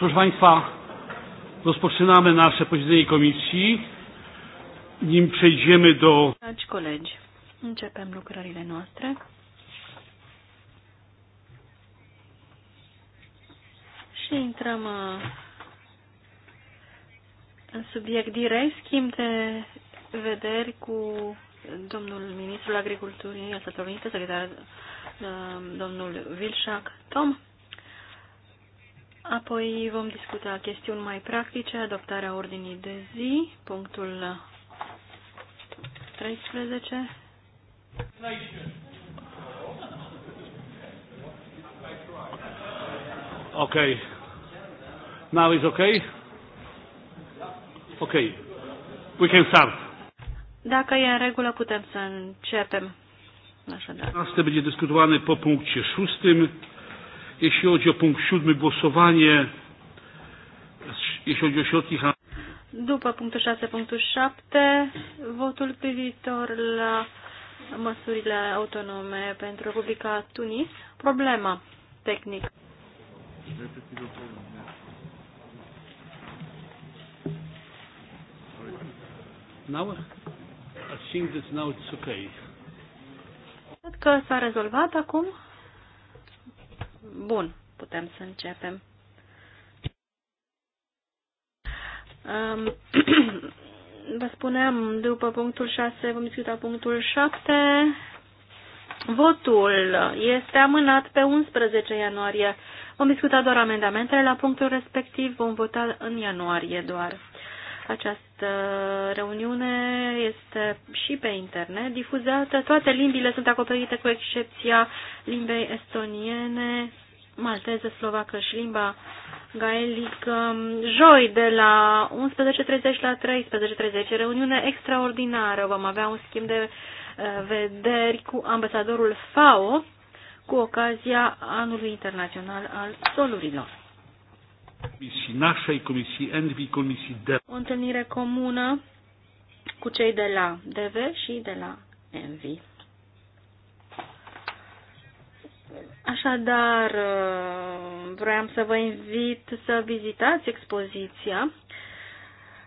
Proszę Państwa, rozpoczynamy nasze posiedzenie komisji. Nim przejdziemy do... Dragi colegi, începem lucrările noastre. Și intrăm uh, în subiect direct, schimb de vederi cu domnul ministrul agriculturii al Statelor Unite, secretar uh, domnul Vilșac Tom. Apoi vom discuta chestiuni mai practice, adoptarea ordinii de zi, punctul 13. Okay. Now is okay? Okay. We can start. Dacă e în regulă, putem să începem. Așadar. Asta będzie deci, discutat pe punctul 6. Jeśli chodzi o punkt siódmy, głosowanie, jeśli chodzi o środki După punctul 6, punctul 7, votul privitor la măsurile autonome pentru Republica Tunis. Problema tehnică. Now, I think that now it's okay. Cred că s-a rezolvat acum. Bun, putem să începem. Um, vă spuneam, după punctul 6 vom discuta punctul 7. Votul este amânat pe 11 ianuarie. Vom discuta doar amendamentele la punctul respectiv, vom vota în ianuarie doar. această această reuniune este și pe internet difuzată. Toate limbile sunt acoperite cu excepția limbei estoniene, malteză, slovacă și limba gaelică. Joi de la 11.30 la 13.30, reuniune extraordinară. Vom avea un schimb de eh, vederi cu ambasadorul FAO cu ocazia Anului Internațional al Solurilor. Comisii nașei, comisii Envi, comisii DV. O întâlnire comună cu cei de la DV și de la Envi. Așadar, uh, vreau să vă invit să vizitați expoziția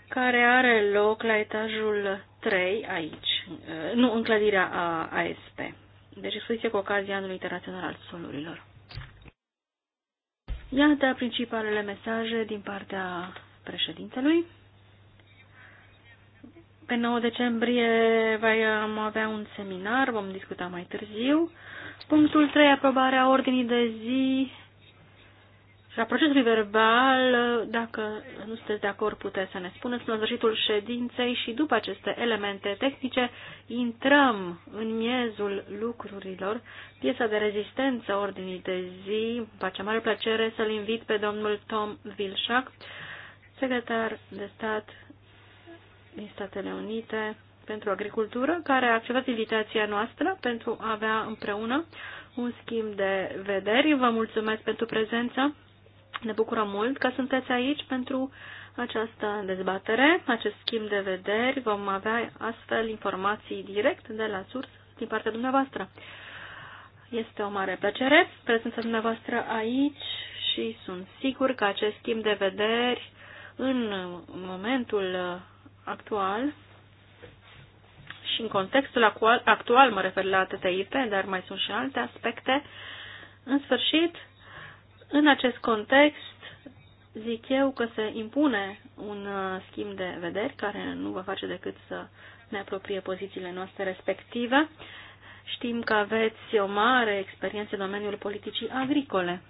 care are loc la etajul 3 aici, uh, nu în clădirea ASP. Deci expoziție cu ocazia Anului Internațional al Solurilor. Iată principalele mesaje din partea președintelui. Pe 9 decembrie vom avea un seminar, vom discuta mai târziu. Punctul 3, aprobarea ordinii de zi la procesul verbal, dacă nu sunteți de acord, puteți să ne spuneți la sfârșitul ședinței și după aceste elemente tehnice intrăm în miezul lucrurilor. Piesa de rezistență ordinii de zi, face mare plăcere să-l invit pe domnul Tom Vilșac, secretar de stat din Statele Unite pentru Agricultură, care a acceptat invitația noastră pentru a avea împreună un schimb de vederi. Vă mulțumesc pentru prezență. Ne bucurăm mult că sunteți aici pentru această dezbatere, acest schimb de vederi. Vom avea astfel informații direct de la sursă din partea dumneavoastră. Este o mare plăcere prezența dumneavoastră aici și sunt sigur că acest schimb de vederi în momentul actual și în contextul actual, mă refer la TTIP, dar mai sunt și alte aspecte. În sfârșit, în acest context, zic eu că se impune un uh, schimb de vederi care nu va face decât să ne apropie pozițiile noastre respective. Știm că aveți o mare experiență în domeniul politicii agricole.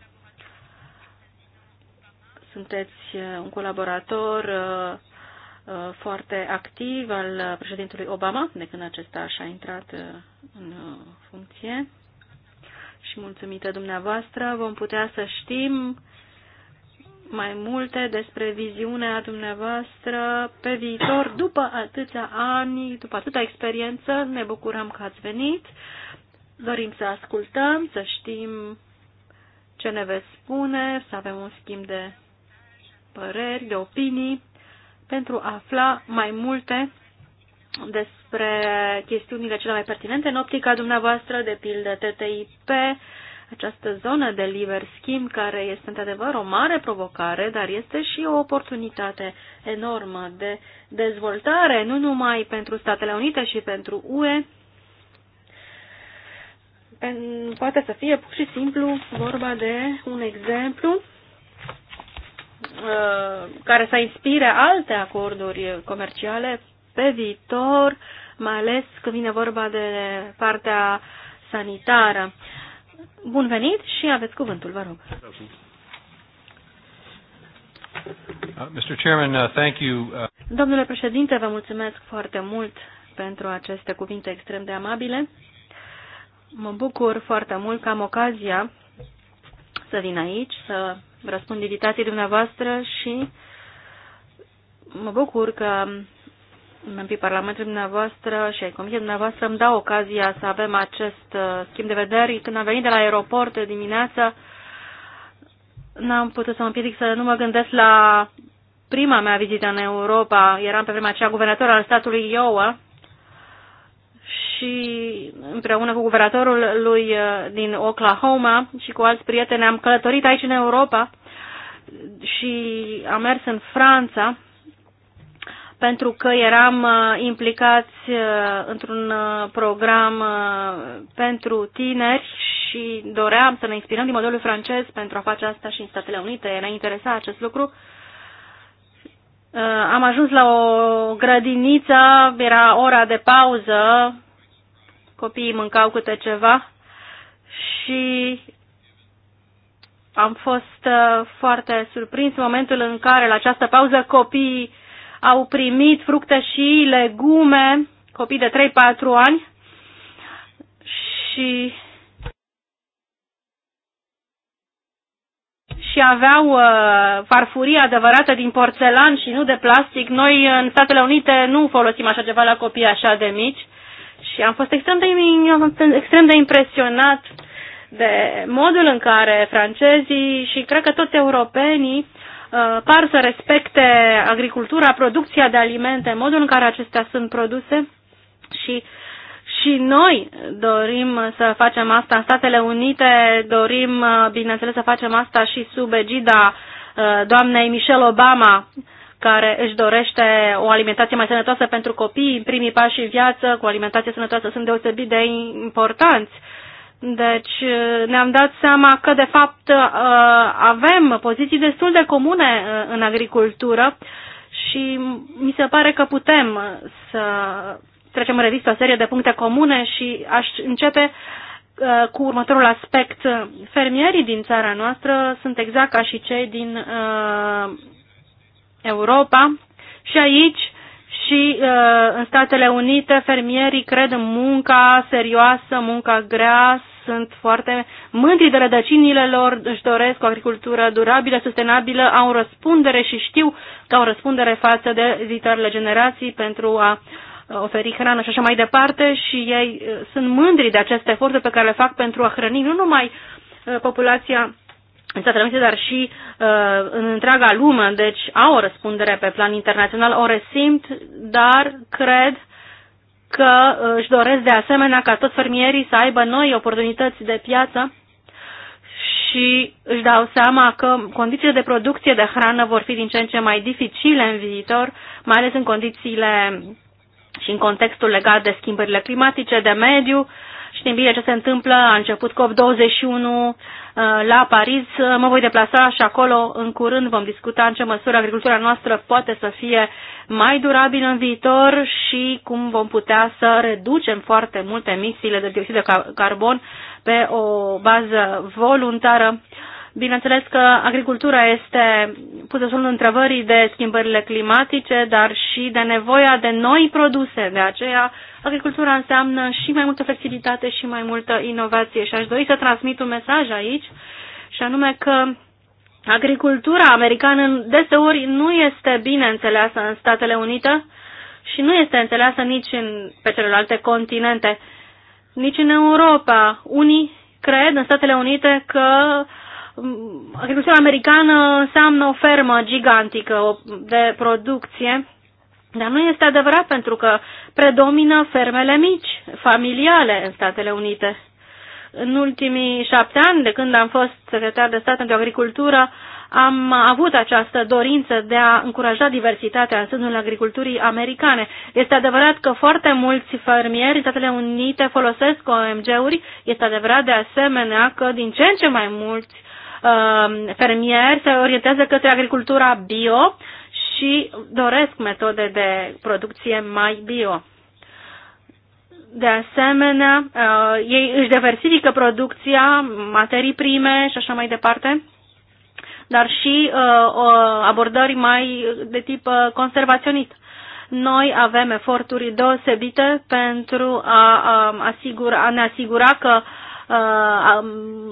Sunteți uh, un colaborator uh, foarte activ al președintelui Obama de când acesta și-a intrat în funcție și mulțumită dumneavoastră vom putea să știm mai multe despre viziunea dumneavoastră pe viitor. După atâția ani, după atâta experiență, ne bucurăm că ați venit. Dorim să ascultăm, să știm ce ne veți spune, să avem un schimb de păreri, de opinii, pentru a afla mai multe despre chestiunile cele mai pertinente în optica dumneavoastră, de pildă TTIP, această zonă de liber schimb care este într-adevăr o mare provocare, dar este și o oportunitate enormă de dezvoltare, nu numai pentru Statele Unite și pentru UE, poate să fie pur și simplu vorba de un exemplu uh, care să inspire alte acorduri comerciale pe viitor, mai ales când vine vorba de partea sanitară. Bun venit și aveți cuvântul, vă rog. Uh, uh, uh, Domnule președinte, vă mulțumesc foarte mult pentru aceste cuvinte extrem de amabile. Mă bucur foarte mult că am ocazia să vin aici, să răspund invitații dumneavoastră și mă bucur că membrii Parlamentului dumneavoastră și ai Comisiei dumneavoastră îmi dau ocazia să avem acest uh, schimb de vederi. Când am venit de la aeroport dimineața, n-am putut să mă împiedic să nu mă gândesc la prima mea vizită în Europa. Eram pe vremea aceea guvernator al statului Iowa și împreună cu guvernatorul lui uh, din Oklahoma și cu alți prieteni am călătorit aici în Europa și am mers în Franța pentru că eram uh, implicați uh, într-un uh, program pentru tineri și doream să ne inspirăm din modelul francez pentru a face asta și în Statele Unite. Ne interesa acest lucru. Am ajuns la o grădiniță, era ora de pauză, copiii mâncau câte ceva și am fost foarte surprins în momentul în care, la această pauză, copiii au primit fructe și legume, copii de 3-4 ani și și aveau uh, farfurii adevărată din porțelan și nu de plastic. Noi în Statele Unite nu folosim așa ceva la copii așa de mici și am fost extrem de, extrem de impresionat de modul în care francezii și cred că toți europenii Uh, par să respecte agricultura, producția de alimente, modul în care acestea sunt produse și și noi dorim să facem asta în Statele Unite, dorim, uh, bineînțeles, să facem asta și sub egida uh, doamnei Michelle Obama, care își dorește o alimentație mai sănătoasă pentru copii, în primii pași în viață, cu alimentație sănătoasă, sunt deosebit de importanți deci eh, ne-am dat seama că, de fapt, eh, avem poziții destul de comune eh, în agricultură și mi se pare că putem să trecem în revistă o serie de puncte comune și aș începe cu următorul aspect. Fermierii din țara noastră sunt exact ca și cei din Europa și aici și uh, în Statele Unite fermierii cred în munca serioasă, munca grea, sunt foarte mândri de rădăcinile lor, își doresc o agricultură durabilă, sustenabilă, au răspundere și știu că au răspundere față de viitoarele generații pentru a uh, oferi hrană și așa mai departe și ei uh, sunt mândri de aceste eforturi pe care le fac pentru a hrăni nu numai populația în Statele Unite, dar și uh, în întreaga lume, deci au o răspundere pe plan internațional, o resimt, dar cred că uh, își doresc de asemenea ca toți fermierii să aibă noi oportunități de piață și își dau seama că condițiile de producție de hrană vor fi din ce în ce mai dificile în viitor, mai ales în condițiile și în contextul legat de schimbările climatice, de mediu, uh, Știm bine ce se întâmplă, a început COP21 uh, la Paris, mă voi deplasa și acolo în curând vom discuta în ce măsură agricultura noastră poate să fie mai durabilă în viitor și cum vom putea să reducem foarte mult emisiile de dioxid de carbon pe o bază voluntară. Bineînțeles că agricultura este pusă sub întrebării de schimbările climatice, dar și de nevoia de noi produse. De aceea, agricultura înseamnă și mai multă flexibilitate și mai multă inovație. Și aș dori să transmit un mesaj aici, și anume că agricultura americană deseori nu este bine înțeleasă în Statele Unite și nu este înțeleasă nici în, pe celelalte continente, nici în Europa. Unii cred în Statele Unite că Mm, agricultura americană înseamnă o fermă gigantică de producție, dar nu este adevărat pentru că predomină fermele mici, familiale în Statele Unite. În ultimii șapte ani, de când am fost secretar de stat pentru agricultură, am avut această dorință de a încuraja diversitatea în sânul agriculturii americane. Este adevărat că foarte mulți fermieri în Statele Unite folosesc OMG-uri, este adevărat de asemenea că din ce în ce mai mulți Um, fermieri se orientează către agricultura bio și doresc metode de producție mai bio. De asemenea, uh, ei își diversifică producția, materii prime și așa mai departe, dar și uh, abordări mai de tip uh, conservaționist. Noi avem eforturi deosebite pentru a, um, asigura, a ne asigura că uh, uh,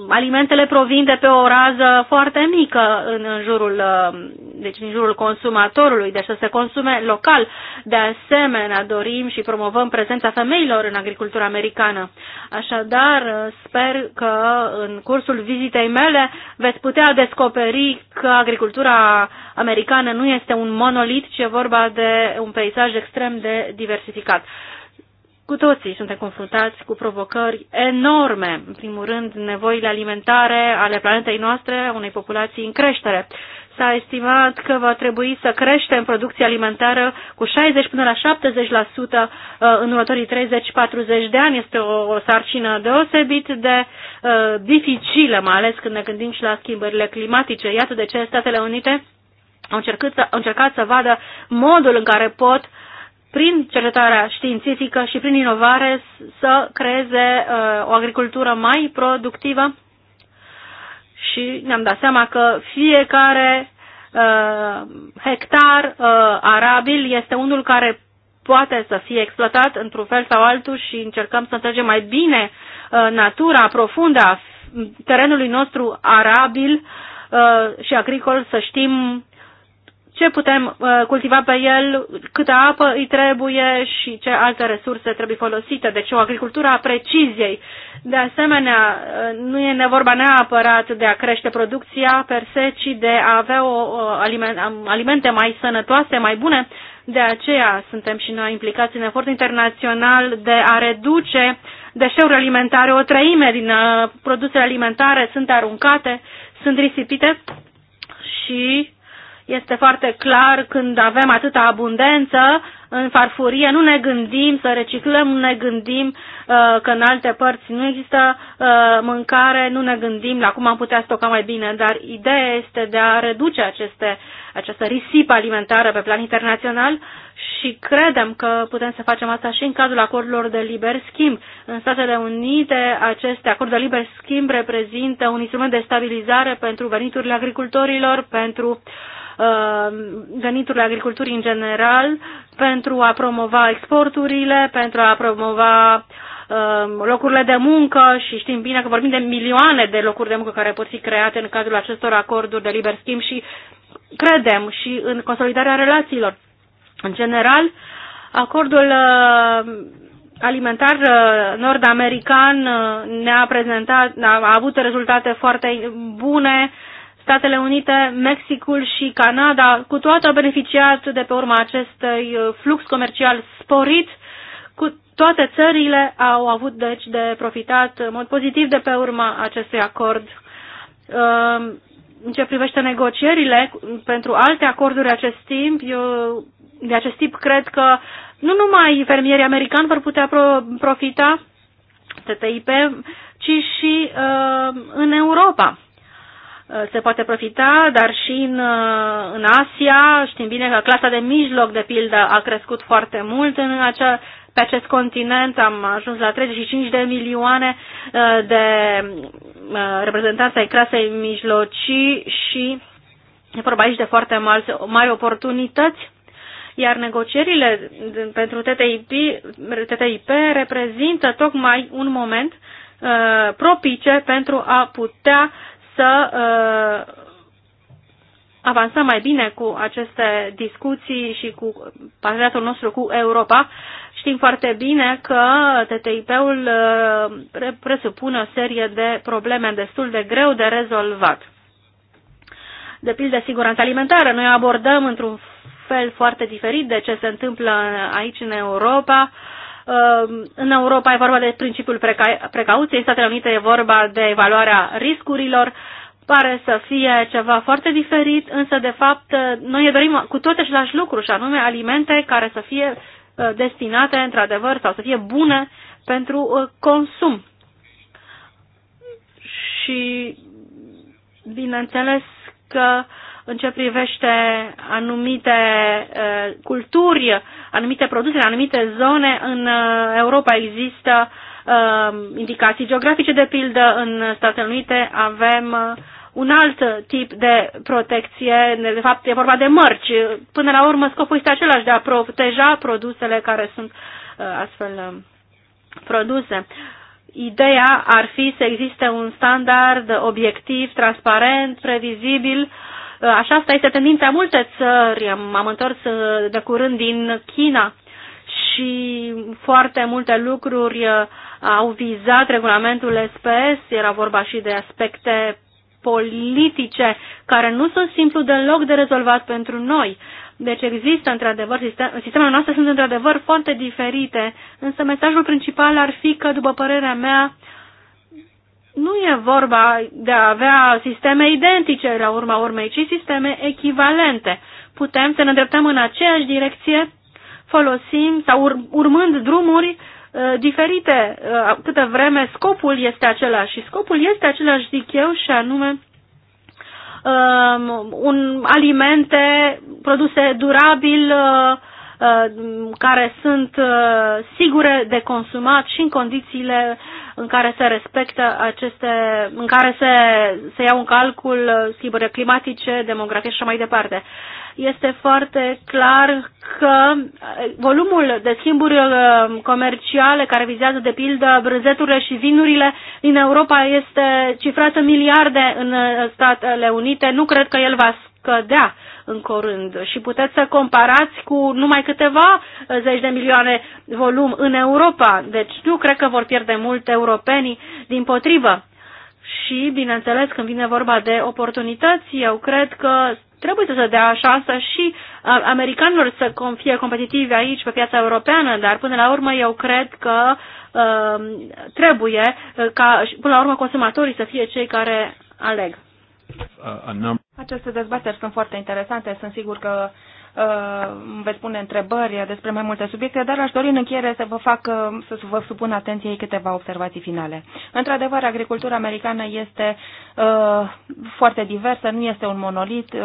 alimentele provin de pe o rază foarte mică în, în jurul uh, deci în jurul consumatorului, deci să se consume local. De asemenea, dorim și promovăm prezența femeilor în agricultura americană. Așadar, uh, sper că în cursul vizitei mele veți putea descoperi că agricultura americană nu este un monolit, ci e vorba de un peisaj extrem de diversificat. Cu toții suntem confruntați cu provocări enorme, în primul rând nevoile alimentare ale planetei noastre, unei populații în creștere. S-a estimat că va trebui să creștem producția alimentară cu 60 până la 70% uh, în următorii 30-40 de ani. Este o sarcină deosebit de uh, dificilă, mai ales când ne gândim și la schimbările climatice. Iată de ce Statele Unite au încercat să, au încercat să vadă modul în care pot uh, prin cercetarea științifică și prin inovare să creeze uh, o agricultură mai productivă și ne-am dat seama că fiecare uh, hectar uh, arabil este unul care poate să fie exploatat într-un fel sau altul și încercăm să înțelegem mai bine uh, natura profundă a terenului nostru arabil uh, și agricol, să știm ce putem uh, cultiva pe el, câtă apă îi trebuie și ce alte resurse trebuie folosite. Deci o agricultură a preciziei. De asemenea, uh, nu e nevorba neapărat de a crește producția per se, ci de a avea o, aliment, alimente mai sănătoase, mai bune. De aceea suntem și noi implicați în efort internațional de a reduce deșeuri alimentare. O treime din uh, produsele alimentare sunt aruncate, sunt risipite și este foarte clar, când avem atâta abundență în farfurie, nu ne gândim să reciclăm, nu ne gândim uh, că în alte părți nu există uh, mâncare, nu ne gândim la cum am putea stoca mai bine, dar ideea este de a reduce aceste, această risipă alimentară pe plan internațional și credem că putem să facem asta și în cazul acordurilor de liber schimb. În Statele Unite, aceste acorduri de liber schimb reprezintă un instrument de stabilizare pentru veniturile agricultorilor, pentru uh, Uh, veniturile agriculturii în general, pentru a promova exporturile, pentru a promova uh, locurile de muncă și știm bine că vorbim de milioane de locuri de muncă care pot fi create în cadrul acestor acorduri de liber schimb și credem și în consolidarea relațiilor. În general, acordul uh, alimentar nord-american ne-a prezentat, a avut rezultate foarte bune Statele Unite, Mexicul și Canada, cu toate au beneficiat de pe urma acestui uh, flux comercial sporit, cu toate țările au avut deci de profitat în mod pozitiv de pe urma acestui acord. Uh, în ce privește negocierile pentru alte acorduri acest timp, eu de acest tip cred că nu numai fermierii americani vor putea profita TTIP, ci și uh, în Europa Eh, se poate profita, dar și în, eh, în Asia, știm bine că clasa de mijloc, de pildă, a crescut foarte mult în acea, pe acest continent, am ajuns la 35 de milioane eh, de reprezentanți ai clasei mijlocii și e vorba aici de foarte mari, mari oportunități iar negocierile pentru TTIP, TTIP reprezintă tocmai un moment uh, propice pentru a putea să uh, avansăm mai bine cu aceste discuții și cu parteneriatul nostru cu Europa. Știm foarte bine că TTIP-ul uh, presupune o serie de probleme destul de greu de rezolvat. De pildă, siguranța alimentară. Noi abordăm într-un fel foarte diferit de ce se întâmplă aici în Europa. Uh, Ehm, în Europa e vorba de principiul preca precauției, în Statele Unite e vorba de evaluarea riscurilor. Pare să fie ceva foarte diferit, însă, de fapt, noi ne dorim cu tot același lucru, și anume alimente care să fie eh, destinate, într-adevăr, sau să fie bune pentru eh, consum. Și, bineînțeles, că în ce privește anumite eh, culturi anumite produse, în anumite zone în uh, Europa există uh, indicații geografice, de pildă în Statele Unite avem uh, un alt tip de protecție, de fapt e vorba de mărci. Până la urmă scopul este același de a proteja produsele care sunt uh, astfel uh, produse. Ideea ar fi să existe un standard obiectiv, transparent, previzibil, uh, Uh, așa asta este tendința multe țări. M-am întors uh, de curând din China și foarte multe lucruri uh, au vizat regulamentul SPS, era vorba și de aspecte politice care nu sunt simplu deloc de rezolvat pentru noi. Deci există într-adevăr, sistem, sistemele noastre sunt într-adevăr foarte diferite, însă mesajul principal ar fi că, după părerea mea, uh, nu e vorba de a avea sisteme identice la urma urmei, ci sisteme echivalente. Putem să ne îndreptăm în aceeași direcție, folosim sau ur urmând drumuri uh, diferite, uh, câtă vreme scopul este același. Și scopul este același, zic eu, și anume uh, un alimente, produse durabil, uh, Uh, care sunt uh, sigure de consumat și în condițiile în care se respectă aceste, în care se, se iau în calcul uh, schimbările climatice, demografie și așa mai departe. Este foarte clar că volumul de schimburi comerciale care vizează de pildă brânzeturile și vinurile din Europa este cifrat în miliarde în Statele Unite. Nu cred că el va scădea în curând și puteți să comparați cu numai câteva uh, zeci de milioane volum în Europa. Deci nu cred că vor pierde mult europenii din potrivă. Și, bineînțeles, când vine vorba de oportunități, eu cred că trebuie să se dea șansă și uh, americanilor să fie competitivi aici pe piața europeană, dar până la urmă eu cred că uh, trebuie uh, ca până la urmă consumatorii să fie cei care aleg. Aceste dezbateri sunt foarte interesante. Sunt sigur că uh, veți pune întrebări despre mai multe subiecte, dar aș dori în încheiere să vă fac, uh, să vă supun atenției câteva observații finale. Într-adevăr, agricultura americană este uh, foarte diversă, nu este un monolit, uh,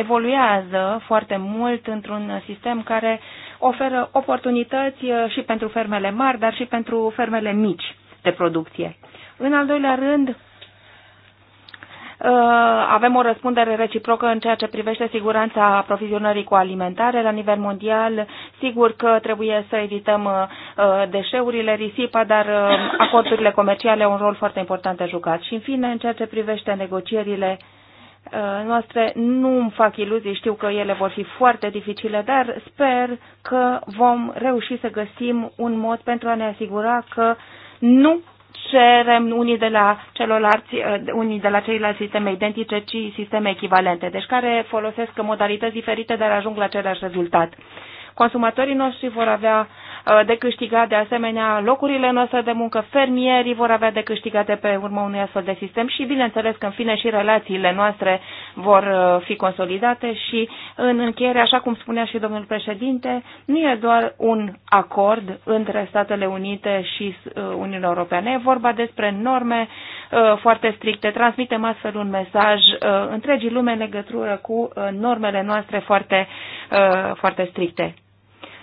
evoluează foarte mult într-un sistem care oferă oportunități uh, și pentru fermele mari, dar și pentru fermele mici de producție. În al doilea rând, Uh, avem o răspundere reciprocă în ceea ce privește siguranța aprovizionării cu alimentare la nivel mondial. Sigur că trebuie să evităm uh, uh, deșeurile, risipa, dar acordurile comerciale au un rol foarte important de jucat. Și în fine, în ceea ce privește negocierile noastre, nu îmi fac iluzii, știu că ele vor fi foarte dificile, dar sper că vom reuși să găsim un mod pentru a ne asigura că nu cerem unii de la, celorlalți, eh, unii de la ceilalți sisteme identice, ci sisteme echivalente, deci care folosesc modalități diferite, dar ajung la același rezultat. Consumatorii noștri vor avea Uh, de câștigat, de asemenea locurile noastre de muncă, fermierii vor avea de câștigat de pe urma unui astfel de sistem și, bineînțeles, că în fine și relațiile noastre vor uh, fi consolidate și, în încheiere, așa cum spunea și domnul președinte, nu e doar un acord între Statele Unite și uh, Uniunea Europeană, e vorba despre norme foarte stricte. Transmitem astfel un mesaj întregii lume în legătură cu normele noastre foarte, foarte stricte.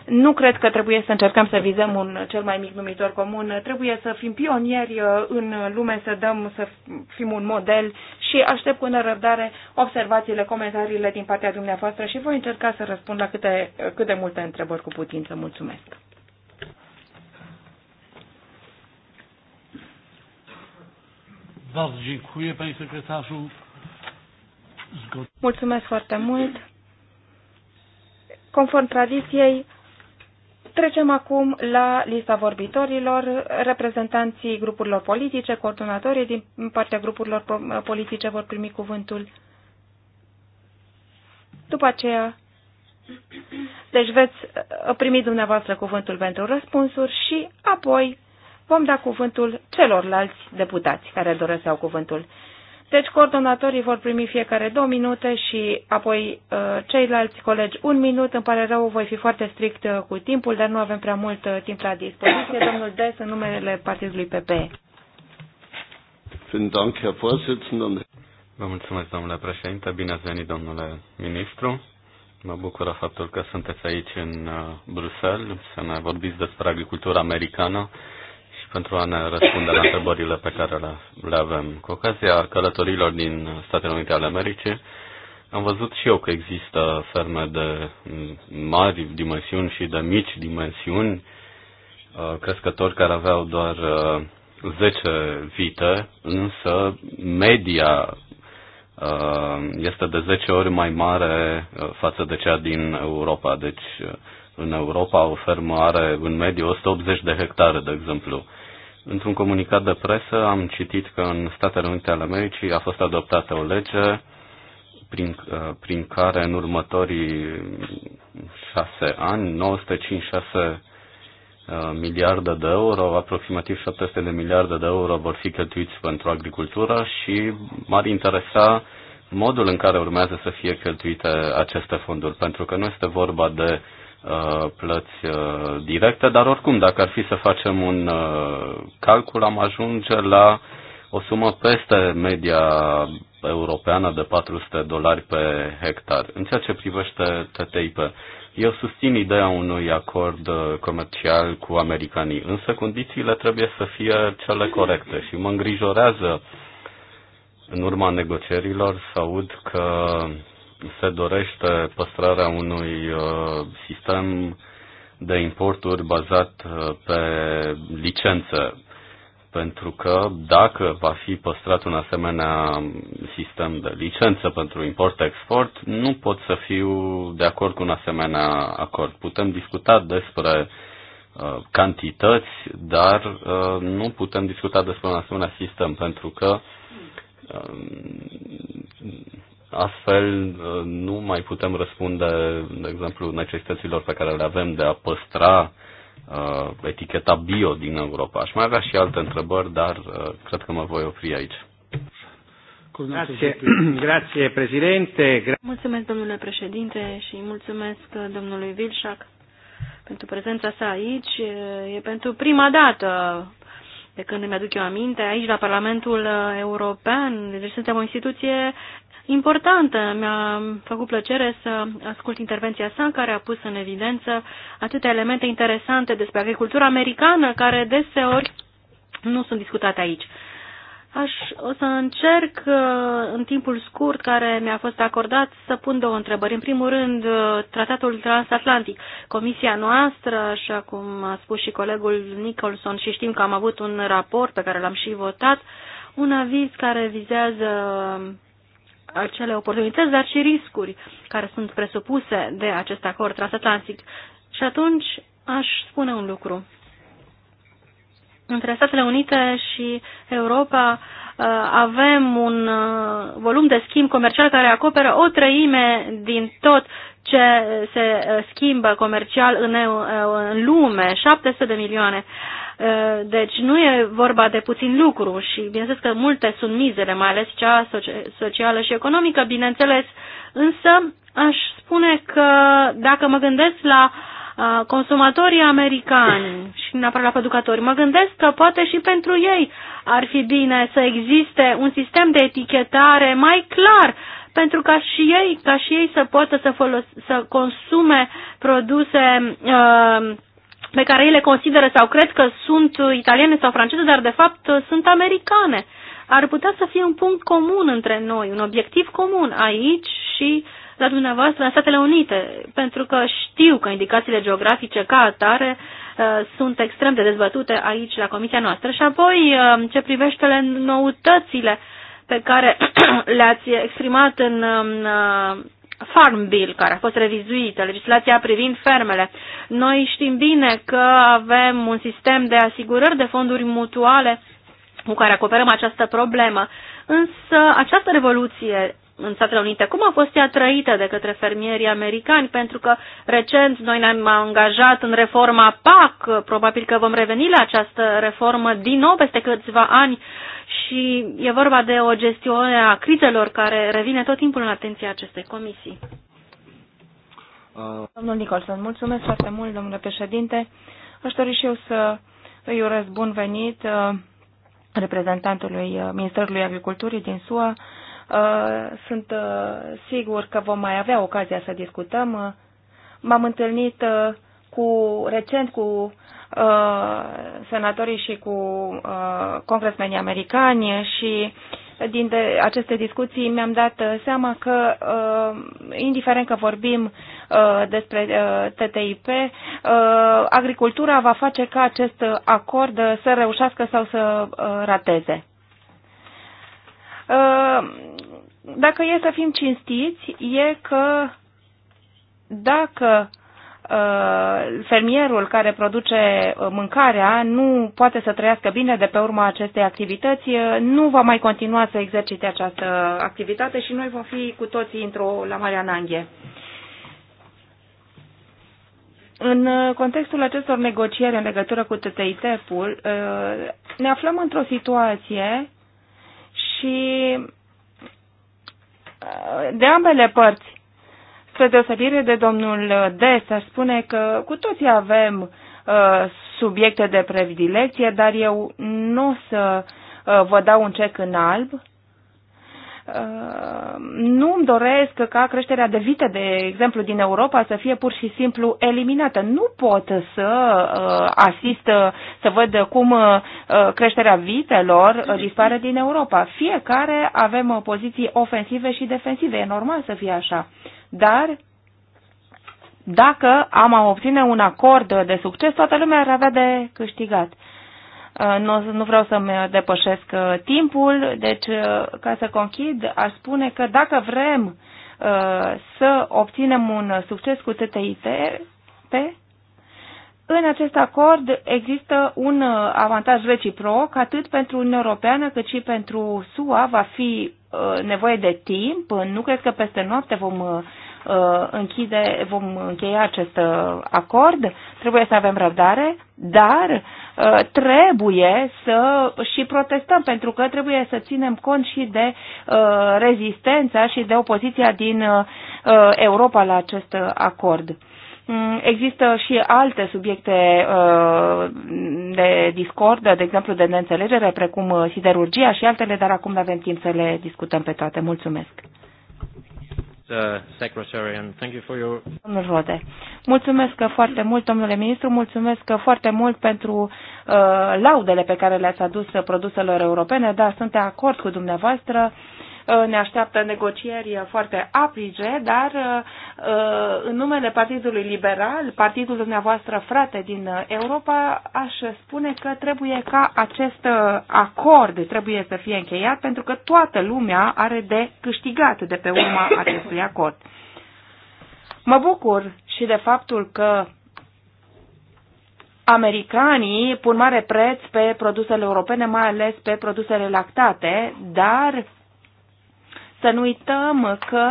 Nu cred că trebuie să încercăm să vizăm un cel mai mic numitor comun. Trebuie să fim pionieri uh, în lume, să dăm, să fim un model și aștept cu nerăbdare observațiile, comentariile din partea dumneavoastră și voi încerca să răspund la câte, cât de multe întrebări cu putință. Mulțumesc! Mulțumesc foarte mult. Conform tradiției, Trecem acum la lista vorbitorilor. Reprezentanții grupurilor politice, coordonatorii din partea grupurilor politice vor primi cuvântul. După aceea, deci veți uh, primi dumneavoastră cuvântul pentru răspunsuri și apoi vom da cuvântul celorlalți deputați care doresc să au cuvântul. Deci coordonatorii vor primi fiecare două minute și apoi uh, ceilalți colegi un minut. Îmi pare rău, voi fi foarte strict uh, cu timpul, dar nu avem prea mult uh, timp la dispoziție. Domnul Des, în numele Partidului PP. Vă mulțumesc, domnule președinte. Bine ați venit, domnule ministru. Mă bucură faptul că sunteți aici în Bruxelles să ne vorbiți despre agricultura americană pentru a ne răspunde la întrebările pe care le, le avem. Cu ocazia călătorilor din Statele Unite ale Americii, am văzut și eu că există ferme de mari dimensiuni și de mici dimensiuni, uh, crescători care aveau doar 10 uh, vite, însă media uh, este de 10 ori mai mare față de cea din Europa. Deci, în Europa, o fermă are în medie 180 de hectare, de exemplu. Într-un comunicat de presă am citit că în Statele Unite ale Americii a fost adoptată o lege prin, uh, prin care în următorii șase ani 956 uh, miliarde de euro, aproximativ 700 de miliarde de euro vor fi cheltuiți pentru agricultură și m-ar interesa modul în care urmează să fie cheltuite aceste fonduri, pentru că nu este vorba de Uh, plăți uh, directe, dar oricum, dacă ar fi să facem un uh, calcul, am ajunge la o sumă peste media europeană de 400 dolari pe hectar. În ceea ce privește TTIP, eu susțin ideea unui acord comercial cu americanii, însă condițiile trebuie să fie cele corecte și mă îngrijorează în urma negocierilor să aud că se dorește păstrarea unui uh, sistem de importuri bazat uh, pe licență, pentru că dacă va fi păstrat un asemenea sistem de licență pentru import-export, nu pot să fiu de acord cu un asemenea acord. Putem discuta despre uh, cantități, dar uh, nu putem discuta despre un asemenea sistem, pentru că uh, Astfel, nu mai putem răspunde, de exemplu, necesităților pe care le avem de a păstra uh, eticheta bio din Europa. Aș mai avea și alte întrebări, dar uh, cred că mă voi opri aici. Grazie, grazie Gra- Mulțumesc, domnule președinte, și mulțumesc domnului Vilșac pentru prezența sa aici. E pentru prima dată de când îmi aduc eu aminte, aici la Parlamentul European, deci suntem o instituție importantă. Mi-a făcut plăcere să ascult intervenția sa, care a pus în evidență atâtea elemente interesante despre agricultura americană, care deseori nu sunt discutate aici. Aș, o să încerc uh, în timpul scurt care mi-a fost acordat să pun două întrebări. În primul rând, uh, tratatul transatlantic. Comisia noastră, așa cum a spus și colegul Nicholson și știm că am avut un raport pe care l-am și votat, un aviz care vizează acele oportunități, dar și riscuri care sunt presupuse de acest acord transatlantic. Și atunci aș spune un lucru. Între Statele Unite și Europa uh, avem un uh, volum de schimb comercial care acoperă o treime din tot ce se eh, schimbă comercial în, eh, în lume, 700 de milioane. Eh, deci nu e vorba de puțin lucru și bineînțeles că multe sunt mizele, mai ales cea socială și economică, bineînțeles, însă aș spune că dacă mă gândesc la consumatorii americani și neapărat la producători, mă gândesc că poate și pentru ei ar fi bine să existe un sistem de etichetare mai clar pentru ca și ei, ca și ei să poată să, folos, să consume produse uh, pe care ei le consideră sau cred că sunt italiene sau franceze, dar de fapt sunt americane. Ar putea să fie un punct comun între noi, un obiectiv comun aici și la dumneavoastră în Statele Unite, pentru că știu că indicațiile geografice ca atare uh, sunt extrem de dezbătute aici la comisia noastră. Și apoi, uh, ce privește noutățile pe care le-ați exprimat în uh, Farm Bill, care a fost revizuită, legislația privind fermele. Noi știm bine că avem un sistem de asigurări de fonduri mutuale cu care acoperăm această problemă. Însă această revoluție în Statele Unite. Cum a fost ea trăită de către fermierii americani? Pentru că recent noi ne-am angajat în reforma PAC, probabil că vom reveni la această reformă din nou peste câțiva ani și e vorba de o gestiune a crizelor care revine tot timpul în atenția acestei comisii. Uh. Domnul Nicholson, mulțumesc foarte mult, domnule președinte. Aș dori și eu să îi urez bun venit uh, reprezentantului uh, Ministerului Agriculturii din SUA, Uh, sunt uh, sigur că vom mai avea ocazia să discutăm. Uh, m-am întâlnit cu, recent cu senatorii și cu congresmenii americani și din de aceste discuții mi-am dat seama că, indiferent că vorbim despre TTIP, agricultura va face ca acest acord să reușească sau să rateze. Uh, dacă e să fim cinstiți, e că dacă uh, fermierul care produce uh, mâncarea nu poate să trăiască bine de pe urma acestei activități, nu va mai continua să exercite această activitate și noi vom fi cu toții într-o la Marea Nanghe. În contextul acestor negocieri în legătură cu TTIP-ul, ne aflăm într-o situație și uh, de ambele părți. Spre deosebire de domnul Des, aș spune că cu toții avem uh, subiecte de predilecție, dar eu nu o să uh, vă dau un cec în alb, Uh, nu îmi doresc ca creșterea de vite, de exemplu, din Europa să fie pur și simplu eliminată. Nu pot să uh, asist, uh, să văd cum creșterea vitelor dispare din Europa. Fiecare avem poziții ofensive și defensive. E normal să fie așa. Dar dacă am obține un acord de succes, toată lumea ar avea de câștigat. Uh, nu, nu vreau să-mi uh, depășesc uh, timpul, deci ca să conchid, aș spune că dacă vrem să obținem un succes cu TTIP, în acest acord există un avantaj reciproc, atât pentru Uniunea Europeană cât și pentru SUA va fi nevoie de timp. Nu cred că peste noapte vom Uh, închide, vom încheia acest uh, acord, trebuie să avem răbdare, dar uh, trebuie să și protestăm, pentru că trebuie să ținem cont și de rezistența și de opoziția din Europa la acest acord. Mm, există și alte subiecte de discord, de exemplu de neînțelegere, precum siderurgia și altele, dar acum nu avem timp să le discutăm pe toate. Mulțumesc! Uh, secretary, and thank you for your... Domnul Rode, mulțumesc foarte mult, domnule ministru, mulțumesc foarte mult pentru uh, laudele pe care le-ați adus produselor europene. Da, sunt de acord cu dumneavoastră. Uh, Uh, ne așteaptă negocieri foarte aprige, dar uh, în numele Partidului Liberal, partidul dumneavoastră frate din Europa, aș spune că trebuie ca acest uh, acord trebuie să fie încheiat pentru că toată lumea are de câștigat de pe urma acestui acord. Mă bucur și de faptul că americanii pun mare preț pe produsele europene, mai ales pe produsele lactate, dar să nu uităm că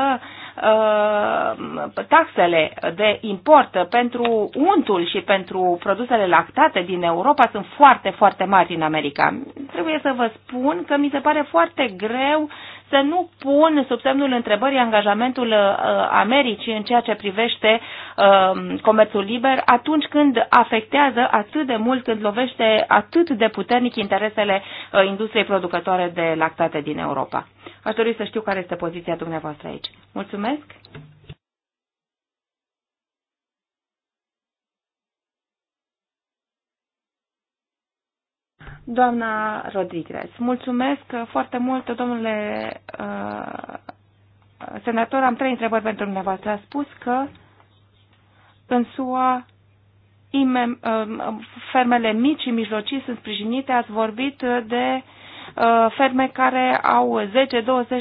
uh, taxele de import pentru untul și pentru produsele lactate din Europa sunt foarte, foarte mari în America. Trebuie să vă spun că mi se pare foarte greu să nu pun sub semnul întrebării angajamentul uh, Americii în ceea ce privește uh, comerțul liber atunci când afectează atât de mult, când lovește atât de puternic interesele industriei producătoare de lactate din Europa. Aș dori să știu care este poziția dumneavoastră aici. Mulțumesc! Doamna Rodriguez, mulțumesc foarte mult, domnule uh, senator. Am trei întrebări pentru dumneavoastră. A spus că în SUA imem, uh, fermele mici și mijlocii sunt sprijinite. Ați vorbit de uh, Uh, ferme care au 10-20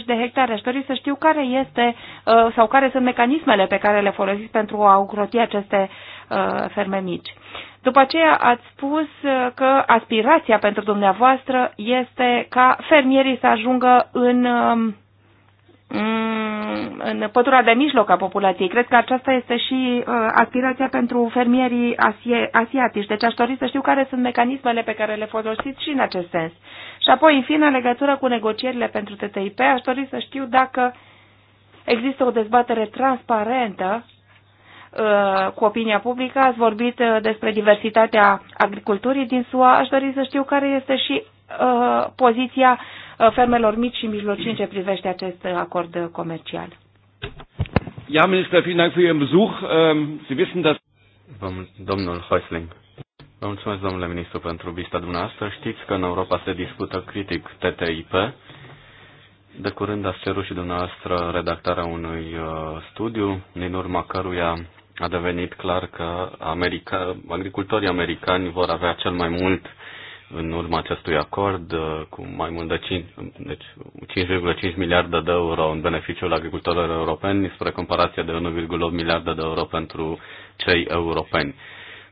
de hectare. Aș dori să știu care este uh, sau care sunt mecanismele pe care le folosiți pentru a ocroti aceste uh, ferme mici. După aceea ați spus că aspirația pentru dumneavoastră este ca fermierii să ajungă în um, Mm, în pătura de mijloc a populației. Cred că aceasta este și uh, aspirația pentru fermierii asiatici. Deci aș dori să știu care sunt mecanismele pe care le folosiți și în acest sens. Și apoi, în fine, în legătură cu negocierile pentru TTIP, aș dori să știu dacă există o dezbatere transparentă uh, cu opinia publică. Ați vorbit uh, despre diversitatea agriculturii din SUA. Aș dori să știu care este și Uh, poziția uh, fermelor mici și mijlocii în ce privește acest acord comercial. Ja, Minister, vielen Dank für Ihren Besuch. Ähm, Sie wissen, dass... Domnul Häusling, vă mulțumesc, domnule ministru, pentru vizita dumneavoastră. Știți că în Europa se discută critic TTIP. De curând ați cerut și dumneavoastră redactarea unui uh, studiu, din urma căruia a devenit clar că America, agricultorii americani vor avea cel mai mult în urma acestui acord uh, cu mai mult de 5,5 deci miliarde de euro în beneficiul agricultorilor europeni, spre comparație de 1,8 miliarde de euro pentru cei europeni.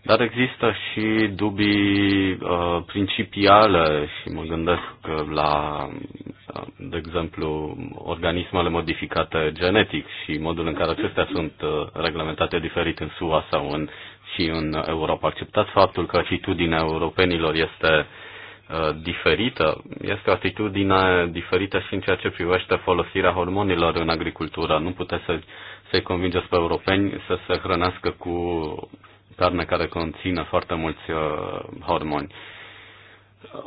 Dar există și dubii uh, principiale și mă gândesc la, uh, de exemplu, organismele modificate genetic și modul în care acestea sunt uh, reglementate diferit în SUA sau în și în Europa. Acceptați faptul că atitudinea europenilor este uh, diferită, este o atitudine diferită și în ceea ce privește folosirea hormonilor în agricultură. Nu puteți să, să-i convingeți pe europeni să se hrănească cu carne care conține foarte mulți uh, hormoni.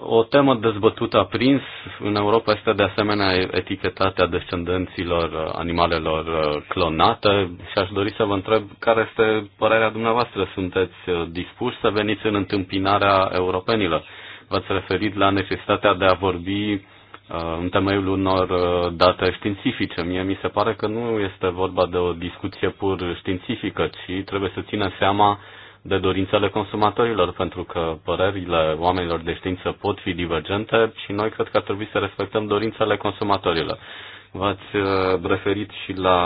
O temă dezbătută aprins în Europa este de asemenea etichetatea descendenților animalelor clonate și aș dori să vă întreb care este părerea dumneavoastră. Sunteți dispuși să veniți în întâmpinarea europenilor? V-ați referit la necesitatea de a vorbi uh, în temeiul unor uh, date științifice. Mie mi se pare că nu este vorba de o discuție pur științifică, ci trebuie să țină seama de dorințele consumatorilor, pentru că părerile oamenilor de știință pot fi divergente și noi cred că ar trebui să respectăm dorințele consumatorilor. V-ați uh, referit și la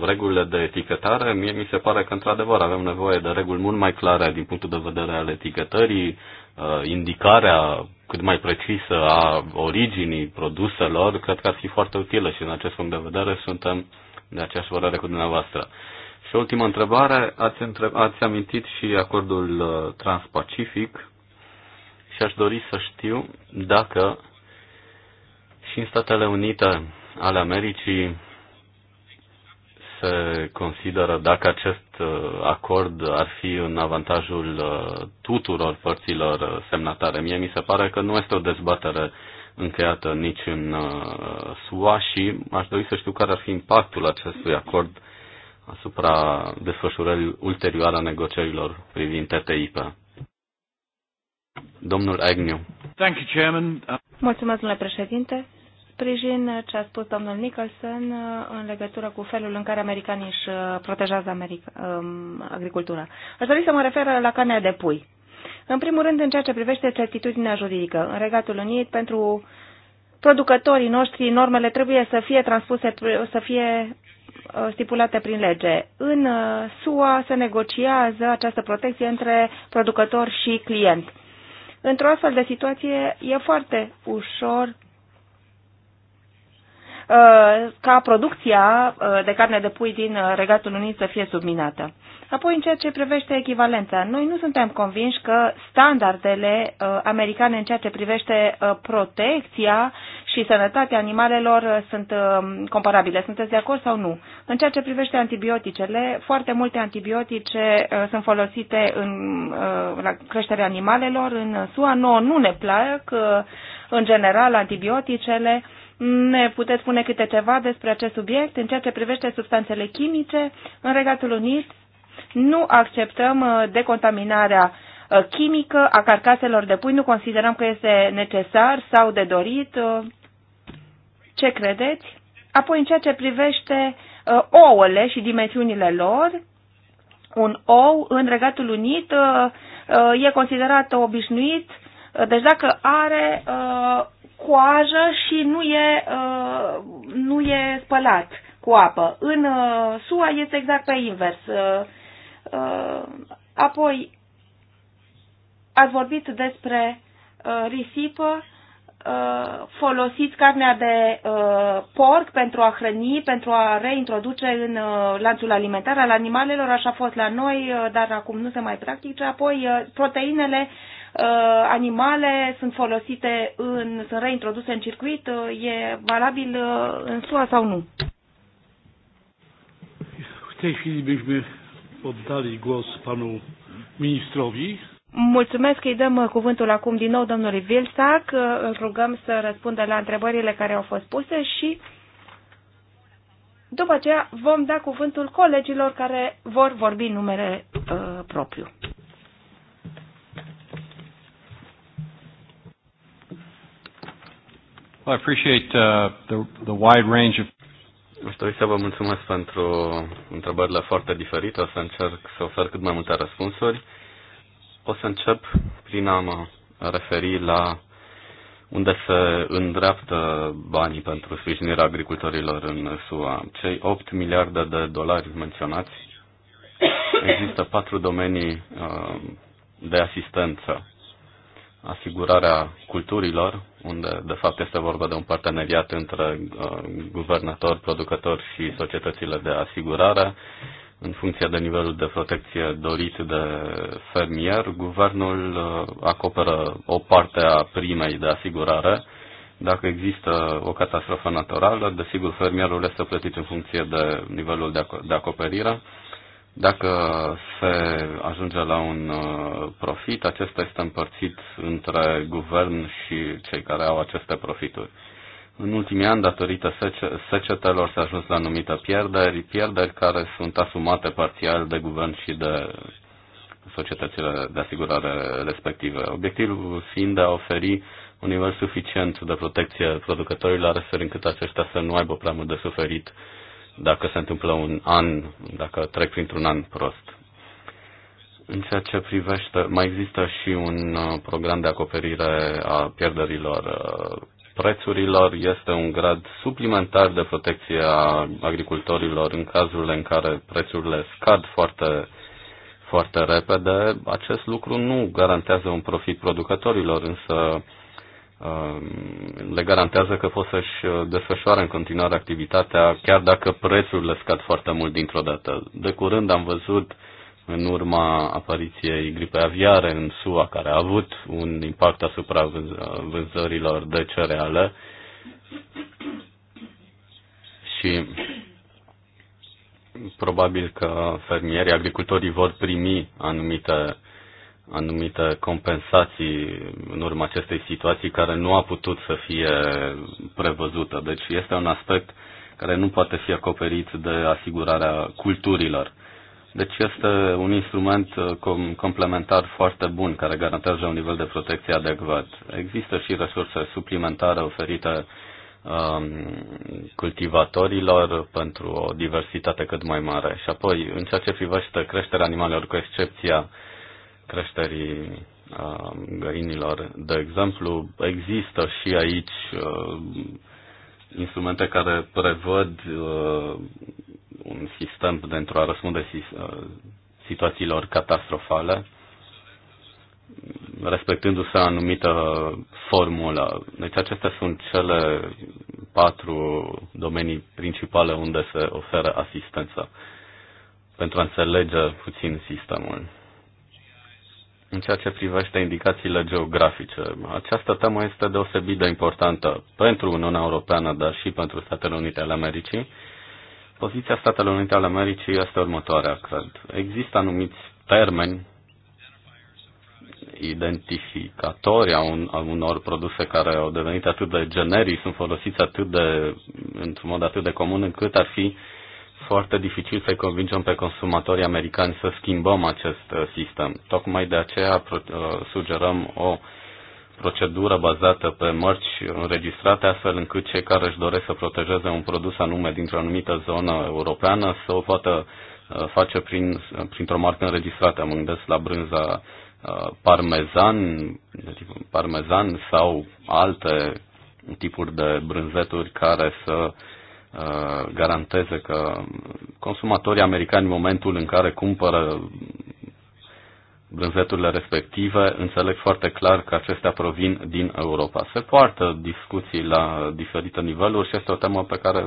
regulile de etichetare. Mie mi se pare că, într-adevăr, avem nevoie de reguli mult mai clare din punctul de vedere al etichetării, uh, indicarea cât mai precisă a originii produselor, cred că ar fi foarte utilă și, în acest punct de vedere, suntem de aceeași părere cu dumneavoastră. Și ultima întrebare, ați, între... ați amintit și acordul uh, transpacific și aș dori să știu dacă și în Statele Unite ale Americii se consideră dacă acest uh, acord ar fi în avantajul uh, tuturor părților semnatare. Mie mi se pare că nu este o dezbatere încheiată nici în SUA și aș dori să știu care ar fi impactul acestui acord asupra desfășurării ulterioare a negocierilor privind TTIP. Domnul Agnew. Thank you, Chairman. Mulțumesc, domnule președinte. Sprijin ce a spus domnul Nicholson uh, în legătură cu felul în care americanii își uh, protejează America, um, agricultura. Aș dori să mă refer la canea de pui. În primul rând, în ceea ce privește certitudinea juridică, în Regatul Unit, pentru producătorii noștri, normele trebuie să fie transpuse, să fie Uh, stipulate prin lege. În uh, SUA se negociază această protecție între producător și client. Într-o astfel de situație e foarte ușor Uh, ca producția uh, de carne de pui din uh, Regatul Unit să fie subminată. Apoi, în ceea ce privește echivalența, noi nu suntem convinși că standardele americane în ceea ce privește protecția și sănătatea animalelor sunt comparabile. Sunteți de acord sau nu? În ceea ce privește antibioticele, foarte multe antibiotice sunt folosite în, la creșterea animalelor. În SUA nouă nu ne plac, în general, antibioticele ne puteți spune câte ceva despre acest subiect în ceea ce privește substanțele chimice în Regatul Unit? Nu acceptăm uh, decontaminarea uh, chimică a carcaselor de pui, nu considerăm că este necesar sau de dorit. Uh, ce credeți? Apoi, în ceea ce privește ouăle și dimensiunile lor, un ou în Regatul Unit e considerat obișnuit, deci dacă are coajă și nu e, uh, nu e spălat cu apă. În uh, SUA este exact pe invers. Uh, uh, apoi, ați vorbit despre uh, risipă, uh, folosiți carnea de uh, porc pentru a hrăni, pentru a reintroduce în uh, lanțul alimentar al animalelor, așa a fost la noi, uh, dar acum nu se mai practice. Apoi, uh, proteinele Uh, animale sunt folosite, în, sunt reintroduse în circuit, uh, e valabil uh, în SUA sau nu? W tej chwili byśmy oddali głos panu ministrowi. Mulțumesc, îi dăm cuvântul acum din nou domnului Vilsac. Îl rugăm să răspundă la întrebările care au fost puse și după aceea vom da cuvântul colegilor care vor vorbi numere uh, propriu. Well, I appreciate uh, the, the wide range of Aș dori să vă mulțumesc pentru întrebările foarte diferite. O să încerc să ofer cât mai multe răspunsuri. O să încep prin a mă referi la unde se îndreaptă banii pentru sprijinirea agricultorilor în SUA. Cei 8 miliarde de dolari menționați, există patru domenii uh, de asistență. Asigurarea culturilor, unde de fapt este vorba de un parteneriat între uh, guvernatori, producători și societățile de asigurare. În funcție de nivelul de protecție dorit de fermier, guvernul uh, acoperă o parte a primei de asigurare. Dacă există o catastrofă naturală, desigur fermierul este plătit în funcție de nivelul de acoperire dacă se ajunge la un uh, profit, acesta este împărțit între guvern și cei care au aceste profituri. În ultimii ani, datorită secetelor, s-a ajuns la anumite pierderi, pierderi care sunt asumate parțial de guvern și de societățile de asigurare respective. Obiectivul fiind de a oferi un nivel suficient de protecție producătorilor, astfel încât aceștia să nu aibă prea mult de suferit uh, dacă se întâmplă un an, dacă trec printr-un an prost. În ceea ce privește, mai există și un uh, program de acoperire a pierderilor uh, prețurilor, este un grad suplimentar de protecție a agricultorilor în cazul în care prețurile scad foarte, foarte repede. Acest lucru nu garantează un profit producătorilor, însă Um, le garantează că pot să-și uh, desfășoare în continuare activitatea, chiar dacă prețurile scad foarte mult dintr-o dată. De curând am văzut, în urma apariției gripei aviare în SUA, care a avut un impact asupra uh, vânzărilor de cereale, și probabil că fermierii, agricultorii vor primi anumite anumite compensații în urma acestei situații care nu a putut să fie prevăzută. Deci este un aspect care nu poate fi acoperit de asigurarea culturilor. Deci este un instrument uh, complementar foarte bun care garantează un nivel de protecție adecvat. Există și resurse suplimentare oferite um, cultivatorilor pentru o diversitate cât mai mare. Și apoi, în ceea ce privește creșterea animalelor, cu excepția creșterii uh, găinilor. De exemplu, există și aici uh, instrumente care prevăd uh, un sistem pentru a răspunde situațiilor catastrofale, respectându-se anumită formulă. Deci acestea sunt cele patru domenii principale unde se oferă asistență pentru a înțelege puțin sistemul. În ceea ce privește indicațiile geografice, această temă este deosebit de importantă pentru Uniunea Europeană, dar și pentru Statele Unite ale Americii. Poziția Statele Unite ale Americii este următoarea, cred. Există anumiți termeni identificatori a, un, a unor produse care au devenit atât de generii, sunt folosiți atât de, într-un mod atât de comun, încât ar fi foarte dificil să-i convingem pe consumatorii americani să schimbăm acest uh, sistem. Tocmai de aceea uh, sugerăm o procedură bazată pe mărci înregistrate, astfel încât cei care își doresc să protejeze un produs anume dintr-o anumită zonă europeană să o poată uh, face prin, printr-o marcă înregistrată. Mă gândesc la brânza parmezan, parmezan sau alte tipuri de brânzeturi care să Uh, garanteze că consumatorii americani în momentul în care cumpără brânzeturile respective, înțeleg foarte clar că acestea provin din Europa. Se poartă discuții la diferite niveluri și este o temă pe care,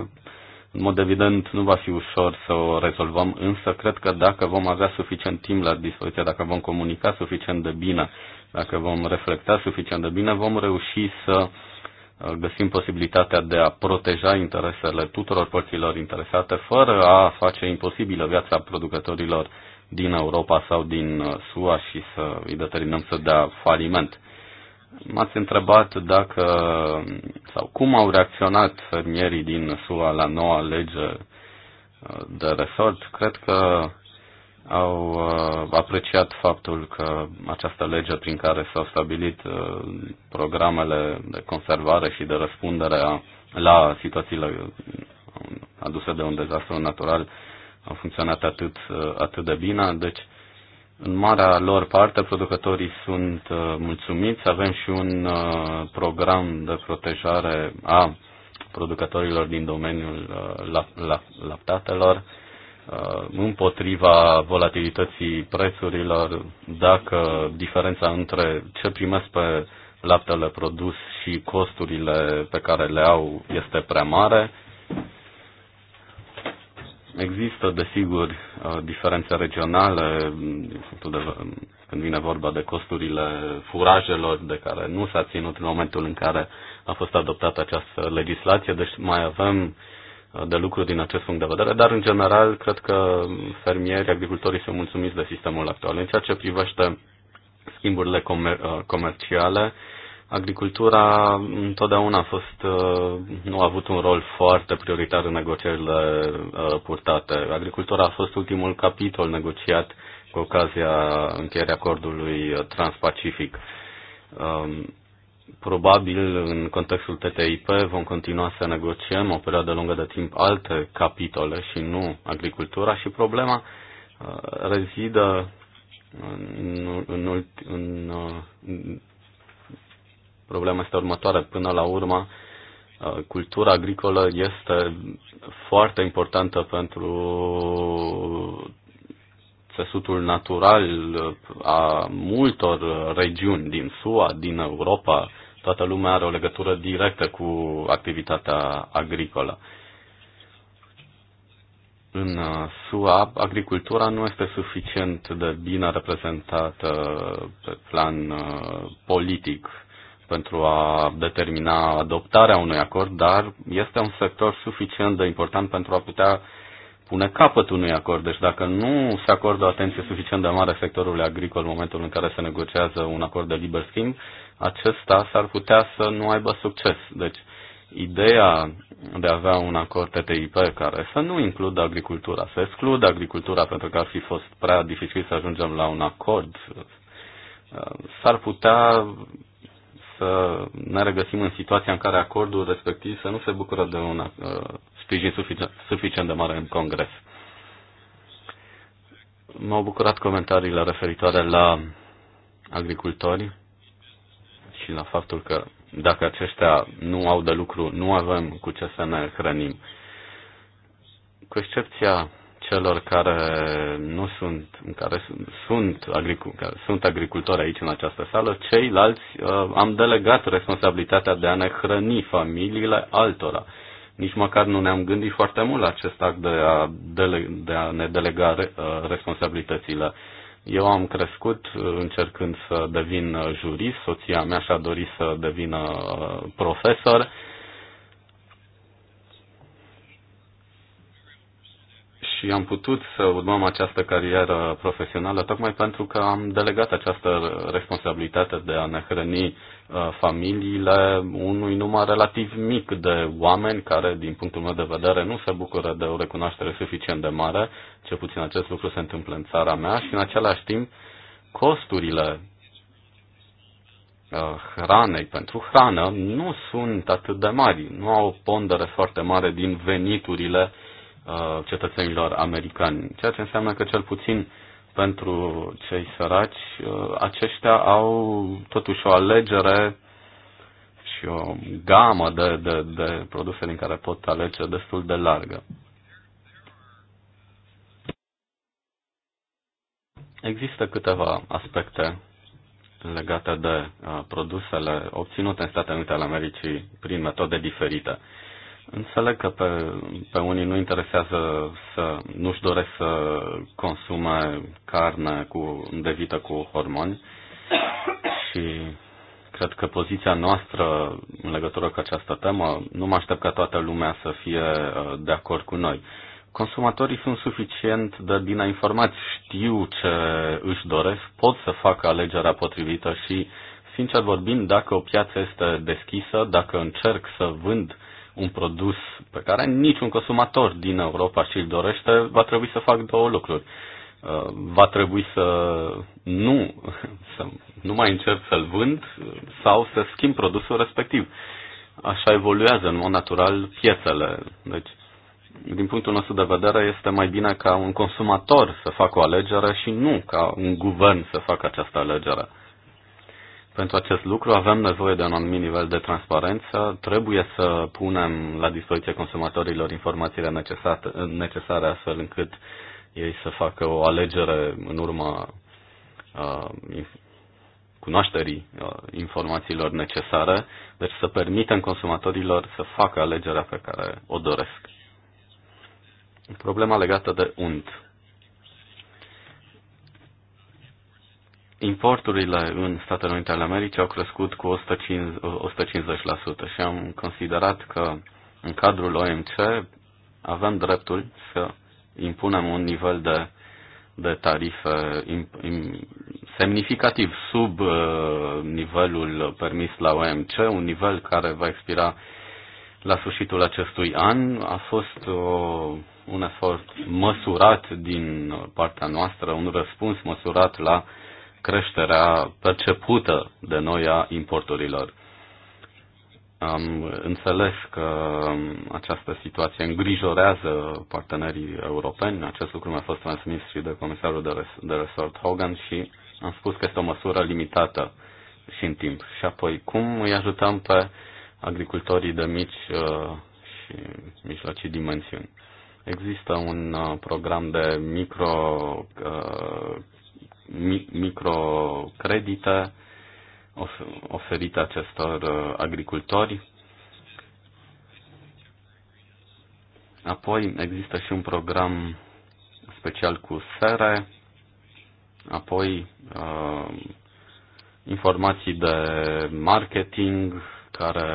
în mod evident, nu va fi ușor să o rezolvăm, însă cred că dacă vom avea suficient timp la dispoziție, dacă vom comunica suficient de bine, dacă vom reflecta suficient de bine, vom reuși să găsim posibilitatea de a proteja interesele tuturor părților interesate, fără a face imposibilă viața producătorilor din Europa sau din uh, SUA și să îi determinăm să dea faliment. M-ați întrebat dacă sau cum au reacționat fermierii din SUA la noua lege uh, de resort. Cred că au uh, apreciat faptul că această lege prin care s-au stabilit uh, programele de conservare și de răspundere a, la situațiile uh, aduse de un dezastru natural au funcționat atât, uh, atât de bine. Deci, în marea lor parte, producătorii sunt uh, mulțumiți. Avem și un uh, program de protejare a producătorilor din domeniul uh, la, la, laptatelor. Uh, împotriva volatilității prețurilor, dacă diferența între ce primesc pe laptele produs și costurile pe care le au este prea mare. Există, desigur, uh, diferențe regionale când vine vorba de costurile furajelor de care nu s-a ținut în momentul în care a fost adoptată această legislație, deci mai avem uh, de lucru din acest punct de vedere, dar în general cred că fermierii, agricultorii sunt mulțumiți de sistemul actual. În ceea ce privește schimburile comer- uh, comerciale, agricultura întotdeauna a fost, uh, nu a avut un rol foarte prioritar în negocierile uh, purtate. Agricultura a fost ultimul capitol negociat cu ocazia încheierii acordului transpacific. Um, Probabil, în contextul TTIP, vom continua să negociem o perioadă lungă de timp alte capitole și nu agricultura și problema uh, rezidă în, în, în, în uh, problema este următoare. Până la urmă, uh, cultura agricolă este foarte importantă pentru țesutul natural uh, a multor uh, regiuni din SUA, din Europa. Toată lumea are o legătură directă cu activitatea agricolă. În uh, SUA, agricultura nu este suficient de bine reprezentată pe plan politic pentru a determina adoptarea unui acord, dar este un sector suficient de important pentru a putea pune capăt unui acord. Deci dacă nu se acordă o atenție suficient de mare sectorului agricol în momentul în care se negociază un acord de liber schimb, acesta s-ar putea să nu aibă succes. Deci ideea de a avea un acord TTIP care să nu includă agricultura, să excludă agricultura pentru că ar fi fost prea dificil să ajungem la un acord, s-ar putea să ne regăsim în situația în care acordul respectiv să nu se bucură de un sprijin suficient de mare în Congres. M-au bucurat comentariile referitoare la agricultori și la faptul că dacă aceștia nu au de lucru, nu avem cu ce să ne hrănim. Cu excepția celor care nu sunt, care sunt, agricu- care sunt agricultori aici în această sală, ceilalți uh, am delegat responsabilitatea de a ne hrăni familiile altora nici măcar nu ne-am gândit foarte mult la acest act de a, dele, de a ne delega uh, responsabilitățile. Eu am crescut uh, încercând să devin uh, jurist, soția mea și-a dorit să devină profesor, și am putut să urmăm această carieră profesională tocmai pentru că am delegat această responsabilitate de a ne hrăni uh, familiile unui număr relativ mic de oameni care, din punctul meu de vedere, nu se bucură de o recunoaștere suficient de mare, ce puțin acest lucru se întâmplă în țara mea și, în același timp, costurile uh, hranei pentru hrană nu sunt atât de mari, nu au o pondere foarte mare din veniturile uh, Uh, cetățenilor americani, ceea ce înseamnă că cel puțin pentru cei săraci, uh, aceștia au totuși o alegere și o gamă de, de, de produse din care pot alege destul de largă. Există câteva aspecte legate de uh, produsele obținute în Statele Unite ale Americii prin metode diferite. Uh, Înțeleg că pe, pe unii nu interesează să, nu-și doresc să consume carne cu, de cu hormoni și cred că poziția noastră în legătură cu această temă, nu mă aștept ca toată lumea să fie uh, de acord cu noi. Consumatorii sunt suficient de bine informați, știu ce își doresc, pot să facă alegerea potrivită și, sincer vorbind, dacă o piață este deschisă, dacă încerc să vând un produs pe care niciun consumator din Europa și îl dorește, va trebui să fac două lucruri. Uh, va trebui să nu, să nu mai încerc să-l vând sau să schimb produsul respectiv. Așa evoluează în mod natural piețele. Deci, din punctul nostru de vedere, este mai bine ca un consumator să facă o alegere și nu ca un guvern să facă această alegere. Pentru acest lucru avem nevoie de un anumit nivel de transparență, trebuie să punem la dispoziție consumatorilor informațiile necesare astfel încât ei să facă o alegere în urma uh, cunoașterii uh, informațiilor necesare, deci să permitem consumatorilor să facă alegerea pe care o doresc. Problema legată de unt. Importurile în Statele Unite ale Americii au crescut cu 150%, și am considerat că în cadrul OMC avem dreptul să impunem un nivel de, de tarife semnificativ sub uh, nivelul permis la OMC, un nivel care va expira la sfârșitul acestui an. A fost o, uh, un efort măsurat din partea noastră, un răspuns măsurat la uh, creșterea percepută de noi a importurilor. Am înțeles că această situație îngrijorează partenerii europeni. Acest lucru mi-a fost transmis și de comisarul de, res- de resort Hogan și am spus că este o măsură limitată și în timp. Și apoi, cum îi ajutăm pe agricultorii de mici uh, și mijlocii dimensiuni? Există un uh, program de micro uh, microcredite oferite acestor uh, agricultori. Apoi există și un program special cu sere, apoi uh, informații de marketing care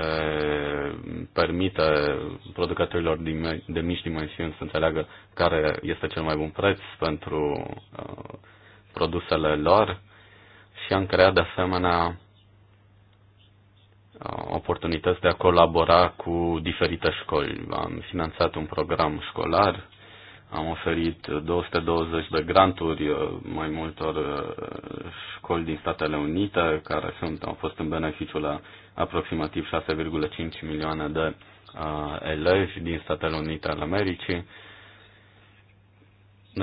permite producătorilor de mici dimensiuni să înțeleagă care este cel mai bun preț pentru uh, produsele lor și am creat de asemenea uh, oportunități de a colabora cu diferite școli. Am finanțat un program școlar, am oferit 220 de granturi uh, mai multor uh, școli din Statele Unite, care sunt, au fost în beneficiu la aproximativ 6,5 milioane de uh, elevi din Statele Unite ale Americii. Ne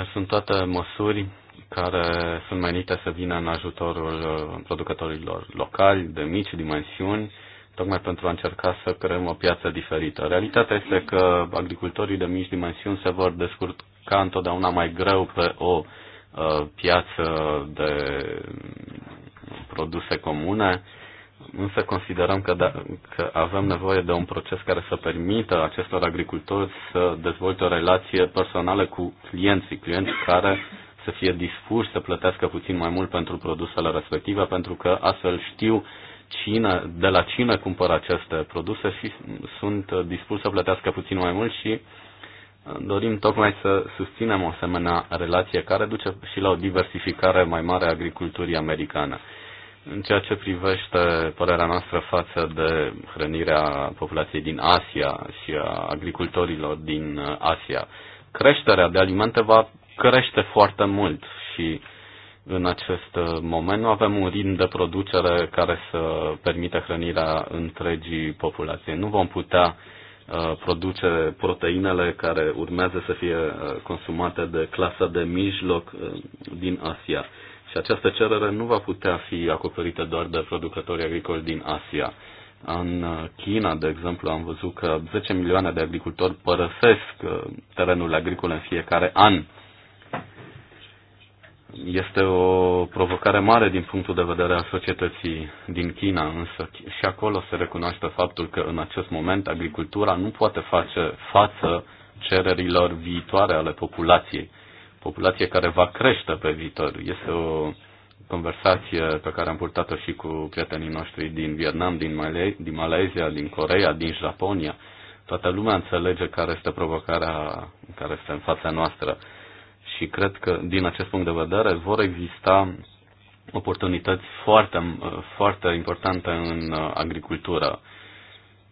deci sunt toate măsuri care sunt menite să vină în ajutorul uh, producătorilor locali, de mici dimensiuni, tocmai pentru a încerca să creăm o piață diferită. Realitatea este că agricultorii de mici dimensiuni se vor descurca întotdeauna mai greu pe o uh, piață de produse comune, însă considerăm că, da, că avem nevoie de un proces care să permită acestor agricultori să dezvolte o relație personală cu clienții, clienți care să fie dispuși să plătească puțin mai mult pentru produsele respective, pentru că astfel știu cine, de la cine cumpăr aceste produse și sunt dispuși să plătească puțin mai mult și uh, dorim tocmai să susținem o asemenea relație care duce și la o diversificare mai mare a agriculturii americane. În ceea ce privește părerea noastră față de hrănirea populației din Asia și a agricultorilor din Asia, creșterea de alimente va crește foarte mult și în acest uh, moment nu avem un ritm de producere care să permită hrănirea întregii populații. Nu vom putea uh, produce proteinele care urmează să fie uh, consumate de clasa de mijloc din Asia. Și această cerere nu va putea fi acoperită doar de producătorii agricoli din Asia. În China, de exemplu, am văzut că 10 milioane de agricultori părăsesc terenul agricol în fiecare an este o provocare mare din punctul de vedere al societății din China, însă și acolo se recunoaște faptul că în acest moment agricultura nu poate face față cererilor viitoare ale populației, populație care va crește pe viitor. Este o conversație pe care am purtat-o și cu prietenii noștri din Vietnam, din, Male- din Malezia, din Corea, din Japonia. Toată lumea înțelege care este provocarea care este în fața noastră și cred că din acest punct de vedere vor exista oportunități foarte, foarte importante în uh, agricultură.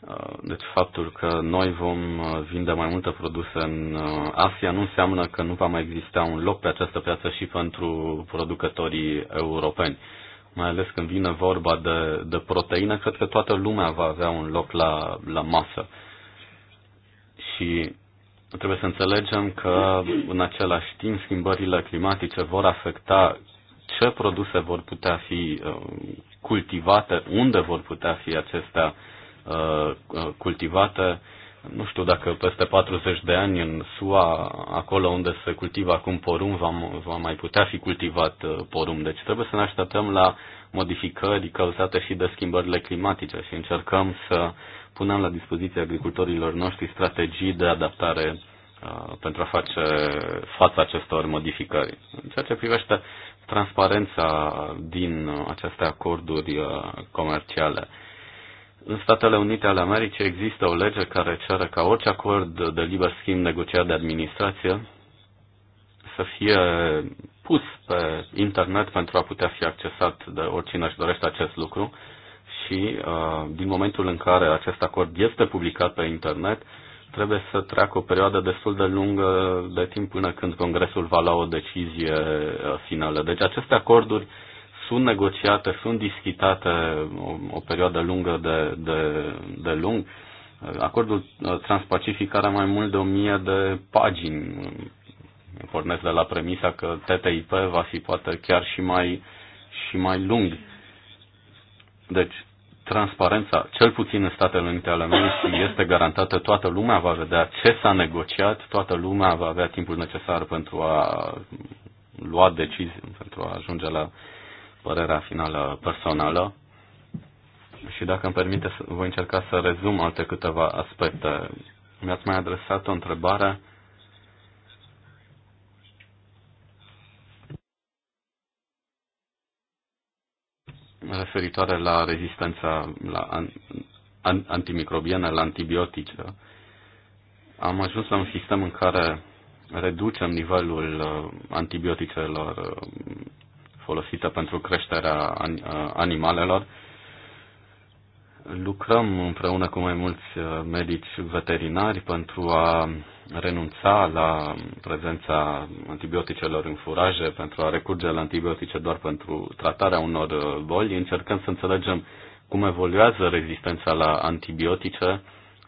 Uh, deci faptul că noi vom uh, vinde mai multe produse în Asia nu înseamnă că nu va mai exista un loc pe această piață și pentru producătorii europeni. Mai ales când vine vorba de, de proteine, cred că toată lumea va avea un loc la, la masă. Și trebuie să înțelegem că în același timp schimbările climatice vor afecta ce produse vor putea fi uh, cultivate, unde vor putea fi acestea uh, uh, cultivate. Nu știu dacă peste 40 de ani în SUA, acolo unde se cultivă acum porum va, va mai putea fi cultivat porum. Deci trebuie să ne așteptăm la modificări cauzate și de schimbările climatice și încercăm să punem la dispoziție agricultorilor noștri strategii de adaptare uh, pentru a face față acestor modificări. În ceea ce privește transparența din aceste acorduri uh, comerciale. În Statele Unite ale Americii există o lege care cere ca orice acord de liber schimb negociat de administrație să fie pus pe internet pentru a putea fi accesat de oricine își dorește acest lucru și uh, din momentul în care acest acord este publicat pe internet, trebuie să treacă o perioadă destul de lungă de timp până când Congresul va lua o decizie uh, finală. Deci aceste acorduri sunt negociate, sunt discutate o, um, o perioadă lungă de, de, de lung. Uh, acordul transpacific are mai mult de o mie de pagini. Um, pornesc de la premisa că TTIP va fi poate chiar și mai, și mai lung. Deci, transparența, cel puțin în Statele Unite ale Americii, este garantată, toată lumea va vedea ce s-a negociat, toată lumea va avea timpul necesar pentru a lua decizii, pentru a ajunge la părerea finală personală. Și dacă îmi permite, voi încerca să rezum alte câteva aspecte. Mi-ați mai adresat o întrebare referitoare la rezistența la an, an, antimicrobiană, la antibiotice. Am ajuns la un sistem în care reducem nivelul uh, antibioticelor uh, folosite pentru creșterea uh, animalelor Lucrăm împreună cu mai mulți uh, medici veterinari pentru a renunța la prezența antibioticelor în furaje, pentru a recurge la antibiotice doar pentru tratarea unor uh, boli. Încercăm să înțelegem cum evoluează rezistența la antibiotice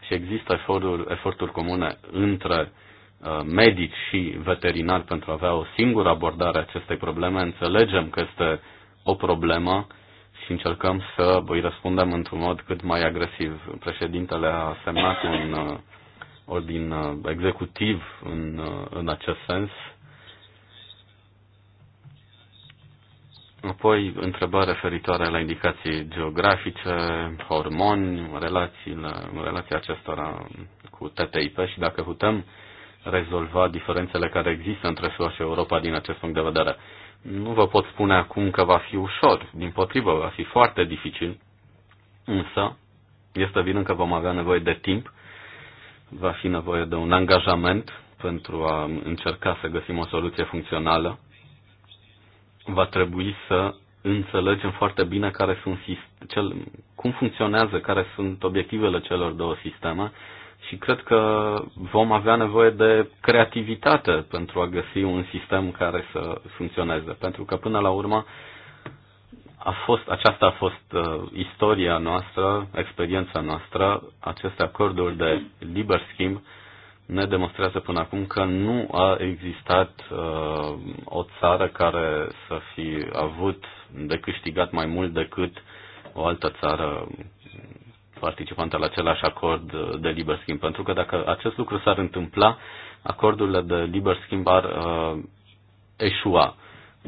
și există eforturi, eforturi comune între uh, medici și veterinari pentru a avea o singură abordare a acestei probleme. Înțelegem că este o problemă și încercăm să îi răspundem într-un mod cât mai agresiv. Președintele a semnat un uh, ordin uh, executiv în, uh, în acest sens. Apoi, întrebare referitoare la indicații geografice, hormoni, relațiile, relația acestora cu TTIP și dacă putem rezolva diferențele care există între SUA și Europa din acest punct de vedere. Nu vă pot spune acum că va fi ușor, din potrivă, va fi foarte dificil, însă este evident că vom avea nevoie de timp, va fi nevoie de un angajament pentru a încerca să găsim o soluție funcțională. Va trebui să înțelegem foarte bine care sunt, cel, cum funcționează, care sunt obiectivele celor două sisteme și cred că vom avea nevoie de creativitate pentru a găsi un sistem care să funcționeze, pentru că până la urmă a fost, aceasta a fost uh, istoria noastră, experiența noastră, aceste acorduri de liber schimb ne demonstrează până acum că nu a existat uh, o țară care să fi avut de câștigat mai mult decât o altă țară participante la același acord de liber schimb, pentru că dacă acest lucru s-ar întâmpla, acordurile de liber schimb ar uh, eșua.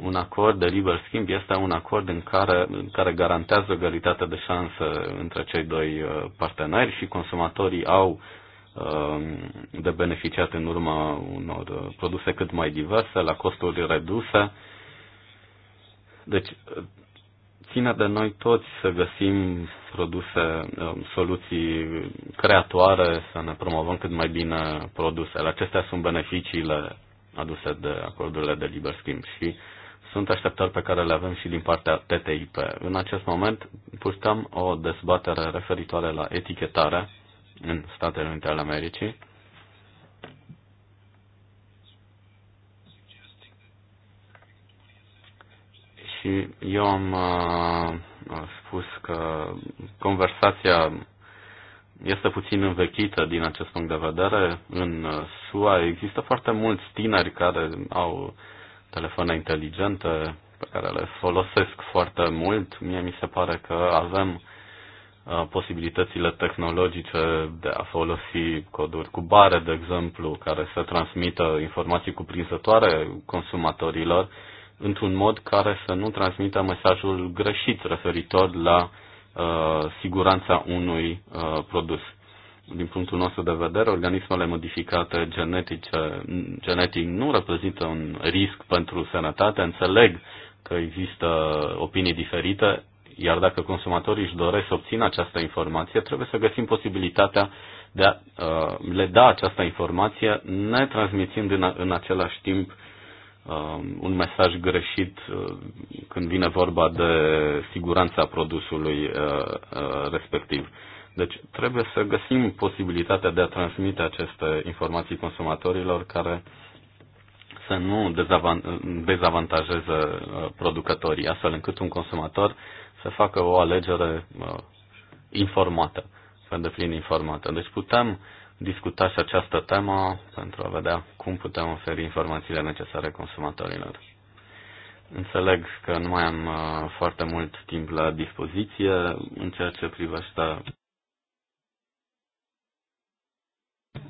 Un acord de liber schimb este un acord în care, în care garantează egalitatea de șanse între cei doi uh, parteneri și consumatorii au uh, de beneficiat în urma unor uh, produse cât mai diverse, la costuri reduse. Deci ține de noi toți să găsim produse, um, soluții creatoare, să ne promovăm cât mai bine produsele. Acestea sunt beneficiile aduse de acordurile de liber schimb și sunt așteptări pe care le avem și din partea TTIP. În acest moment purtăm o dezbatere referitoare la etichetarea în Statele Unite ale Americii Și eu am uh, a spus că conversația este puțin învechită din acest punct de vedere. În uh, SUA există foarte mulți tineri care au telefoane inteligente pe care le folosesc foarte mult. Mie mi se pare că avem uh, posibilitățile tehnologice de a folosi coduri cu bare, de exemplu, care să transmită informații cuprinzătoare consumatorilor într-un mod care să nu transmită mesajul greșit referitor la uh, siguranța unui uh, produs. Din punctul nostru de vedere, organismele modificate genetice, genetic nu reprezintă un risc pentru sănătate. Înțeleg că există opinii diferite, iar dacă consumatorii își doresc să obțină această informație, trebuie să găsim posibilitatea de a uh, le da această informație, ne transmițând în, în același timp uh, Um, un mesaj greșit uh, când vine vorba de siguranța produsului uh, uh, respectiv. Deci trebuie să găsim posibilitatea de a transmite aceste informații consumatorilor care să nu dezavantajeze producătorii, astfel încât un consumator să facă o alegere informată, să deplin informată. Deci putem discuta și această temă pentru a vedea cum putem oferi informațiile necesare consumatorilor. Înțeleg că nu mai am uh, foarte mult timp la dispoziție în ceea ce privește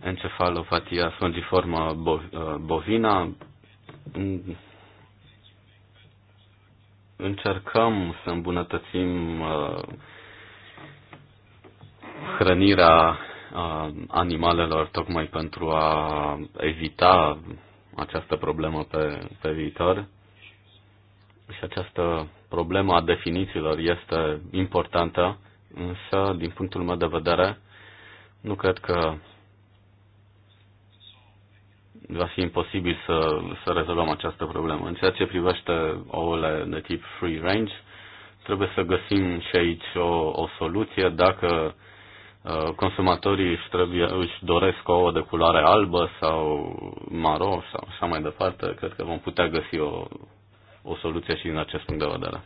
encefalopatia fungiformă uh, bovina. Încercăm să îmbunătățim uh, hrănirea animalelor tocmai pentru a evita această problemă pe, pe viitor. Și această problemă a definițiilor este importantă, însă, din punctul meu de vedere, nu cred că va fi imposibil să, să rezolvăm această problemă. În ceea ce privește ouăle de tip free range, trebuie să găsim și aici o, o soluție. Dacă uh, Uh, consumatorii își, trebuie, își doresc ouă de culoare albă sau maro sau așa mai departe, cred că vom putea găsi o, o soluție și din acest punct de vedere.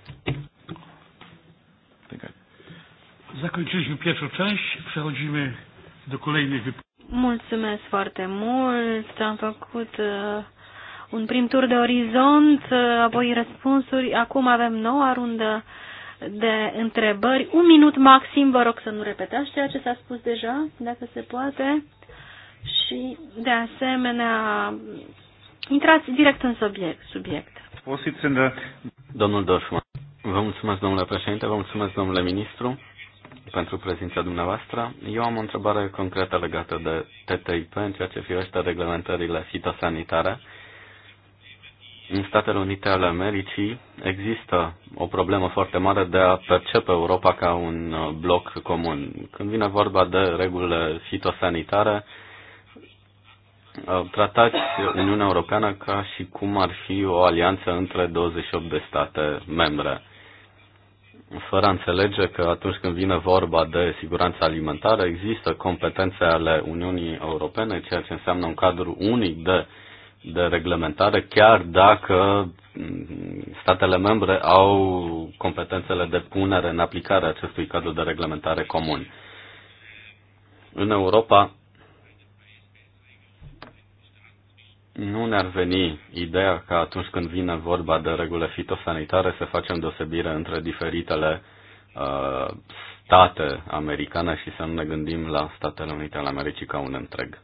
Zakończyliśmy pierwszą część, przechodzimy do kolejnych Mulțumesc foarte mult, am făcut uh, un prim tur de orizont, uh, apoi răspunsuri. Acum avem noua rundă de întrebări. Un minut maxim, vă rog să nu repetați ceea ce s-a spus deja, dacă se poate. Și, de asemenea, intrați direct în subiect. subiect. Domnul Dorfman, vă mulțumesc, domnule președinte, vă mulțumesc, domnule ministru, pentru prezența dumneavoastră. Eu am o întrebare concretă legată de TTIP în ceea ce privește reglementările fitosanitare în Statele Unite ale Americii există o problemă foarte mare de a percepe Europa ca un uh, bloc comun. Când vine vorba de regulile fitosanitare, uh, tratați Uniunea Europeană ca și cum ar fi o alianță între 28 de state membre. Fără a înțelege că atunci când vine vorba de siguranța alimentară există competențe ale Uniunii Europene, ceea ce înseamnă un cadru unic de uh, de reglementare, chiar dacă mm, statele membre au competențele de punere în aplicare a acestui cadru de reglementare comun. În Europa nu ne-ar veni ideea că atunci când vine vorba de regulile fitosanitare să facem deosebire între diferitele uh, state americane și să nu ne gândim la Statele Unite ale Americii ca un întreg.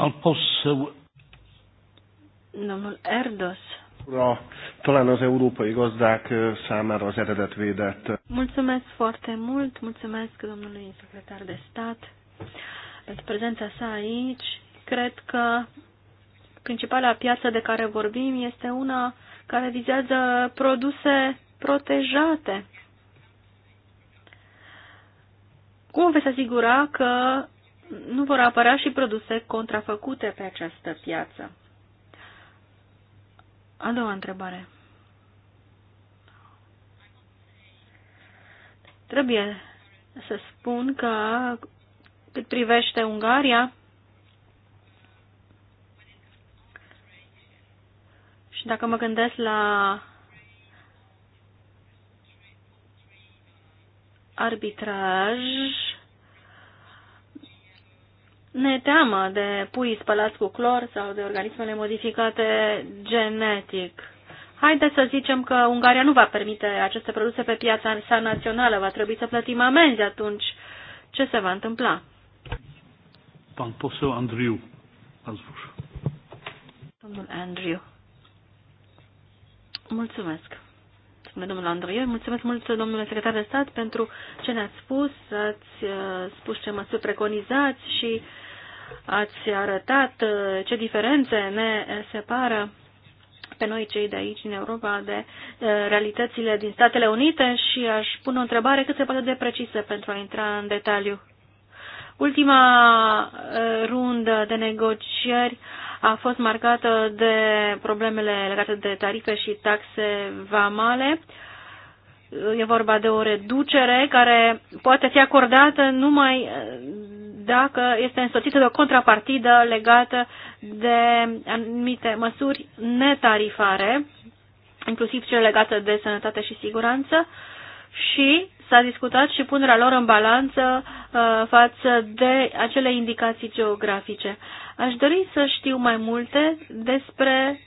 Al poseł... Uh, Domnul Erdos. Ura, talán az európai gazdák uh, számára az eredet védett. Mulțumesc foarte mult, mulțumesc domnului secretar de stat pentru deci prezența sa aici. Cred că principala piață de care vorbim este una care vizează produse protejate. Cum veți asigura că nu vor apărea și produse contrafăcute pe această piață. A doua întrebare. Trebuie să spun că cât privește Ungaria și dacă mă gândesc la arbitraj, ne teamă de pui spălați cu clor sau de organismele modificate genetic. Haideți să zicem că Ungaria nu va permite aceste produse pe piața sa națională, va trebui să plătim amenzi atunci. Ce se va întâmpla? Pan poseu Andriu, ați Domnul Andriu. Mulțumesc. Spune domnul Andriu. Mulțumesc mult, domnule secretar de stat, pentru ce ne-ați spus. Ați uh, spus ce măsuri preconizați și uh, ați arătat uh, ce diferențe ne separă pe noi cei de aici, din Europa, de uh, realitățile din Statele Unite și aș pune o întrebare cât se poate de precisă pentru a intra în detaliu. Ultima uh, rundă de negocieri a fost marcată de problemele legate de tarife și taxe vamale. E vorba de o reducere care poate fi acordată numai dacă este însoțită de o contrapartidă legată de anumite măsuri netarifare, inclusiv cele legate de sănătate și siguranță, și s-a discutat și punerea lor în balanță uh, față de acele indicații geografice. Aș dori să știu mai multe despre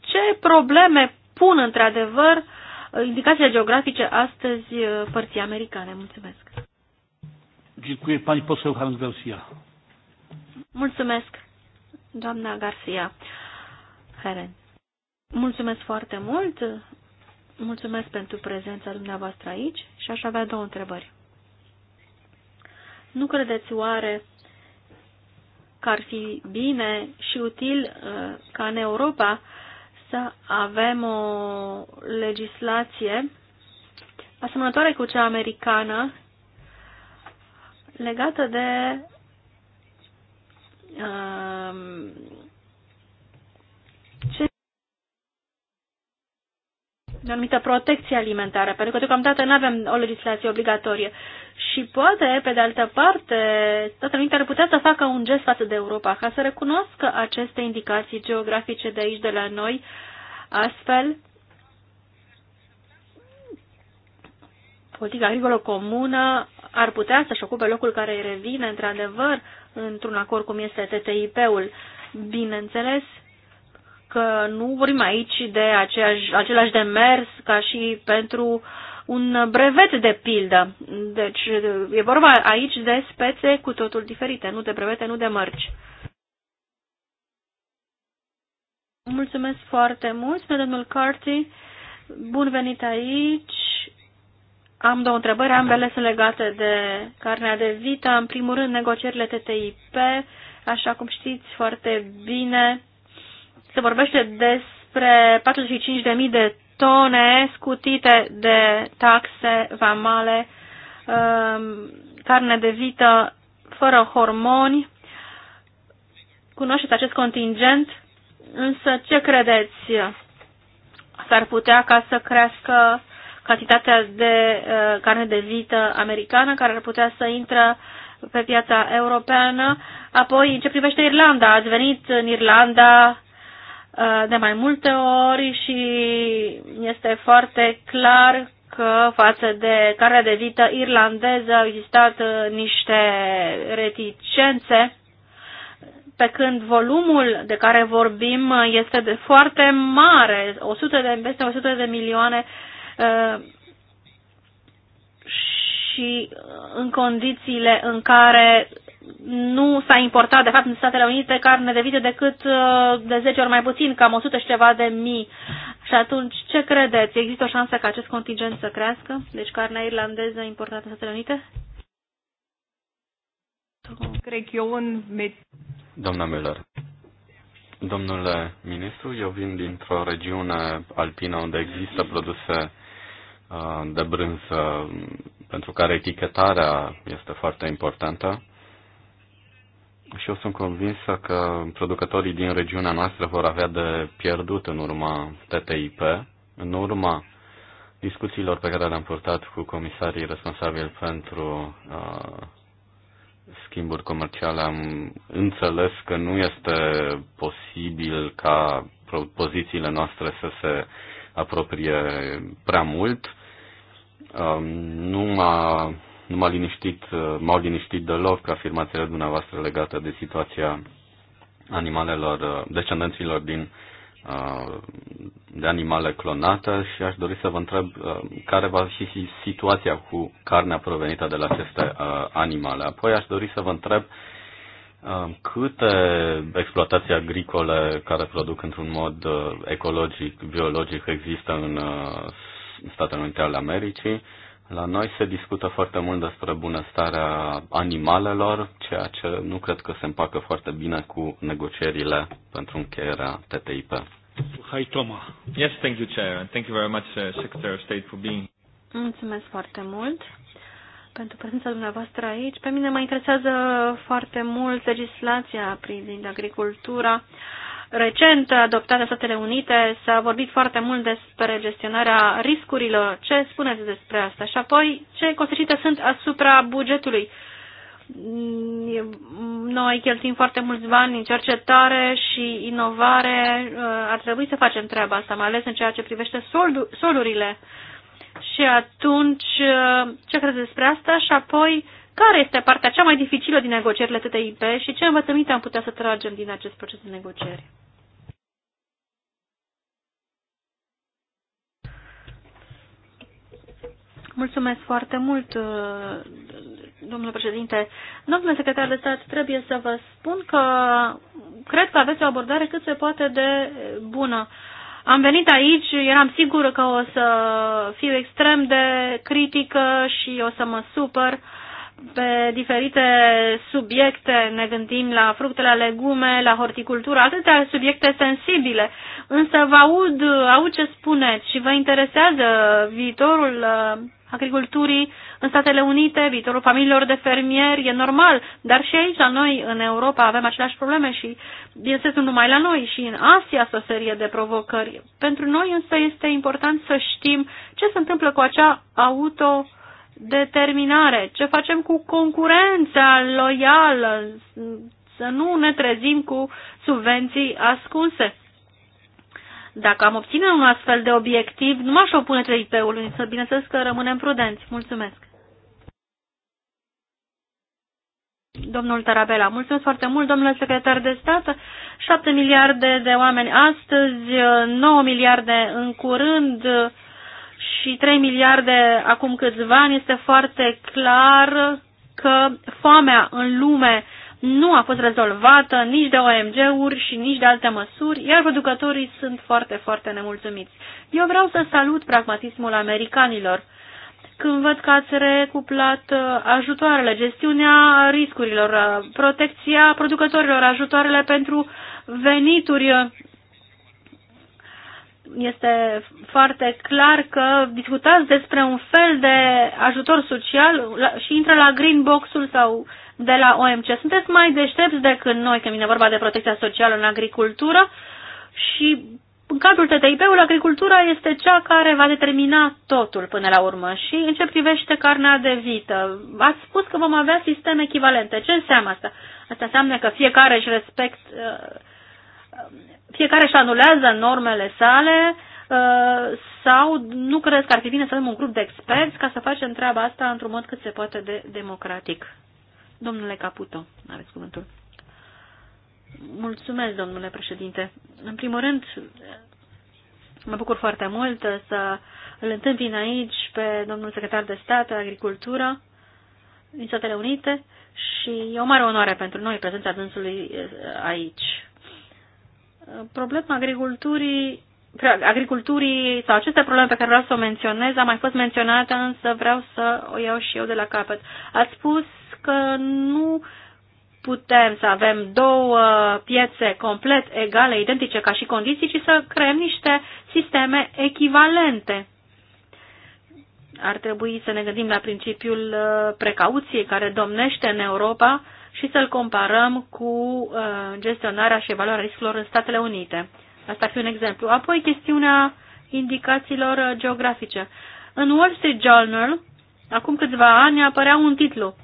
ce probleme pun într-adevăr uh, indicațiile geografice astăzi uh, părții americane. Mulțumesc! Dziękuję. Pani poseł Hans Garcia. Mulțumesc, doamna Garcia. Heren. Mulțumesc foarte mult. Mulțumesc pentru prezența dumneavoastră aici și aș avea două întrebări. Nu credeți oare că ar fi bine și util uh, ca în Europa să avem o legislație asemănătoare cu cea americană legată de um, ce de anumită protecție alimentară, pentru că deocamdată nu avem o legislație obligatorie. Și poate, pe de altă parte, Statele Unite ar putea să facă un gest față de Europa, ca să recunoască aceste indicații geografice de aici, de la noi, astfel politica agricolă comună ar putea să-și ocupe locul care îi revine, într-adevăr, într-un acord cum este TTIP-ul. Bineînțeles că nu vorbim aici de aceeași, același demers ca și pentru un brevet de pildă. Deci e vorba aici de spețe cu totul diferite, nu de brevete, nu de mărci. Mulțumesc foarte mult, domnul Carty. Bun venit aici am două întrebări, ambele sunt legate de carnea de vită. În primul rând, negocierile TTIP, așa cum știți foarte bine, se vorbește despre 45.000 de tone scutite de taxe vamale, um, carne de vită fără hormoni. Cunoașteți acest contingent, însă ce credeți? S-ar putea ca să crească uh, cantitatea de uh, carne de vită americană care ar putea să intră pe piața europeană. Apoi, în ce privește Irlanda, ați venit în Irlanda uh, de mai multe ori și este foarte clar că față de carnea de vită irlandeză au existat uh, niște reticențe, pe când volumul de care vorbim este de foarte mare, 100 de, peste 100 de milioane Uh, și uh, în condițiile în care nu s-a importat, de fapt, în Statele Unite carne de vită decât uh, de 10 ori mai puțin, cam 100 și ceva de mii. Și atunci, ce credeți? Există o șansă ca acest contingent să crească? Deci carnea irlandeză importată în Statele Unite? Cred eu un... Doamna Müller, domnule ministru, eu vin dintr-o regiune alpină unde există produse Uh, de brânză, pentru care etichetarea este foarte importantă. Și eu sunt convinsă că producătorii din regiunea noastră vor avea de pierdut în urma TTIP, în urma discuțiilor pe care le-am purtat cu comisarii responsabili pentru uh, schimburi comerciale, am înțeles că nu este posibil ca pozițiile noastre să se apropie prea mult. Um, nu m-a, nu m-a liniștit, uh, m-au liniștit deloc afirmațiile dumneavoastră legate de situația animalelor, uh, descendenților din uh, de animale clonate și aș dori să vă întreb care va fi situația cu carnea provenită de la aceste animale. Apoi aș dori să vă întreb câte exploatații agricole care produc într-un mod ecologic, biologic există în Statele Unite ale Americii. La noi se discută foarte mult despre bunăstarea animalelor, ceea ce nu cred că se împacă foarte bine cu negocierile pentru încheierea TTIP. Hai, Toma. Yes, thank you, Chair, and thank you very much, uh, Secretary of State, for being Mulțumesc foarte mult pentru prezența dumneavoastră aici. Pe mine mă interesează foarte mult legislația privind agricultura. Uh, recent adoptată de Statele Unite, s-a vorbit foarte mult despre gestionarea riscurilor. Ce spuneți despre asta? Și apoi, ce consecințe sunt asupra bugetului? Mm, noi cheltuim foarte mulți bani în cercetare și inovare. Uh, ar trebui să facem treaba asta, mai ales în ceea ce privește solurile. Și atunci, uh, ce credeți despre asta? Și apoi, care este partea cea mai dificilă din negocierile TTIP și ce învățăminte am putea să tragem din acest proces de negocieri. Mulțumesc foarte mult, uh, domnule președinte. Domnule secretar de stat, trebuie să vă spun că cred că aveți o abordare cât se poate de bună. Am venit aici, eram sigură că o să fiu extrem de critică și o să mă supăr. Uh, pe diferite subiecte, ne gândim la fructe, la legume, la horticultură, atâtea subiecte sensibile. Însă vă aud, aud ce spuneți și vă interesează viitorul uh, agriculturii în Statele Unite, viitorul familiilor de fermieri, e normal, dar și aici la noi, în Europa, avem aceleași probleme și, bineînțeles, nu numai la noi, și în Asia o serie de provocări. Pentru noi însă este important să știm ce se întâmplă cu acea auto- determinare, ce facem cu concurența loială, să nu ne trezim cu subvenții ascunse. Dacă am obține un astfel de obiectiv, nu m-aș opune TIP-ului, însă bineînțeles că rămânem prudenți. Mulțumesc! Domnul Tarabela, mulțumesc foarte mult, domnule secretar de stat. 7 miliarde de oameni astăzi, 9 miliarde în curând, și 3 miliarde acum câțiva ani, este foarte clar că foamea în lume nu a fost rezolvată nici de OMG-uri și nici de alte măsuri, iar producătorii sunt foarte, foarte nemulțumiți. Eu vreau să salut pragmatismul americanilor. Când văd că ați recuplat uh, ajutoarele, gestiunea riscurilor, uh, protecția producătorilor, ajutoarele pentru venituri uh, este foarte clar că discutați despre un fel de ajutor social și intră la green box-ul sau de la OMC. Sunteți mai deștepți decât noi când vine vorba de protecția socială în agricultură și în cadrul TTIP-ului agricultura este cea care va determina totul până la urmă. Și în ce privește carnea de vită, ați spus că vom avea sisteme echivalente. Ce înseamnă asta? Asta înseamnă că fiecare își respect, uh, fiecare își anulează normele sale uh, sau nu crezi că ar fi bine să avem un grup de experți ca să facem treaba asta într-un mod cât se poate de democratic? Domnule Caputo, aveți cuvântul. Mulțumesc, domnule președinte. În primul rând, mă bucur foarte mult să îl întâmpin aici pe domnul secretar de stat, agricultură din Statele Unite și e o mare onoare pentru noi prezența dânsului eh, aici. Problema agriculturii agriculturii sau aceste probleme pe care vreau să o menționez a mai fost menționată, însă vreau să o iau și eu de la capăt. Ați spus că nu putem să avem două piețe complet egale, identice ca și condiții, ci să creăm niște sisteme echivalente. Ar trebui să ne gândim la principiul uh, precauției care domnește în Europa, și să-l comparăm cu uh, gestionarea și evaluarea riscurilor în Statele Unite. Asta ar fi un exemplu. Apoi chestiunea indicațiilor uh, geografice. În Wall Street Journal, acum câțiva ani, apărea un titlu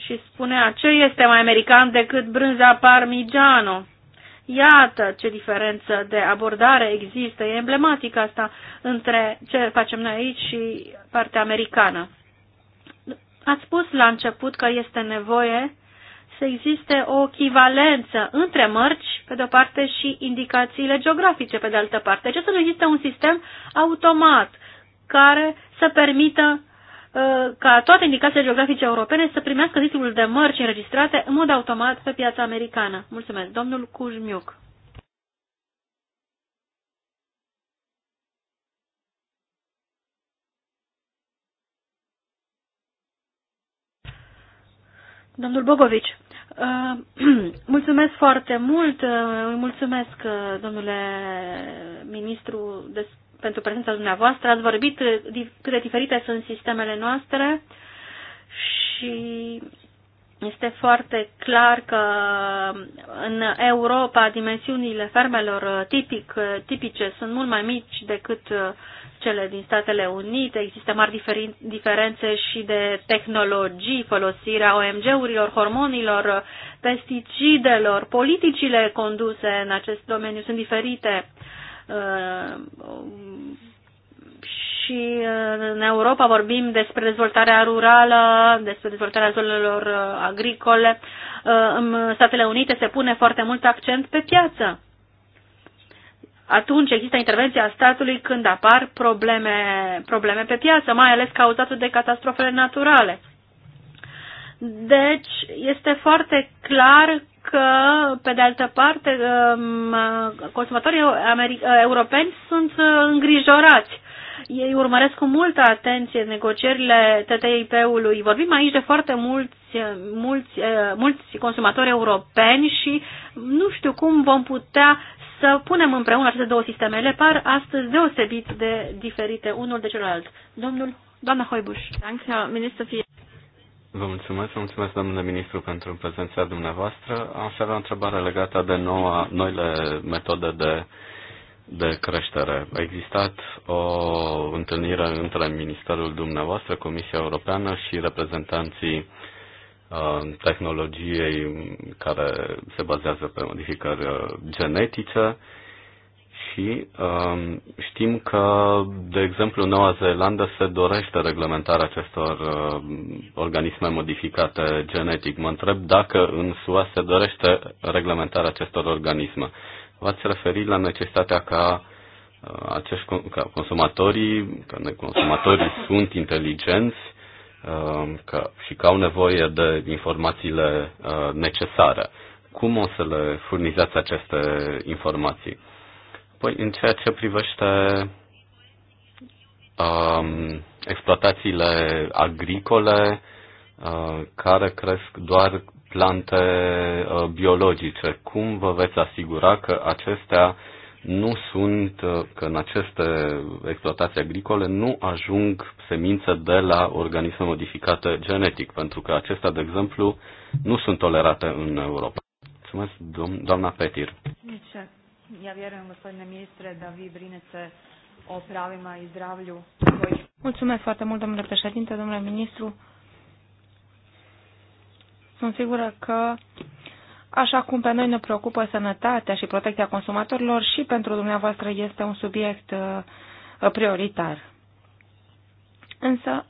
și spunea ce este mai american decât brânza parmigiano. Iată ce diferență de abordare există, e emblematică asta între ce facem noi aici și partea americană. Ați spus la început că este nevoie să existe o echivalență între mărci, pe de-o parte, și indicațiile geografice, pe de altă parte. Ce deci să nu existe un sistem automat care să permită uh, ca toate indicațiile geografice europene să primească titlul de mărci înregistrate în mod automat pe piața americană. Mulțumesc. Domnul Cujmiuc. Domnul Bogovici, uh, mulțumesc foarte mult, uh, mulțumesc, uh, domnule ministru, pentru prezența dumneavoastră. Ați vorbit cât de diferite sunt sistemele noastre și este foarte clar că în Europa dimensiunile fermelor tipic, tipice sunt mult mai mici decât cele din Statele Unite, există mari diferențe și de tehnologii, folosirea OMG-urilor, hormonilor, pesticidelor, politicile conduse în acest domeniu sunt diferite. Uh, și în Europa vorbim despre dezvoltarea rurală, despre dezvoltarea zonelor uh, agricole. Uh, în Statele Unite se pune foarte mult accent pe piață atunci există intervenția statului când apar probleme, probleme pe piață, mai ales cauzate de catastrofele naturale. Deci, este foarte clar că, pe de altă parte, um, consumatorii europeni sunt uh, îngrijorați. Ei urmăresc cu multă atenție negocierile TTIP-ului. Vorbim aici de foarte mulți, mulți, uh, mulți consumatori europeni și nu știu cum vom putea să punem împreună aceste două sisteme. Le par astăzi deosebit de diferite unul de celălalt. Domnul, doamna Hoibuș. Vă mulțumesc, vă mulțumesc, domnule ministru, pentru prezența dumneavoastră. Am avea o întrebare legată de noua, noile metode de de creștere. A existat o întâlnire între Ministerul dumneavoastră, Comisia Europeană și reprezentanții tehnologiei care se bazează pe modificări genetice și știm că, de exemplu, în Noua Zeelandă se dorește reglementarea acestor organisme modificate genetic. Mă întreb dacă în SUA se dorește reglementarea acestor organisme. V-ați referit la necesitatea ca acești consumatorii, că consumatorii sunt inteligenți Um, că, și că au nevoie de informațiile uh, necesare. Cum o să le furnizați aceste informații? Păi, în ceea ce privește um, exploatațiile agricole uh, care cresc doar plante uh, biologice, cum vă veți asigura că acestea nu sunt, uh, că în aceste exploatații agricole nu ajung semințe de la organisme modificate genetic, pentru că acestea, de exemplu, nu sunt tolerate în Europa. Mulțumesc, doamna Petir. Nici, ja vjerujem, gospodine ministre, da vi brinete o pravima i zdravlju. Mulțumesc foarte mult, domnule președinte, domnule ministru. Sunt sigură că Așa cum pe noi ne preocupă sănătatea și protecția consumatorilor, și pentru dumneavoastră este un subiect uh, prioritar. Însă,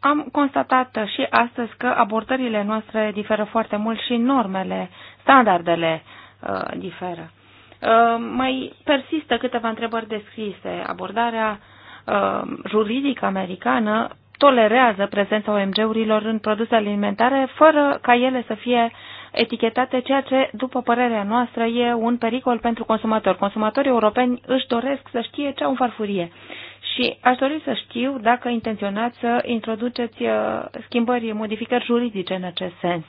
am constatat și astăzi că abordările noastre diferă foarte mult și normele, standardele uh, diferă. Uh, mai persistă câteva întrebări descrise. Abordarea juridică americană tolerează prezența OMG-urilor în produse alimentare fără ca ele să fie etichetate, ceea ce, după părerea noastră, e un pericol pentru consumatori. Consumatorii europeni își doresc să știe ce au în farfurie. Și aș dori să știu dacă intenționați să introduceți uh, schimbări, modificări juridice în acest sens.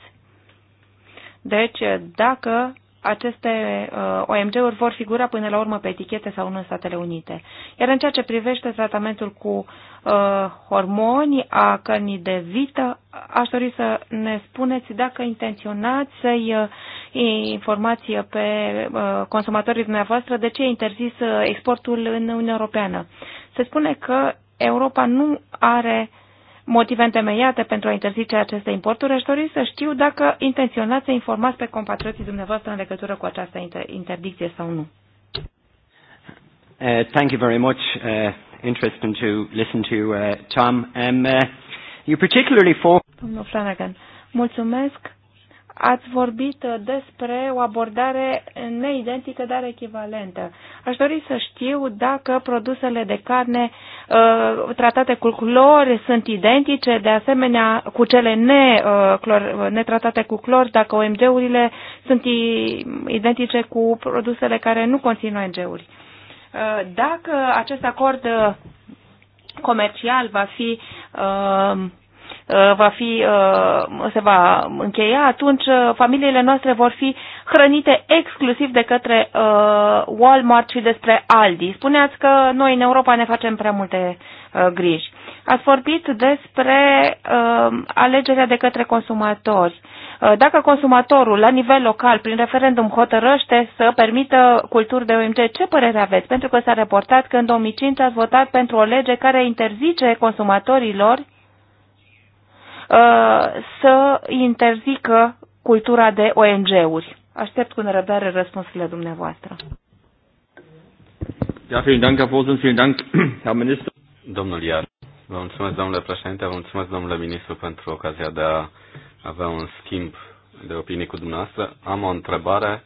Deci, dacă aceste uh, OMG-uri vor figura până la urmă pe etichete sau nu în Statele Unite. Iar în ceea ce privește tratamentul cu uh, hormoni a cărnii de vită, aș dori să ne spuneți dacă intenționați să-i uh, informați pe uh, consumatorii dumneavoastră de ce e interzis uh, exportul în Uniunea Europeană. Se spune că Europa nu are uh, motive întemeiate pentru a interzice aceste importuri, aș dori să știu dacă intenționați să informați pe compatrioții dumneavoastră în legătură cu această interdicție sau nu. Uh, thank you very much. Uh, interesting to listen to uh, Tom. Um, uh, you particularly for... Domnul Flanagan, mulțumesc ați vorbit uh, despre o abordare neidentică, dar echivalentă. Aș dori să știu dacă produsele de carne uh, tratate cu clor sunt identice, de asemenea cu cele ne, uh, clor, netratate cu clor, dacă OMG-urile sunt identice cu produsele care nu conțin OMG-uri. Uh, dacă acest acord uh, comercial va fi uh, Uh, va fi, uh, se va încheia, atunci uh, familiile noastre vor fi hrănite exclusiv de către Walmart și despre Aldi. Spuneați că noi în Europa ne facem prea multe griji. Ați vorbit despre alegerea de către consumatori. Dacă consumatorul, la nivel local, prin referendum, hotărăște să permită culturi de OMG, ce părere aveți? Pentru că s-a reportat că în 2005 ați votat pentru o lege care interzice consumatorilor Uh, să interzică cultura de ONG-uri. Aștept cu nerăbdare răspunsurile dumneavoastră. Ja, vielen Dank, Herr Vorsitz, vielen Dank, Herr Minister. Domnul Iar, vă mulțumesc, domnule președinte, vă mulțumesc, domnule ministru, pentru ocazia de a avea un schimb de opinii cu dumneavoastră. Am o întrebare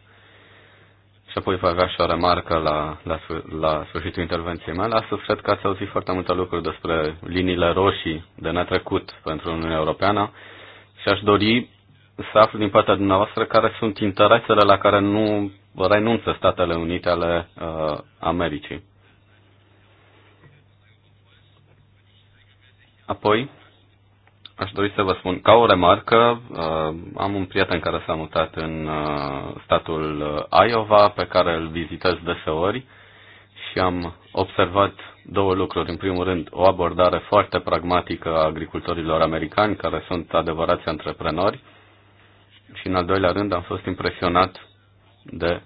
și apoi va avea și o remarcă la, la, la sfârșitul intervenției mele. Astăzi cred că ați auzit foarte multe lucruri despre liniile roșii de netrecut pentru Uniunea Europeană și aș dori să aflu din partea dumneavoastră care sunt interesele la care nu renunță Statele Unite ale uh, Americii. Apoi, aș dori să vă spun, ca o remarcă, uh, am un prieten care s-a mutat în uh, statul uh, Iowa, pe care îl vizitez deseori și am observat două lucruri. În primul rând, o abordare foarte pragmatică a agricultorilor americani, care sunt adevărați antreprenori, și în al doilea rând am fost impresionat de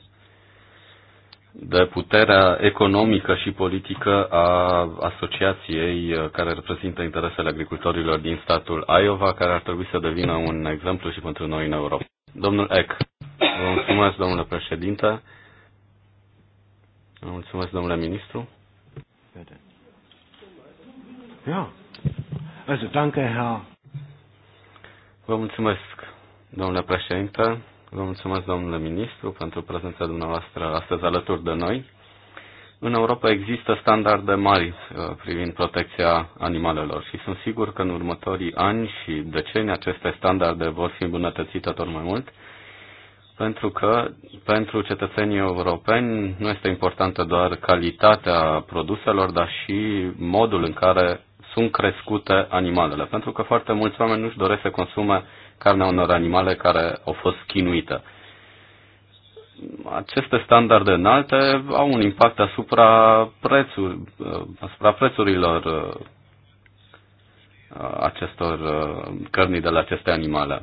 de puterea economică și politică a asociației uh, care reprezintă interesele agricultorilor din statul Iowa, care ar trebui să devină un exemplu și pentru noi în Europa. Domnul Eck, vă mulțumesc, domnule președinte. Vă mulțumesc, domnule ministru. Ja. Also, danke, Herr. Vă mulțumesc, domnule președinte. Vă mulțumesc, domnule ministru, pentru prezența dumneavoastră astăzi alături de noi. În Europa există standarde mari uh, privind protecția animalelor și sunt sigur că în următorii ani și decenii aceste standarde vor fi îmbunătățite tot mai mult, pentru că pentru cetățenii europeni nu este importantă doar calitatea produselor, dar și modul în care sunt crescute animalele, pentru că foarte mulți oameni nu-și doresc să consume carnea unor animale care au fost chinuite. Aceste standarde înalte au un impact asupra, prețuri, asupra prețurilor uh, acestor uh, cărni de la aceste animale.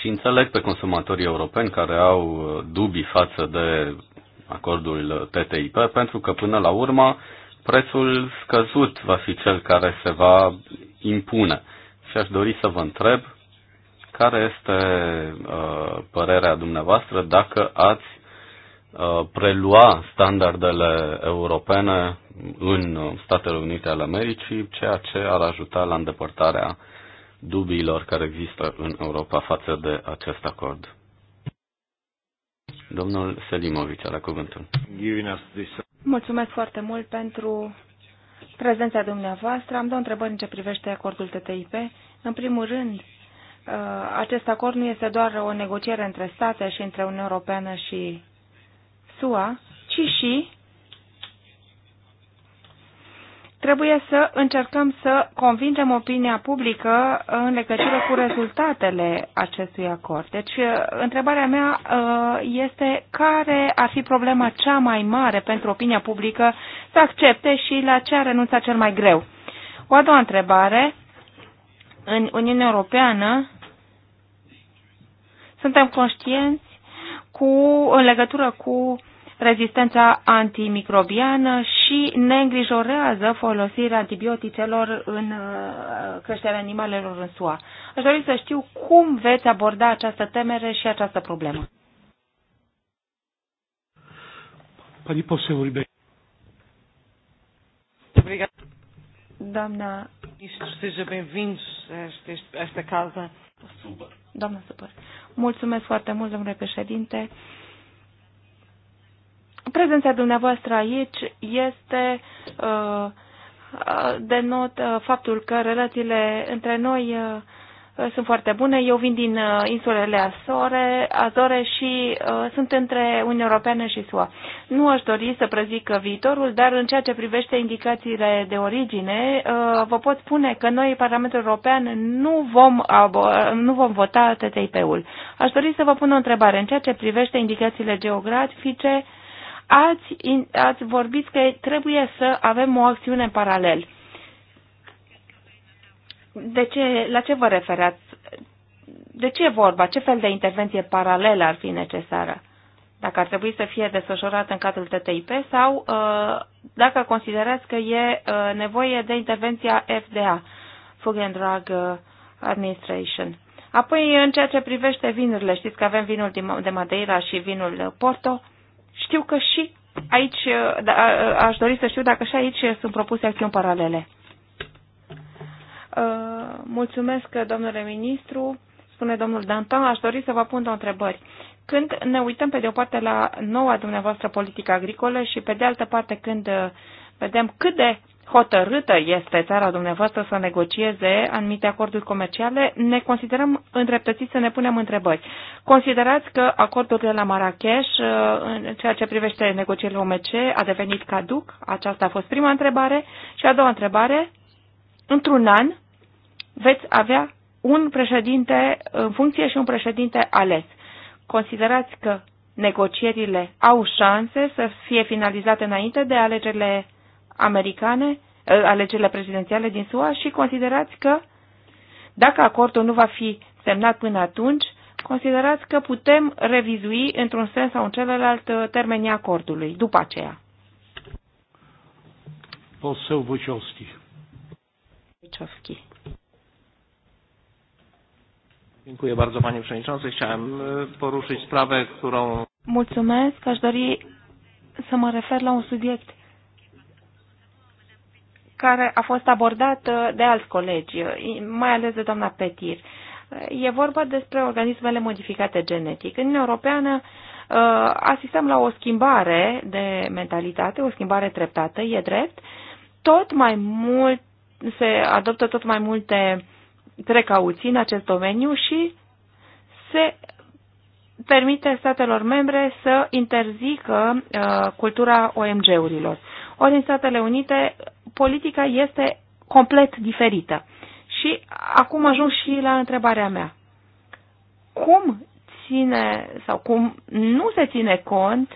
Și înțeleg pe consumatorii europeni care au uh, dubii față de acordul TTIP, pentru că până la urmă prețul scăzut va fi cel care se va impune. Și aș dori să vă întreb care este uh, părerea dumneavoastră dacă ați uh, prelua standardele europene în Statele Unite ale Americii, ceea ce ar ajuta la îndepărtarea dubiilor care există în Europa față de acest acord. Domnul Selimovic la cuvântul. Mulțumesc foarte mult pentru prezența dumneavoastră. Am două întrebări în ce privește acordul TTIP. În primul rând, Uh, acest acord nu este doar o negociere între state și între Uniunea Europeană și SUA, ci și trebuie să încercăm să convingem opinia publică în legătură cu rezultatele acestui acord. Deci, uh, întrebarea mea uh, este care ar fi problema cea mai mare pentru opinia publică să accepte și la ce a renunțat cel mai greu. O a doua întrebare în Uniunea Europeană suntem conștienți cu, în legătură cu rezistența antimicrobiană și ne îngrijorează folosirea antibioticelor în uh, creșterea animalelor în SUA. Aș dori să știu cum veți aborda această temere și această problemă. Pani poseł Ribeiro. Doamna... Ministru, seja bem-vindos a esta casa. Doamna Supăr. Mulțumesc foarte mult, domnule președinte. Prezența dumneavoastră aici este uh, uh denot uh, faptul că relațiile între noi uh, Uh, sunt foarte bune. Eu vin din uh, insulele Azore, Azore și uh, sunt între Uniunea Europeană și SUA. Nu aș dori să prezic uh, viitorul, dar în ceea ce privește indicațiile de origine, uh, vă pot spune că noi, Parlamentul European, nu vom, nu vom vota TTIP-ul. Aș dori să vă pun o întrebare. În ceea ce privește indicațiile geografice, ați, ați vorbit că trebuie să avem o acțiune în paralel. De ce, la ce vă referați? De ce e vorba? Ce fel de intervenție paralelă ar fi necesară? Dacă ar trebui să fie desfășurat în cadrul TTIP sau uh, dacă considerați că e uh, nevoie de intervenția FDA, Food and Drug uh, Administration. Apoi, în ceea ce privește vinurile, știți că avem vinul de Madeira și vinul Porto. Știu că și aici, da, aș dori să știu dacă și aici sunt propuse acțiuni paralele. Uh, mulțumesc, domnule ministru, spune domnul Dantan. Aș dori să vă pun două întrebări. Când ne uităm pe de o parte la noua dumneavoastră politică agricolă și pe de altă parte când uh, vedem cât de hotărâtă este țara dumneavoastră să negocieze anumite acorduri comerciale, ne considerăm îndreptățiți să ne punem întrebări. Considerați că acordul de la Marrakesh, uh, în ceea ce privește negocierile OMC, a devenit caduc? Aceasta a fost prima întrebare. Și a doua întrebare, într-un an veți avea un președinte în funcție și un președinte ales. Considerați că negocierile au șanse să fie finalizate înainte de alegerile americane, eh, alegerile prezidențiale din SUA și considerați că dacă acordul nu va fi semnat până atunci, considerați că putem revizui într-un sens sau în celălalt eh, termenii acordului după aceea. vă Wojciechowski. Dziękuję bardzo Panie Przewodniczący. Chciałem poruszyć sprawę, którą... Mulțumesc. Aș dori să mă refer la un subiect care a fost abordat de alți colegi, mai ales de doamna Petir. E vorba despre organismele modificate genetic. În Uniunea Europeană asistăm la o schimbare de mentalitate, o schimbare treptată, e drept. Tot mai mult se adoptă tot mai multe precauții în acest domeniu și se permite statelor membre să interzică uh, cultura OMG-urilor. Ori în Statele Unite politica este complet diferită. Și acum ajung și la întrebarea mea. Cum ține sau cum nu se ține cont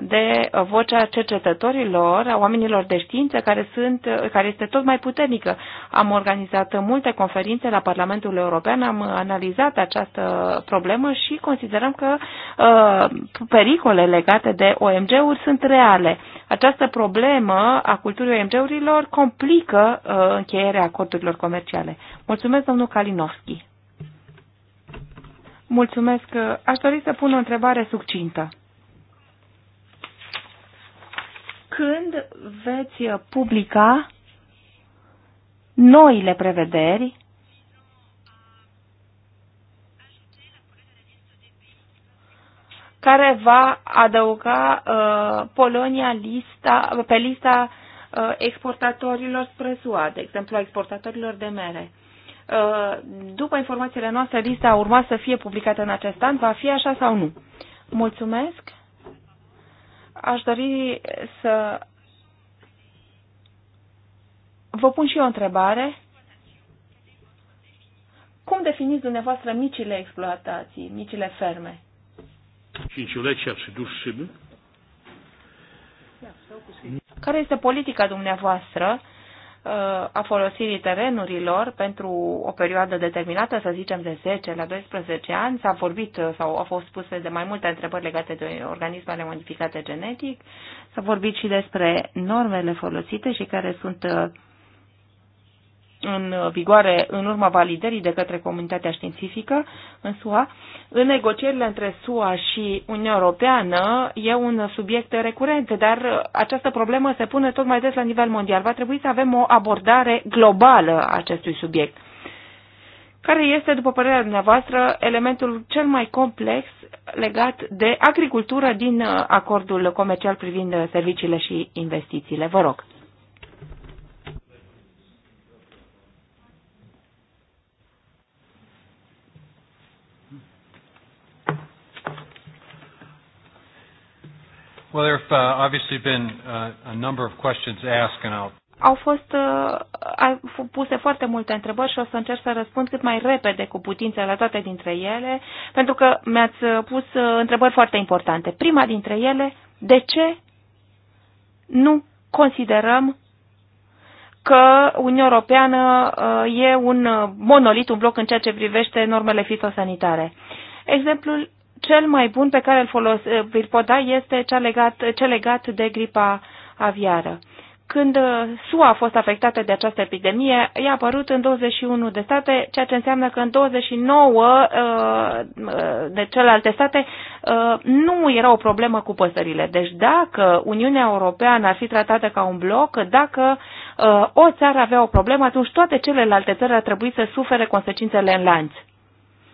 de vocea cercetătorilor, a oamenilor de știință care, sunt, care este tot mai puternică. Am organizat multe conferințe la Parlamentul European, am analizat această problemă și considerăm că uh, pericole legate de OMG-uri sunt reale. Această problemă a culturii OMG-urilor complică uh, încheierea acordurilor comerciale. Mulțumesc, domnul Kalinowski. Mulțumesc. Aș dori să pun o întrebare succintă când veți publica noile prevederi care va adăuga uh, Polonia lista, pe lista uh, exportatorilor spre SUA, de exemplu a exportatorilor de mere. Uh, după informațiile noastre, lista urma să fie publicată în acest an. Va fi așa sau nu? Mulțumesc! Aș dori să vă pun și eu o întrebare. Cum definiți dumneavoastră micile exploatații, micile ferme? și Care este politica dumneavoastră a folosirii terenurilor pentru o perioadă determinată, să zicem de 10 la 12 ani. S-a vorbit uh, sau au fost puse de mai multe întrebări legate de organismele modificate genetic. S-a vorbit și despre normele folosite și care sunt uh, în vigoare în urma validării de către comunitatea științifică în SUA, în negocierile între SUA și Uniunea Europeană e un subiect recurent, dar această problemă se pune tot mai des la nivel mondial. Va trebui să avem o abordare globală a acestui subiect, care este, după părerea dumneavoastră, elementul cel mai complex legat de agricultură din acordul comercial privind serviciile și investițiile. Vă rog. Well, there have uh, obviously been uh, a number of questions asked and I'll au fost uh, puse foarte multe întrebări și o să încerc să răspund cât mai repede cu putință la toate dintre ele, pentru că mi-ați uh, pus uh, întrebări foarte importante. Prima dintre ele, de ce nu considerăm că Uniunea Europeană uh, e un monolit, un bloc în ceea ce privește normele fitosanitare? Exemplul cel mai bun pe care îl, folos, eh, îl pot da este cea legat, cel legat de gripa aviară. Când eh, SUA a fost afectată de această epidemie, ea a apărut în 21 de state, ceea ce înseamnă că în 29 eh, de celelalte state nu era o problemă cu păsările. Deci dacă Uniunea Europeană ar fi tratată ca un bloc, dacă o țară avea o problemă, atunci toate celelalte țări ar trebui să sufere consecințele în lanț.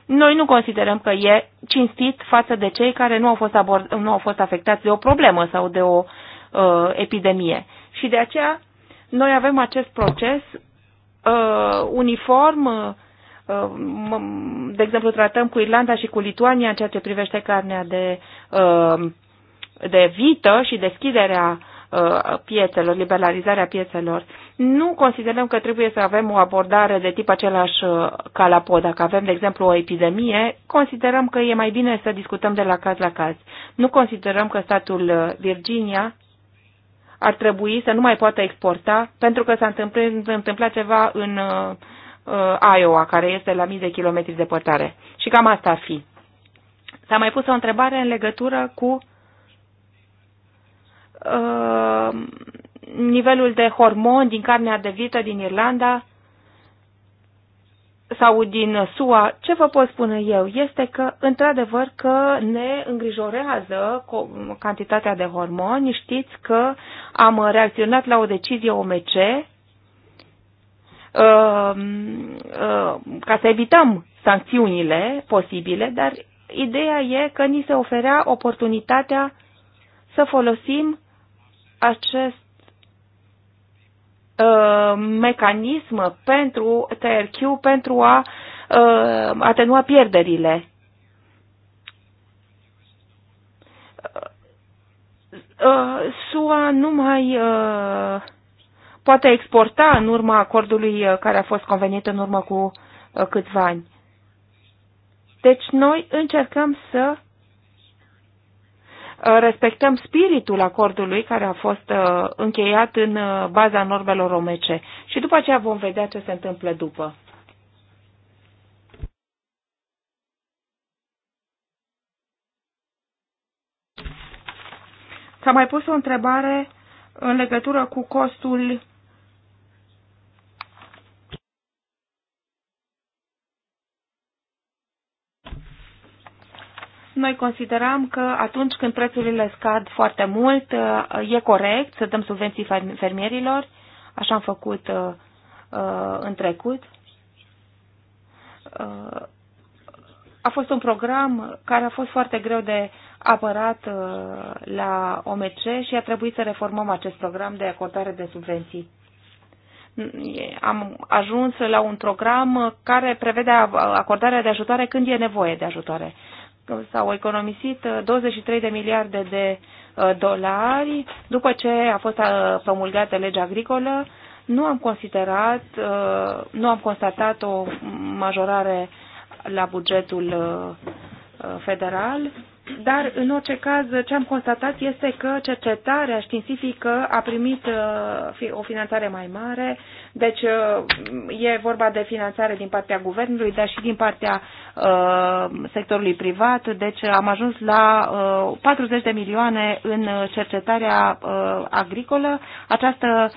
Noi nu considerăm că e cinstit față de cei care nu au fost, abord, nu au fost afectați de o problemă sau de o uh, epidemie. Și de aceea noi avem acest proces uh, uniform, uh, uh de exemplu tratăm cu Irlanda și cu Lituania în ceea ce privește carnea de, uh, de vită și deschiderea Uh, piețelor, liberalizarea piețelor. Nu considerăm că trebuie să avem o abordare de tip același uh, ca la pod. Dacă avem, de exemplu, o epidemie, considerăm că e mai bine să discutăm de la caz la caz. Nu considerăm că statul uh, Virginia ar trebui să nu mai poată exporta pentru că s-a întâmplat, întâmplat ceva în uh, Iowa, care este la mii de kilometri de pătare. Și cam asta ar fi. S-a mai pus o întrebare în legătură cu Uh, nivelul de hormon din carnea de vită din Irlanda sau din SUA, ce vă pot spune eu este că, într-adevăr, că ne îngrijorează cantitatea de hormoni. Știți că am reacționat la o decizie OMC uh, uh, ca să evităm sancțiunile posibile, dar ideea e că ni se oferea oportunitatea să folosim acest uh, mecanism pentru TRQ pentru a uh, atenua pierderile. Uh, SUA nu mai poate exporta în urma acordului care a fost convenit în urmă cu câțiva ani. Deci noi încercăm să Uh, respectăm spiritul acordului care a fost uh, încheiat în uh, baza normelor OMC. Și după aceea vom vedea ce se întâmplă după. S-a mai pus o întrebare în legătură cu costul Noi considerăm că atunci când prețurile scad foarte mult, uh, e corect să dăm subvenții fermierilor, așa am făcut uh, uh, în trecut. A fost un program care a fost foarte greu de apărat la OMC și a trebuit să reformăm acest program de acordare de subvenții mm, am ajuns la un program care prevede acordarea de ajutoare când e nevoie de ajutoare s-au economisit 23 uh, de miliarde de uh, dolari după ce a fost uh, promulgată legea agricolă. Nu am considerat, nu am constatat o majorare la bugetul federal. Dar, în orice caz, ce am constatat este că cercetarea științifică a primit uh, o finanțare mai mare, deci uh, e vorba de finanțare din partea guvernului, dar și din partea uh, sectorului privat, deci am ajuns la 40 de milioane în cercetarea agricolă. Această,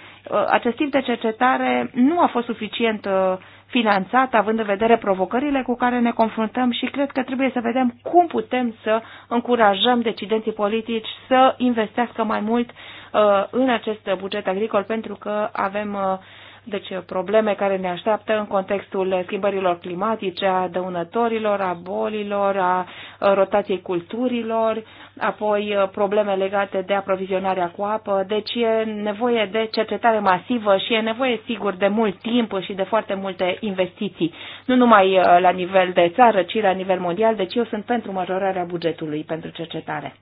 acest tip de cercetare nu a fost suficient uh, finanțat, având în vedere provocările cu care ne confruntăm și cred că trebuie să vedem cum putem să încurajăm decidenții politici să investească mai mult uh, în acest buget agricol, pentru că avem uh, deci probleme care ne așteaptă în contextul schimbărilor climatice, a dăunătorilor, a bolilor, a rotației culturilor, apoi probleme legate de aprovizionarea cu apă. Deci e nevoie de cercetare masivă și e nevoie, sigur, de mult timp și de foarte multe investiții. Nu numai la nivel de țară, ci la nivel mondial. Deci eu sunt pentru majorarea bugetului pentru cercetare.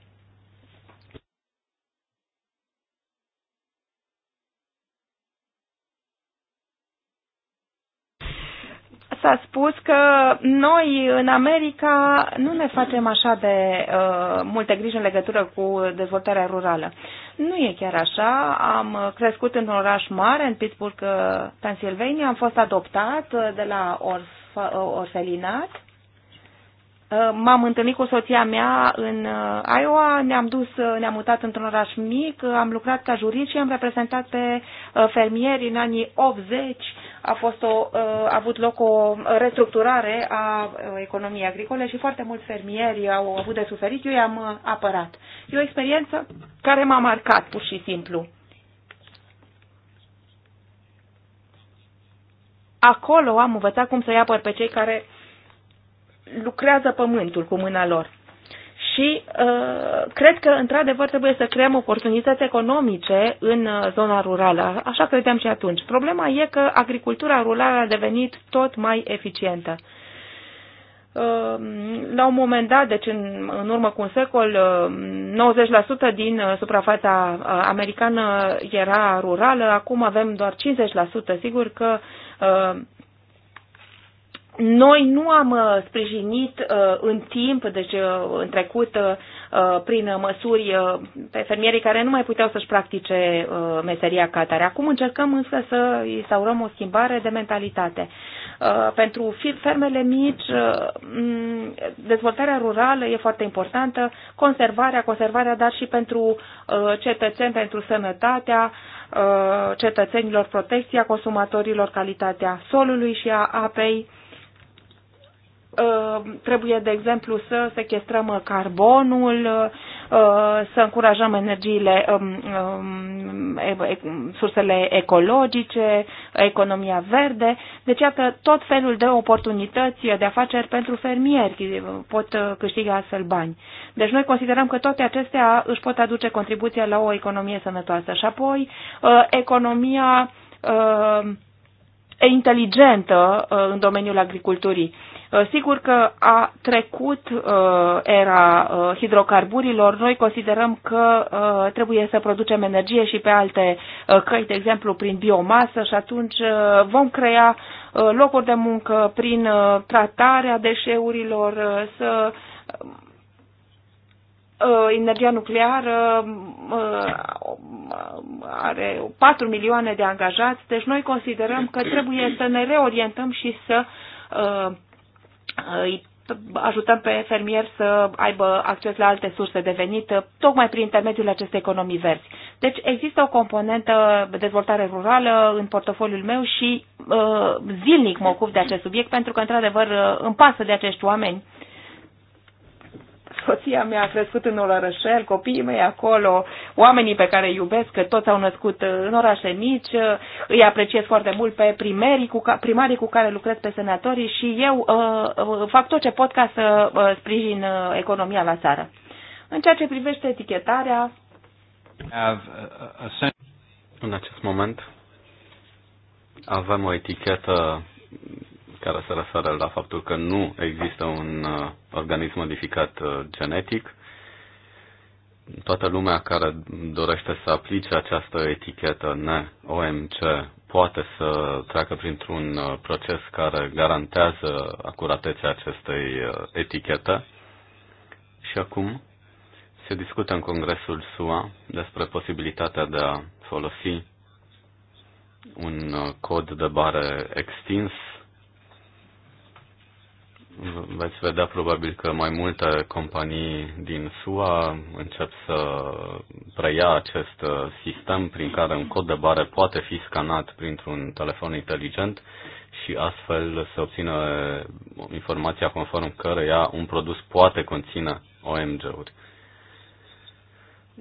s-a spus că noi în America nu ne facem așa de uh, multe griji în legătură cu dezvoltarea rurală. Nu e chiar așa. Am crescut într-un oraș mare, în Pittsburgh, uh, Pennsylvania. Am fost adoptat uh, de la orf- uh, orfelinat. M-am întâlnit cu soția mea în Iowa, ne-am dus, ne-am mutat într-un oraș mic, am lucrat ca jurist și am reprezentat pe fermieri în anii 80 a, fost o, uh, a avut loc o restructurare a uh, economiei agricole și foarte mulți fermieri au avut de suferit. Eu i-am uh, apărat. E o experiență care m-a marcat, pur și simplu. Acolo am învățat cum să-i apăr pe cei care lucrează pământul cu mâna lor și uh, cred că, într-adevăr, trebuie să creăm oportunități economice în uh, zona rurală. Așa credeam și atunci. Problema e că agricultura rurală a devenit tot mai eficientă. Uh, la un moment dat, deci în, în urmă cu un secol, uh, 90% din uh, suprafața uh, americană era rurală, acum avem doar 50%. Sigur că uh, noi nu am uh, sprijinit uh, în timp, deci uh, în trecut, prin măsuri pe fermierii care nu mai puteau să-și practice meseria catare. Acum încercăm însă să instaurăm o schimbare de mentalitate. Pentru fermele mici, dezvoltarea rurală e foarte importantă, conservarea, conservarea, dar și pentru cetățeni, pentru sănătatea cetățenilor, protecția consumatorilor, calitatea solului și a apei, Uh, trebuie, de exemplu, să sequestrăm carbonul, uh, să încurajăm energiile, um, um, sursele ecologice, economia verde. Deci, iată, tot felul de oportunități de afaceri pentru fermieri pot câștiga astfel bani. Deci noi considerăm că toate acestea își pot aduce contribuția la o economie sănătoasă. Și apoi, uh, economia inteligentă în domeniul agriculturii. Uh, sigur că a trecut uh, era uh, hidrocarburilor. Noi considerăm că trebuie să producem energie și pe alte căi, de exemplu prin biomasă și atunci vom crea locuri de muncă prin tratarea deșeurilor, să energia nucleară are 4 milioane de angajați, deci noi considerăm că trebuie să ne reorientăm și să îi ajutăm pe fermieri să aibă acces la alte surse de venit, tocmai prin intermediul acestei economii verzi. Deci există o componentă dezvoltare rurală în portofoliul meu și uh, zilnic mă ocup de acest subiect pentru că, într-adevăr, uh, îmi pasă de acești oameni soția mea a crescut în orășel, copiii mei acolo, oamenii pe care îi iubesc, că toți au născut în orașe mici, îi apreciez foarte mult pe primarii cu, primarii cu care lucrez, pe senatorii și eu uh, uh, fac tot ce pot ca să uh, sprijin uh, economia la țară. În ceea ce privește etichetarea, în acest moment avem o etichetă care se referă la faptul că nu există un uh, organism modificat uh, genetic. Toată lumea care dorește să aplice această etichetă ne-OMC poate să treacă printr-un uh, proces care garantează acuratețea acestei etichete. Și acum se discută în Congresul SUA despre posibilitatea de a folosi un cod de bare extins veți vedea probabil că mai multe companii din SUA încep să preia acest uh, sistem prin care un cod de bare poate fi scanat printr-un telefon inteligent și astfel se obține informația conform căreia un produs poate conține OMG-uri.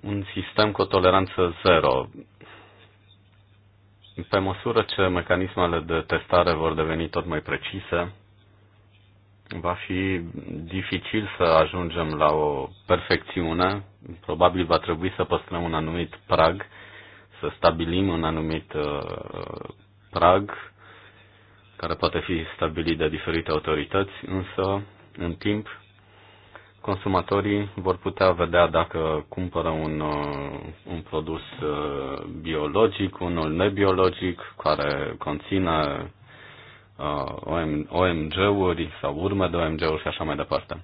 Un sistem cu o toleranță zero. Pe măsură ce mecanismele de testare vor deveni tot mai precise, va fi dificil să ajungem la o perfecțiune. Probabil va trebui să păstrăm un anumit prag, să stabilim un anumit uh, prag care poate fi stabilit de diferite autorități, însă în timp consumatorii vor putea vedea dacă cumpără un, uh, un produs uh, biologic, unul nebiologic, care conține Uh, OMG-uri sau urme de OMG-uri și așa mai departe.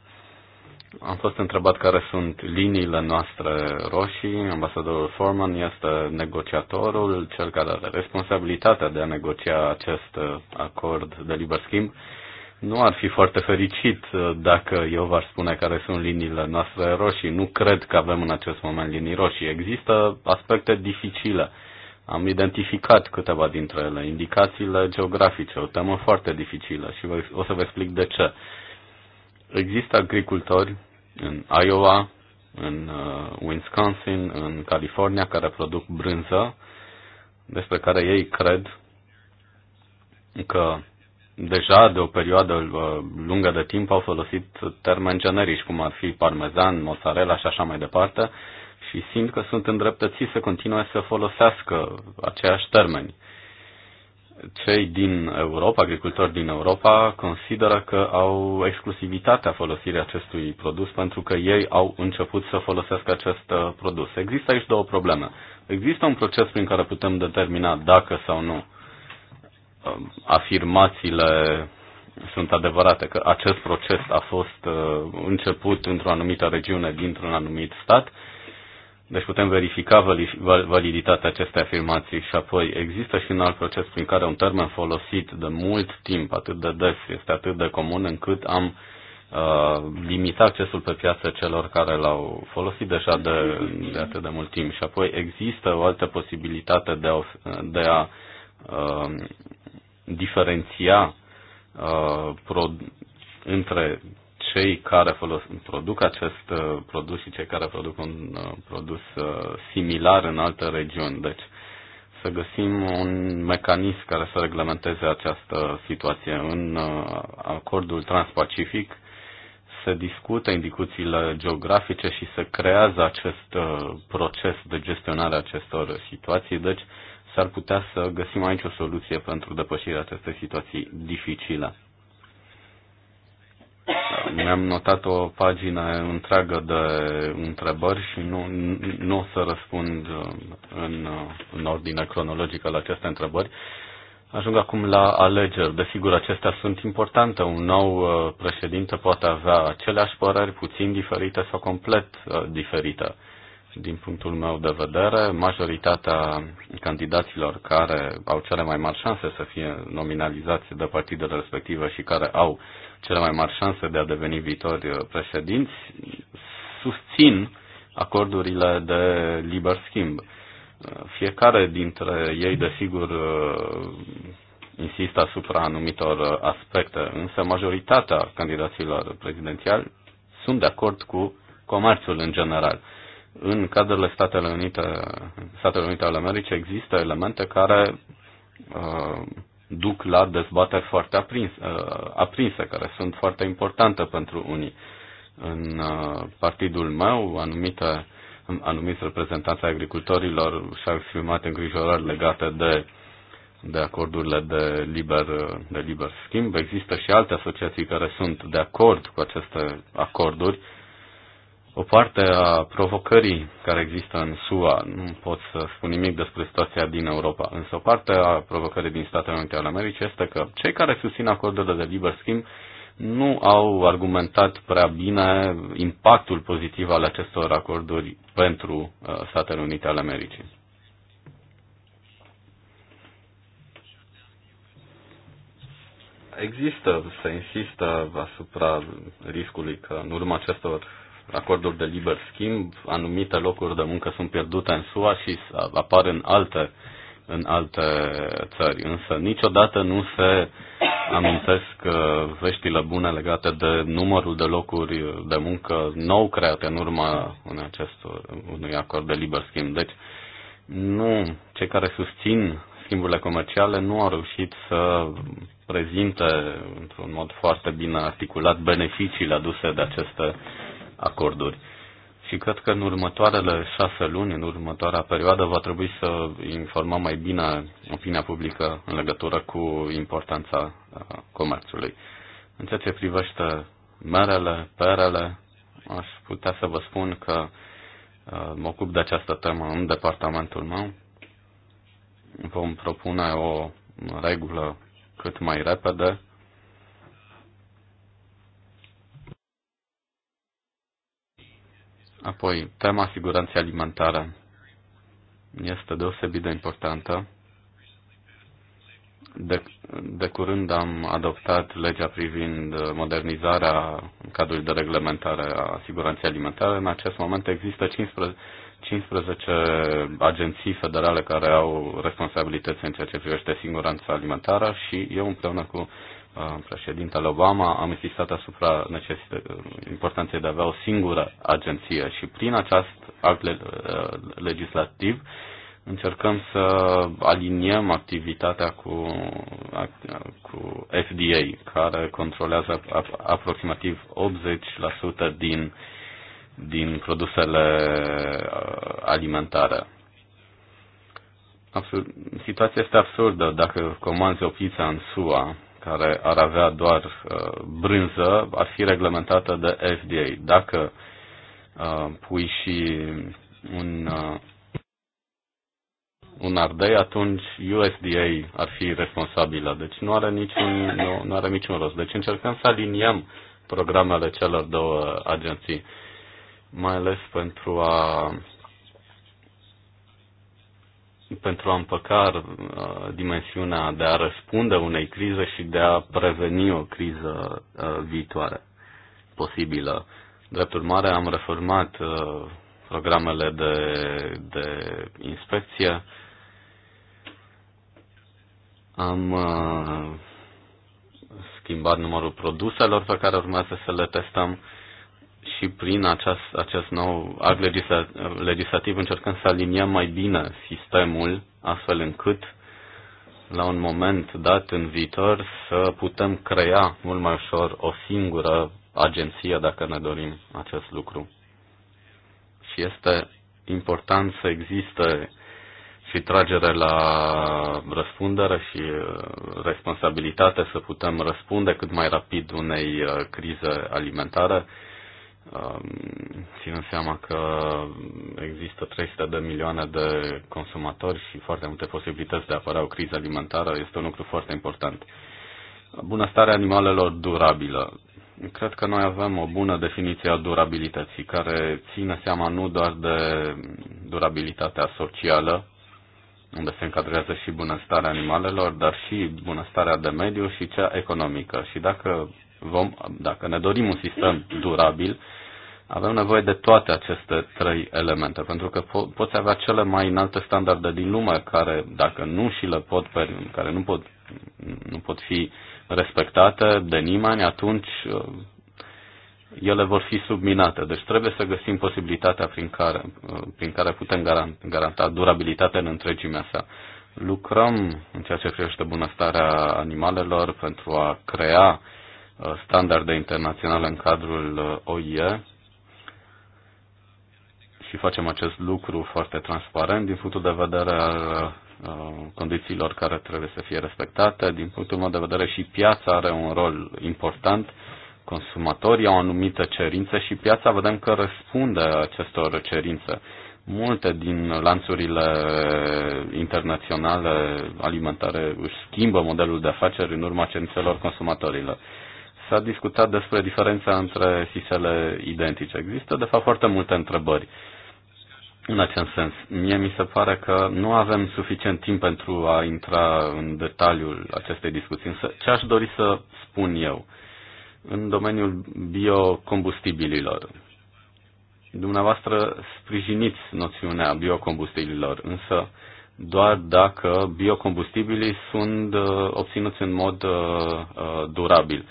Am fost întrebat care sunt liniile noastre roșii. Ambasadorul Forman, este negociatorul, cel care are responsabilitatea de a negocia acest uh, acord de liber schimb. Nu ar fi foarte fericit uh, dacă eu v-ar spune care sunt liniile noastre roșii. Nu cred că avem în acest moment linii roșii. Există aspecte dificile am identificat câteva dintre ele, indicațiile geografice, o temă foarte dificilă și vă, o să vă explic de ce. Există agricultori în Iowa, în uh, Wisconsin, în California, care produc brânză, despre care ei cred că deja de o perioadă uh, lungă de timp au folosit termeni generici, cum ar fi parmezan, mozzarella și așa mai departe, și simt că sunt îndreptățiți să continue să folosească aceiași termeni. Cei din Europa, agricultori din Europa, consideră că au exclusivitatea folosirii acestui produs pentru că ei au început să folosească acest uh, produs. Există aici două probleme. Există un proces prin care putem determina dacă sau nu um, afirmațiile sunt adevărate, că acest proces a fost uh, început într-o anumită regiune dintr-un anumit stat deci putem verifica validitatea acestei afirmații și apoi există și un alt proces prin care un termen folosit de mult timp, atât de des, este atât de comun încât am uh, limitat accesul pe piață celor care l-au folosit deja de, de atât de mult timp. Și apoi există o altă posibilitate de a, de a uh, diferenția uh, pro, între cei care folos, produc acest uh, produs și cei care produc un uh, produs uh, similar în alte regiuni. Deci să găsim un mecanism care să reglementeze această situație. În acordul transpacific se discută indicuțiile geografice și se creează acest proces de gestionare a acestor situații. Deci s-ar putea să găsim aici o soluție pentru depășirea acestei situații dificile. Mi-am notat o pagină întreagă de întrebări și nu, nu o să răspund uh, în, uh, în ordine cronologică la aceste întrebări. Ajung acum la alegeri. Desigur, acestea sunt importante. Un nou uh, președinte poate avea aceleași păreri, puțin diferite sau complet diferite. Din punctul meu de vedere, majoritatea candidaților care au cele mai mari șanse să fie nominalizați de partidele respective și care au cele mai mari șanse de a deveni viitori președinți susțin acordurile de liber schimb. Fiecare dintre ei, desigur, insistă asupra anumitor aspecte, însă majoritatea candidaților prezidențiali sunt de acord cu comerțul în general în cadrele Statele Unite, Statele Unite ale Americii există elemente care uh, duc la dezbateri foarte aprins, uh, aprinse, care sunt foarte importante pentru unii. În uh, partidul meu, anumite, anumiți reprezentanți ai agricultorilor și-au exprimat îngrijorări legate de de acordurile de liber, de liber schimb. Există și alte asociații care sunt de acord cu aceste acorduri, o parte a provocării care există în SUA, nu pot să spun nimic despre situația din Europa, însă o parte a provocării din Statele Unite ale Americii este că cei care susțin acordurile de liber schimb nu au argumentat prea bine impactul pozitiv al acestor acorduri pentru uh, Statele Unite ale Americii. Există, se insistă asupra riscului că în urma acestor acorduri de liber schimb, anumite locuri de muncă sunt pierdute în SUA și apar în alte, în alte țări. Însă niciodată nu se amintesc uh, veștile bune legate de numărul de locuri de muncă nou create în urma unui, acest, unui acord de liber schimb. Deci nu, cei care susțin schimburile comerciale nu au reușit să prezinte într-un mod foarte bine articulat beneficiile aduse de aceste acorduri. Și cred că în următoarele șase luni, în următoarea perioadă, va trebui să informăm mai bine opinia publică în legătură cu importanța uh, comerțului. În ceea ce privește merele, perele, aș putea să vă spun că uh, mă ocup de această temă în departamentul meu. Vom propune o regulă cât mai repede Apoi, tema siguranței alimentare este deosebit de importantă. De, de curând am adoptat legea privind modernizarea cadrul de reglementare a siguranței alimentare. În acest moment există 15, 15 agenții federale care au responsabilități în ceea ce privește siguranța alimentară și eu împreună cu președintele Obama, am insistat asupra uh, importanței de a avea o singură agenție și prin acest act uh, legislativ încercăm să aliniem activitatea cu, cu FDA, care controlează aproximativ 80% din, din produsele uh, alimentare. Absurd. Situația este absurdă. Dacă comanzi o pizza în SUA, care ar avea doar uh, brânză ar fi reglementată de FDA. Dacă uh, pui și un, uh, un ardei, atunci USDA ar fi responsabilă. Deci nu are niciun, nu, nu are niciun rost. Deci încercăm să aliniem programele celor două agenții, mai ales pentru a pentru a împăca uh, dimensiunea de a răspunde unei crize și de a preveni o criză uh, viitoare posibilă. Drept urmare, am reformat uh, programele de, de inspecție, am schimbat numărul produselor pe care urmează să le testăm și prin acest, acest nou act legislativ încercăm să aliniem mai bine sistemul astfel încât la un moment dat în viitor să putem crea mult mai ușor o singură agenție dacă ne dorim acest lucru. Și este important să existe și tragere la răspundere și uh, responsabilitate să putem răspunde cât mai rapid unei uh, crize alimentare Um, ținând seama că există 300 de milioane de consumatori și foarte multe posibilități de a apărea o criză alimentară, este un lucru foarte important. Bunăstarea animalelor durabilă. Cred că noi avem o bună definiție a durabilității, care ține seama nu doar de durabilitatea socială, unde se încadrează și bunăstarea animalelor, dar și bunăstarea de mediu și cea economică. Și dacă vom, dacă ne dorim un sistem durabil, avem nevoie de toate aceste trei elemente, pentru că po- poți avea cele mai înalte standarde din lume care, dacă nu și le pot, care nu pot, nu pot fi respectate de nimeni, atunci uh, ele vor fi subminate. Deci trebuie să găsim posibilitatea prin care, uh, prin care putem garanta durabilitatea în întregimea sa. Lucrăm în ceea ce privește bunăstarea animalelor pentru a crea uh, standarde internaționale în cadrul uh, OIE și facem acest lucru foarte transparent din punctul de vedere al uh, condițiilor care trebuie să fie respectate. Din punctul meu de vedere și piața are un rol important. Consumatorii au anumite cerințe și piața vedem că răspunde acestor cerințe. Multe din lanțurile internaționale alimentare își schimbă modelul de afaceri în urma cerințelor consumatorilor. S-a discutat despre diferența între sisele identice. Există, de fapt, foarte multe întrebări în acest sens. Mie mi se pare că nu avem suficient timp pentru a intra în detaliul acestei discuții. Însă, ce aș dori să spun eu în domeniul biocombustibililor? Dumneavoastră sprijiniți noțiunea biocombustibililor, însă doar dacă biocombustibilii sunt uh, obținuți în mod uh, uh, durabil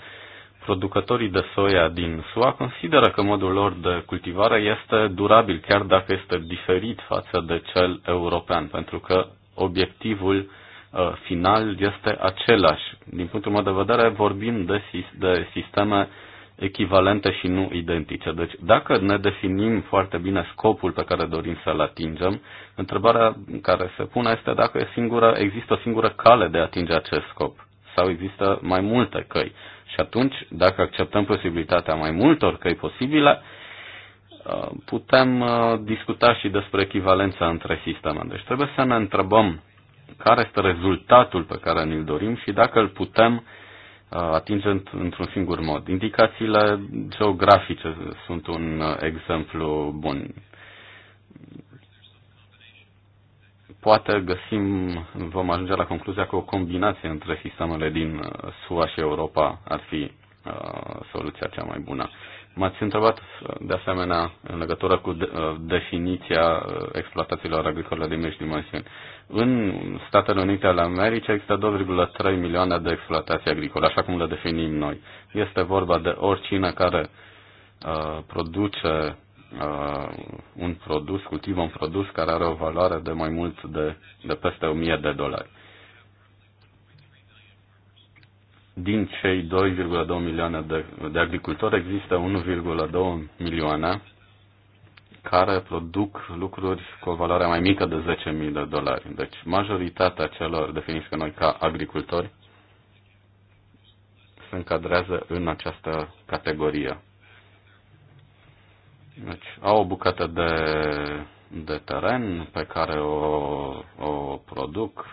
producătorii de soia din SUA consideră că modul lor de cultivare este durabil, chiar dacă este diferit față de cel european, pentru că obiectivul uh, final este același. Din punctul meu de vedere, vorbim de, de sisteme echivalente și nu identice. Deci, dacă ne definim foarte bine scopul pe care dorim să-l atingem, întrebarea care se pune este dacă e singură, există o singură cale de a atinge acest scop sau există mai multe căi. Și atunci, dacă acceptăm posibilitatea mai multor căi posibile, uh, putem uh, discuta și despre echivalența între sisteme. Deci trebuie să ne întrebăm care este rezultatul pe care ne-l dorim și dacă îl putem uh, atinge într-un singur mod. Indicațiile geografice sunt un exemplu bun. poate găsim, vom ajunge la concluzia că o combinație între sistemele din uh, SUA și Europa ar fi uh, soluția cea mai bună. M-ați întrebat uh, de asemenea în legătură cu de, definiția exploatațiilor agricole de mici dimensiuni. În Statele Unite ale Americii există 2,3 milioane de exploatații agricole, așa cum le definim noi. Este vorba de oricine care uh, produce uh, un produs, cultivă un produs care are o valoare de mai mult de, de peste 1000 de dolari. Din cei 2,2 milioane de, de agricultori există 1,2 milioane care produc lucruri cu o valoare mai mică de 10.000 de dolari. Deci majoritatea celor definiți pe noi ca agricultori se încadrează în această categorie. Deci au o bucată de, de teren pe care o, o produc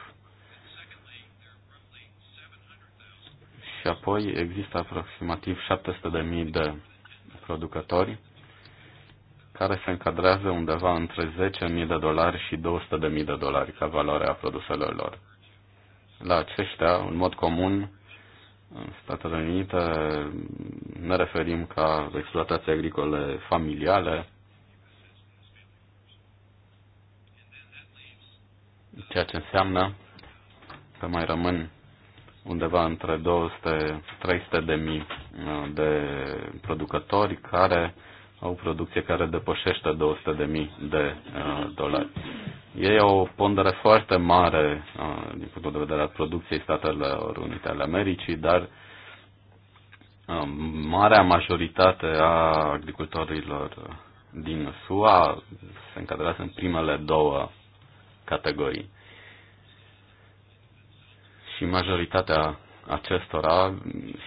și apoi există aproximativ 700.000 de producători care se încadrează undeva între 10.000 de dolari și 200.000 de dolari ca valoare a produselor lor. La aceștia, în mod comun, în Statele Unite ne referim ca exploatații agricole familiale, ceea ce înseamnă că mai rămân undeva între 200-300 de mii uh, de producători care au producție care depășește 200.000 de uh, dolari. Ei au o pondere foarte mare uh, din punctul de vedere al producției Statelor Unite ale Americii, dar uh, marea majoritate a agricultorilor din SUA se încadrează în primele două categorii. Și majoritatea acestora,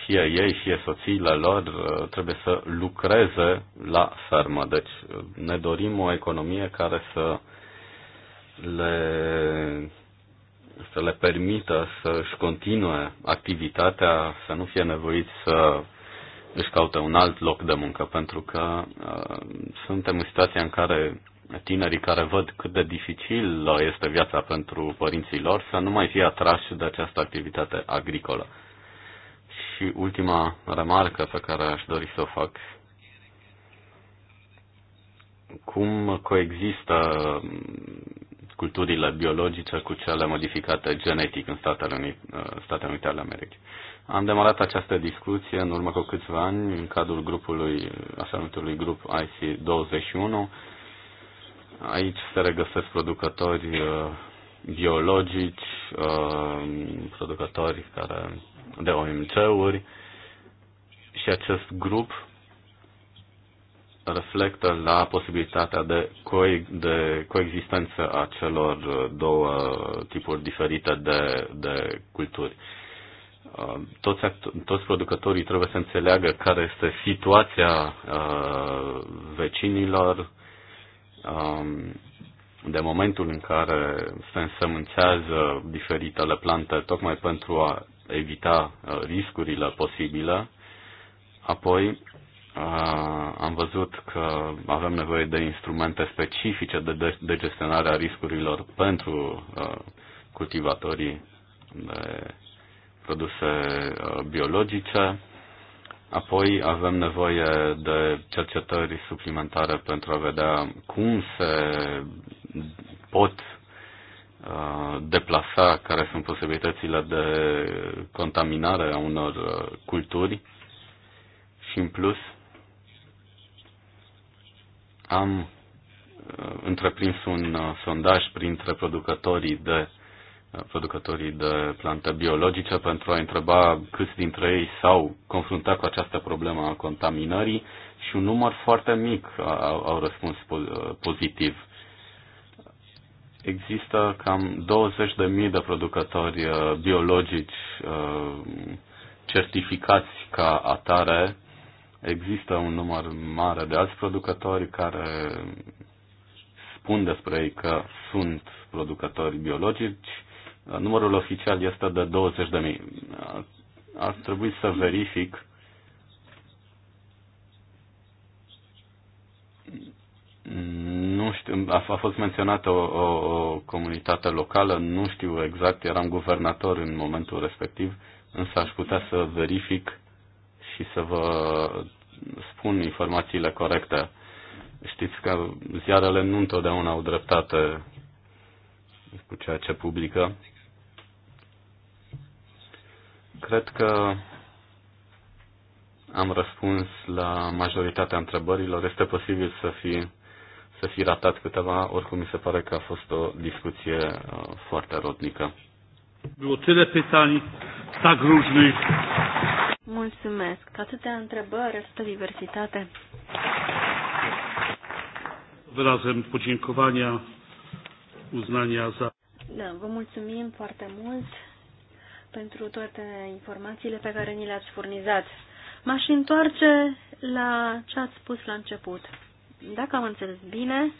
fie ei, fie soțiile lor, trebuie să lucreze la fermă. Deci ne dorim o economie care să le, să le permită să-și continue activitatea, să nu fie nevoiți să își caute un alt loc de muncă, pentru că uh, suntem în situația în care tinerii care văd cât de dificilă este viața pentru părinții lor să nu mai fie atrași de această activitate agricolă. Și ultima remarcă pe care aș dori să o fac. Cum coexistă culturile biologice cu cele modificate genetic în Statele Unite, Statele Unite ale Americii? Am demarat această discuție în urmă cu câțiva ani în cadrul grupului, așa numitului grup IC21 Aici se regăsesc producători uh, biologici, uh, producători care de OMC-uri și acest grup reflectă la posibilitatea de, co- de coexistență a celor uh, două tipuri diferite de, de culturi. Toți, toți producătorii trebuie să înțeleagă care este situația uh, vecinilor, um, de momentul în care se însămânțează diferitele plante tocmai pentru a evita uh, riscurile posibile. Apoi uh, am văzut că avem nevoie de instrumente specifice de, de gestionare a riscurilor pentru uh, cultivatorii de produse biologice. Apoi avem nevoie de cercetări suplimentare pentru a vedea cum se pot uh, deplasa, care sunt posibilitățile de contaminare a unor uh, culturi și în plus am uh, întreprins un sondaj printre producătorii de producătorii de plante biologice pentru a întreba câți dintre ei s-au confruntat cu această problemă a contaminării și un număr foarte mic au, au răspuns uh, pozitiv. Există cam 20.000 de producători uh, biologici uh, certificați ca atare. Există un număr mare de alți producători care spun despre ei că sunt producători biologici Numărul oficial este de 20.000. Ar trebui să verific Nu știu, a, a fost menționată o, o, o comunitate locală, nu știu exact, eram guvernator în momentul respectiv, însă aș putea să verific și să vă spun informațiile corecte. Știți că ziarele nu întotdeauna au dreptate cu ceea ce publică. Cred că am răspuns la majoritatea întrebărilor. Este posibil să fi, să fi ratat câteva, oricum mi se pare că a fost o discuție uh, foarte rodnică. Było tyle pytań, tak różnych. Mulțumesc. Atâtea întrebări, atâtea diversitate. Wyrazem podziękowania, uznania za... Da, vă mulțumim foarte mult pentru toate informațiile pe care ni le-ați furnizat. M-aș întoarce la ce ați spus la început. Dacă am înțeles bine,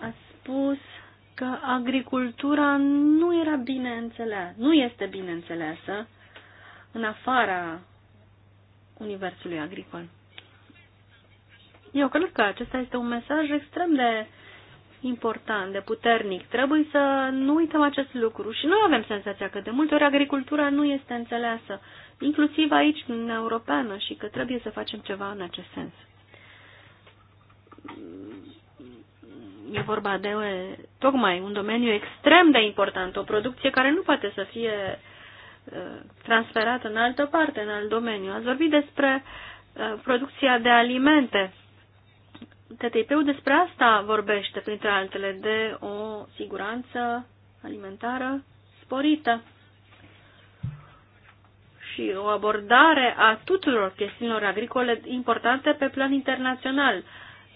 ați spus că agricultura nu era bine înțeleasă, nu este bine înțeleasă în afara universului agricol. Eu cred că acesta este un mesaj extrem de important, de puternic. Trebuie să nu uităm acest lucru și noi avem senzația că de multe ori agricultura nu este înțeleasă, inclusiv aici, în Europeană, și că trebuie să facem ceva în acest sens. E vorba de tocmai un domeniu extrem de important, o producție care nu poate să fie uh, transferată în altă parte, în alt domeniu. Ați vorbit despre uh, producția de alimente TTIP-ul despre asta vorbește, printre altele, de o siguranță alimentară sporită și o abordare a tuturor chestiunilor agricole importante pe plan internațional.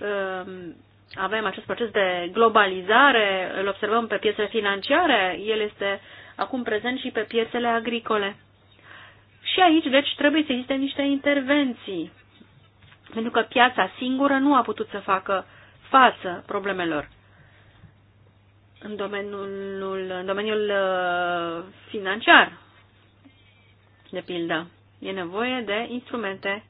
Ehm, avem acest proces de globalizare, îl observăm pe piețele financiare, el este acum prezent și pe piețele agricole. Și aici, deci, trebuie să existe niște intervenții pentru că piața singură nu a putut să facă față problemelor în domeniul, în domeniul uh, financiar, de pildă. E nevoie de instrumente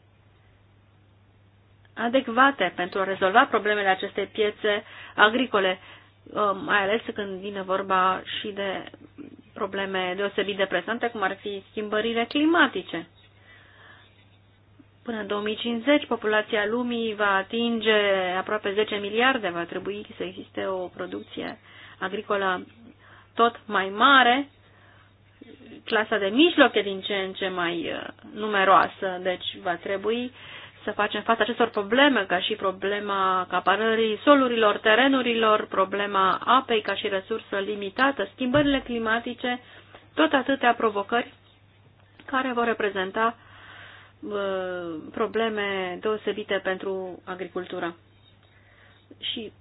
adecvate pentru a rezolva problemele acestei piețe agricole, uh, mai ales când vine vorba și de probleme deosebit de prezente, cum ar fi schimbările climatice. Până în 2050, populația lumii va atinge aproape 10 miliarde, va trebui să existe o producție agricolă tot mai mare, clasa de mijloc e din ce în ce mai uh, numeroasă, deci va trebui să facem față acestor probleme, ca și problema acaparării solurilor, terenurilor, problema apei ca și resursă limitată, schimbările climatice, tot atâtea provocări care vor reprezenta Uh, probleme deosebite pentru agricultură. Și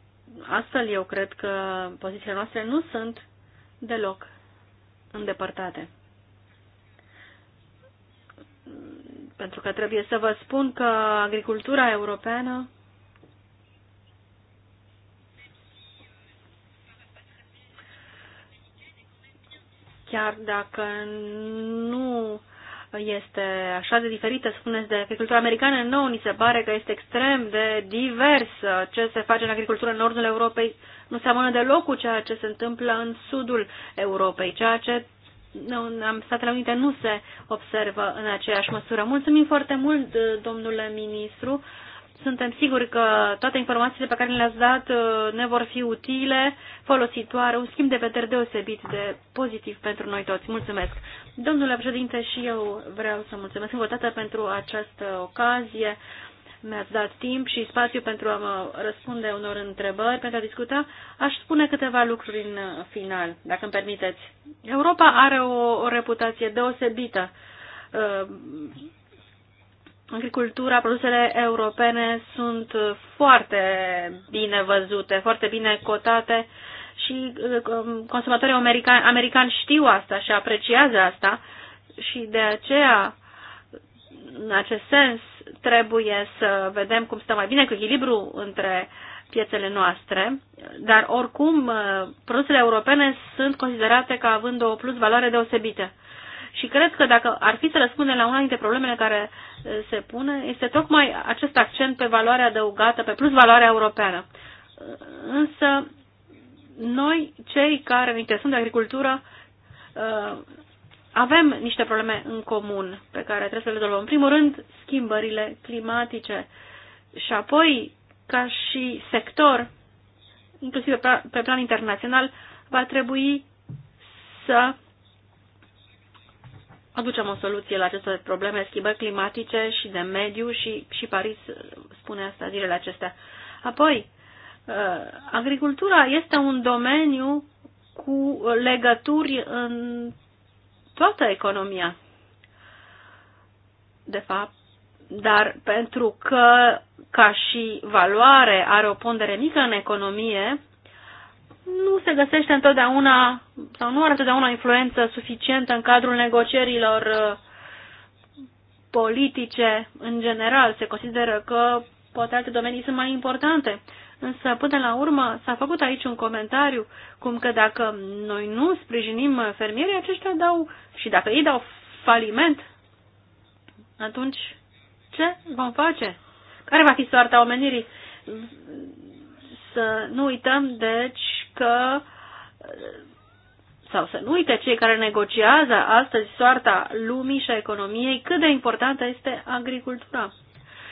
astfel eu cred că pozițiile noastre nu sunt deloc îndepărtate. Pentru că trebuie să vă spun că agricultura europeană chiar dacă nu este așa de diferită, spuneți, de agricultura americană. Nouă ni se pare că este extrem de divers uh, Ce se face în agricultură în nordul Europei nu seamănă deloc cu ceea ce se întâmplă în sudul Europei, ceea ce în Statele Unite nu se observă în aceeași măsură. Mulțumim foarte mult, uh, domnule ministru. Suntem siguri că toate informațiile pe care le-ați dat uh, ne vor fi utile, folositoare, un schimb de vedere deosebit de pozitiv pentru noi toți. Mulțumesc! Domnule președinte, și eu vreau să mulțumesc încă o dată pentru această ocazie. Mi-ați dat timp și spațiu pentru a mă răspunde unor întrebări, pentru a discuta. Aș spune câteva lucruri în final, dacă îmi permiteți. Europa are o, o reputație deosebită uh, agricultura, produsele europene sunt foarte bine văzute, foarte bine cotate și um, consumatorii americani, americani știu asta și apreciază asta și de aceea, în acest sens, trebuie să vedem cum stă mai bine cu echilibru între piețele noastre, dar oricum uh, produsele europene sunt considerate ca având o plus valoare deosebită și cred că dacă ar fi să răspundem la una dintre problemele care se pune, este tocmai acest accent pe valoarea adăugată, pe plus valoarea europeană. Însă, noi, cei care ne interesăm de agricultură, avem niște probleme în comun pe care trebuie să le rezolvăm. În primul rând, schimbările climatice și apoi, ca și sector, inclusiv pe plan internațional, va trebui să aducem o soluție la aceste probleme, schimbări climatice și de mediu și, și Paris spune asta zilele acestea. Apoi, uh, agricultura este un domeniu cu legături în toată economia. De fapt, dar pentru că ca și valoare are o pondere mică în economie, nu se găsește întotdeauna sau nu are întotdeauna o influență suficientă în cadrul negocierilor uh, politice în general. Se consideră că poate alte domenii sunt mai importante. Însă, până la urmă, s-a făcut aici un comentariu, cum că dacă noi nu sprijinim fermierii, aceștia dau, și dacă ei dau faliment, atunci ce vom face? Care va fi soarta omenirii? Să nu uităm, deci, că sau să nu uite cei care negociază astăzi soarta lumii și a economiei cât de importantă este agricultura.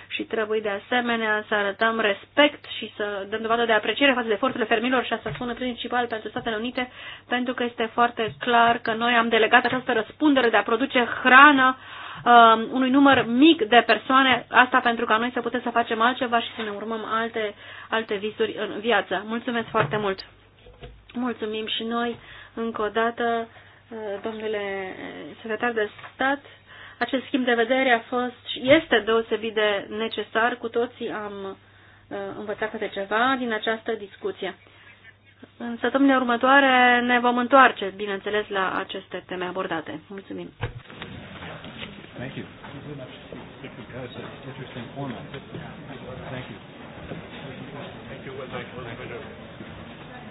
Și trebuie de asemenea să arătăm respect și să dăm dovadă de apreciere față de eforturile fermilor și asta spune principal pentru Statele Unite, pentru că este foarte clar că noi am delegat această răspundere de a produce hrană um, unui număr mic de persoane, asta pentru ca noi să putem să facem altceva și să ne urmăm alte, alte visuri în viață. Mulțumesc foarte mult! Mulțumim și noi încă o dată, domnule secretar de stat. Acest schimb de vedere a fost și este deosebit de necesar. Cu toții am uh, învățat câte ceva din această discuție. În săptămâna următoare ne vom întoarce, bineînțeles, la aceste teme abordate. Mulțumim! Thank you. Thank you. Thank you.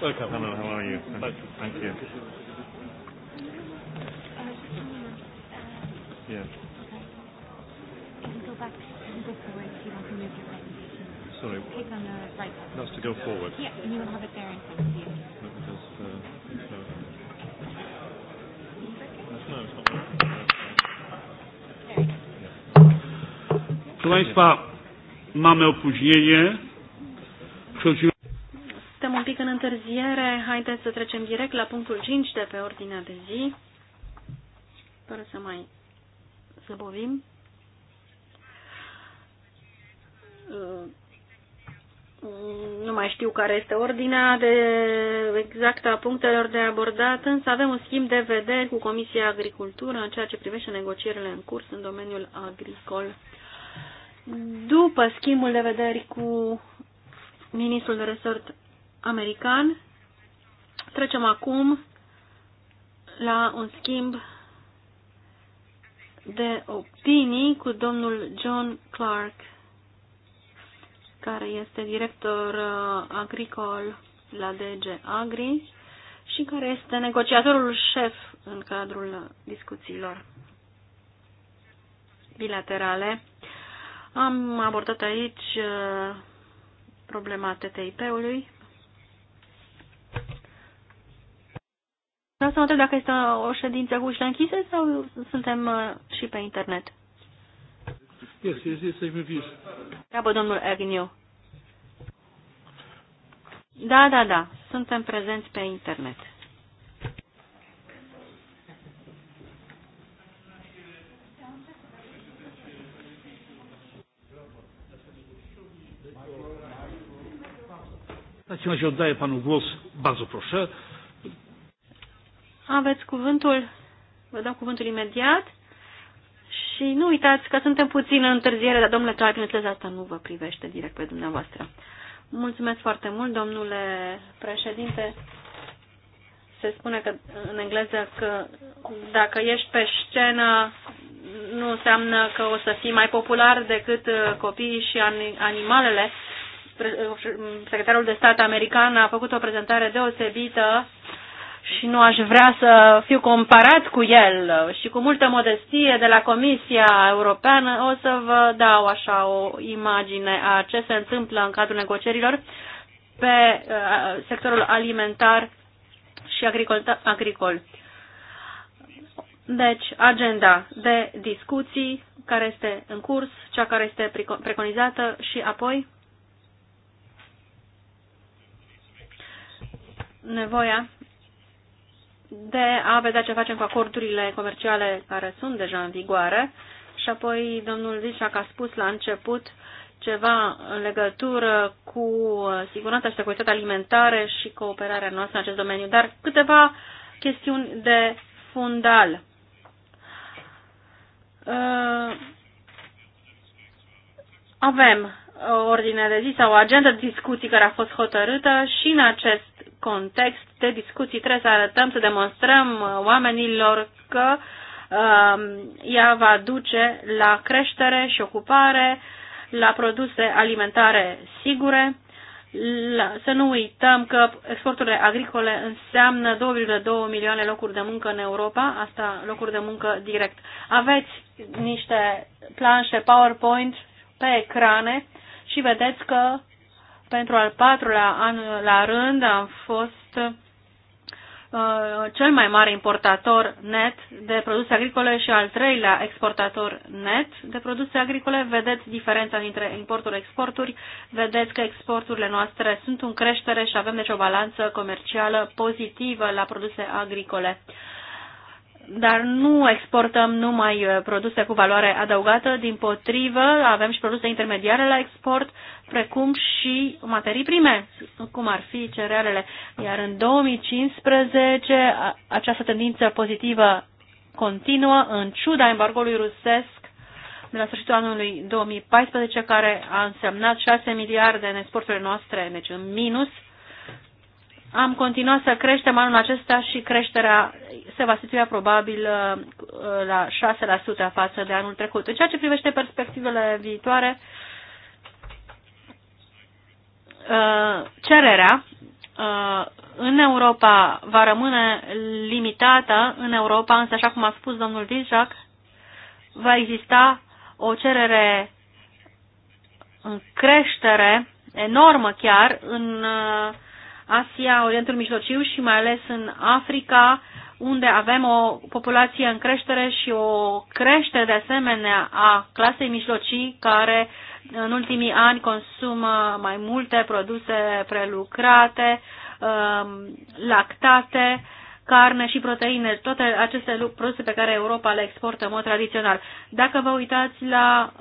Welcome. Hello, how are you? Thank you. Yeah. Sorry. That's to go forward. Yeah, and you will have it there in front of you. Uh, Proszę Państwa, mamy opóźnienie. Przechodzimy în întârziere, haideți să trecem direct la punctul 5 de pe ordinea de zi, fără să mai zăbovim. Uh, nu mai știu care este ordinea de exactă a punctelor de abordat, însă avem un schimb de vedere cu Comisia Agricultură în ceea ce privește negocierile în curs în domeniul agricol. După schimbul de vederi cu ministrul de resort american. Trecem acum la un schimb de opinii cu domnul John Clark, care este director uh, agricol la DG Agri și care este negociatorul șef în cadrul discuțiilor bilaterale. Am abordat aici uh, problema TTIP-ului Vreau să mă întreb dacă este o ședință cu ușile închise sau suntem uh, și pe internet. Yes, yes, yes, I'm Treabă domnul Agnew. Da, da, da. Suntem prezenți pe internet. Dați-mi și razie oddaję panu Gos, Bardzo proszę. Aveți cuvântul, vă dau cuvântul imediat și nu uitați că suntem puțin în întârziere, dar domnule Clark, bineînțeles, asta nu vă privește direct pe dumneavoastră. Mulțumesc foarte mult, domnule președinte. Se spune că în engleză că dacă ești pe scenă nu înseamnă că o să fii mai popular decât uh, copiii și animalele. Uh, secretarul de stat american a făcut o prezentare deosebită și nu aș vrea să fiu comparat cu el și cu multă modestie de la Comisia Europeană o să vă dau așa o imagine a ce se întâmplă în cadrul negocierilor pe uh, sectorul alimentar și agricol. agricol. Deci, agenda de discuții care este în curs, cea care este preconizată și apoi nevoia de a vedea ce facem cu acordurile comerciale care sunt deja în vigoare. Și apoi domnul Zișac a spus la început ceva în legătură cu siguranța și securitatea alimentare și cooperarea noastră în acest domeniu, dar câteva chestiuni de fundal. Uh, avem ordine de zi sau o agendă de discuții care a fost hotărâtă și în acest context aceste discuții trebuie să arătăm, să demonstrăm oamenilor că uh, ea va duce la creștere și ocupare, la produse alimentare sigure. La, să nu uităm că exporturile agricole înseamnă 2,2 milioane locuri de muncă în Europa, asta locuri de muncă direct. Aveți niște planșe PowerPoint pe ecrane și vedeți că pentru al patrulea an la rând am fost Uh, cel mai mare importator net de produse agricole și al treilea exportator net de produse agricole. Vedeți diferența dintre importuri-exporturi, vedeți că exporturile noastre sunt în creștere și avem deci o balanță comercială pozitivă la produse agricole dar nu exportăm numai uh, produse cu valoare adăugată, din potrivă avem și produse intermediare la export, precum și materii prime, cum ar fi cerealele. Iar în 2015 această tendință pozitivă continuă în ciuda embargoului rusesc de la sfârșitul anului 2014, care a însemnat 6 miliarde în exporturile noastre, deci în minus, am continuat să creștem anul acesta și creșterea se va situa probabil uh, la 6% față de anul trecut. În ceea ce privește perspectivele viitoare, uh, cererea uh, în Europa va rămâne limitată, în Europa, însă așa cum a spus domnul Dijac, va exista o cerere în creștere enormă chiar în uh, Asia, Orientul Mijlociu și mai ales în Africa, unde avem o populație în creștere și o creștere de asemenea a clasei mijlocii care în ultimii ani consumă mai multe produse prelucrate, um, lactate, carne și proteine, toate aceste produse pe care Europa le exportă în mod tradițional. Dacă vă uitați la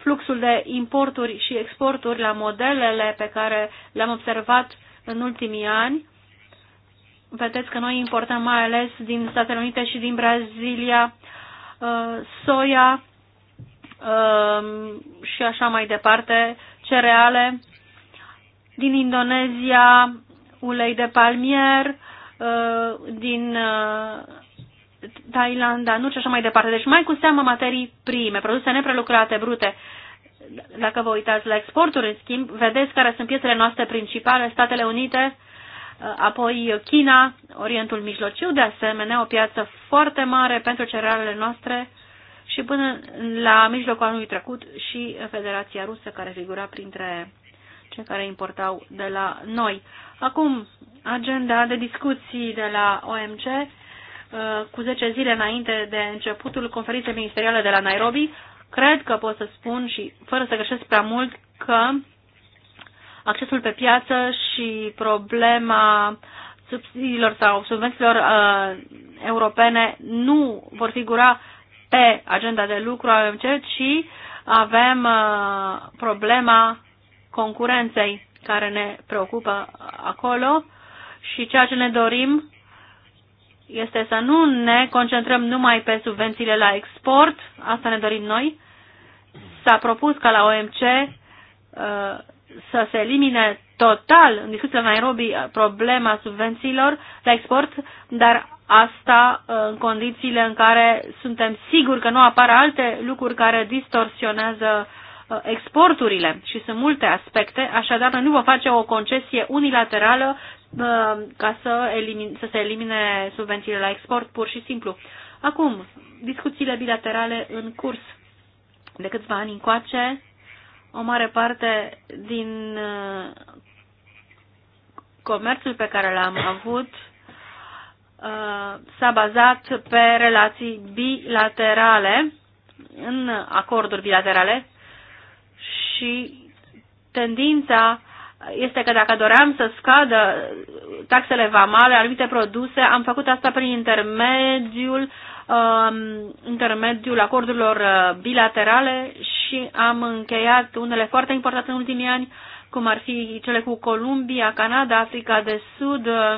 fluxul de importuri și exporturi, la modelele pe care le-am observat uh, în ultimii ani. Vedeți că noi importăm mai ales din Statele Unite și din Brazilia uh, soia um, și așa mai departe, cereale, din Indonezia, ulei de palmier, uh, din uh, Thailanda, nu și așa mai departe. Deci mai cu seamă materii prime, produse neprelucrate, brute dacă vă uitați la exporturi, în schimb, vedeți care sunt piețele noastre principale, Statele Unite, uh, apoi China, Orientul Mijlociu, de asemenea, o piață foarte mare pentru cerealele noastre și până la mijlocul anului trecut și Federația Rusă, care figura printre cei care importau de la noi. Acum, agenda de discuții de la OMC, uh, cu 10 zile înainte de începutul conferinței ministeriale de la Nairobi, Cred că pot să spun și fără să greșesc prea mult că accesul pe piață și problema subsidiilor sau subvențiilor uh, europene nu vor figura pe agenda de lucru a OMC, ci avem uh, problema concurenței care ne preocupă acolo și ceea ce ne dorim este să nu ne concentrăm numai pe subvențiile la export, asta ne dorim noi. S-a propus ca la OMC uh, să se elimine total, în discuția la Nairobi, uh, problema subvențiilor la export, dar asta uh, în condițiile în care suntem siguri că nu apar alte lucruri care distorsionează exporturile și sunt multe aspecte, așadar noi nu vom face o concesie unilaterală ca să, elimin, să se elimine subvențiile la export, pur și simplu. Acum, discuțiile bilaterale în curs. De câțiva ani încoace, o mare parte din uh, comerțul pe care l-am avut uh, s-a bazat pe relații bilaterale, în acorduri bilaterale și tendința este că dacă doream să scadă taxele vamale, anumite produse, am făcut asta prin intermediul, um, intermediul acordurilor uh, bilaterale și am încheiat unele foarte importante în ultimii ani, cum ar fi cele cu Columbia, Canada, Africa de Sud uh,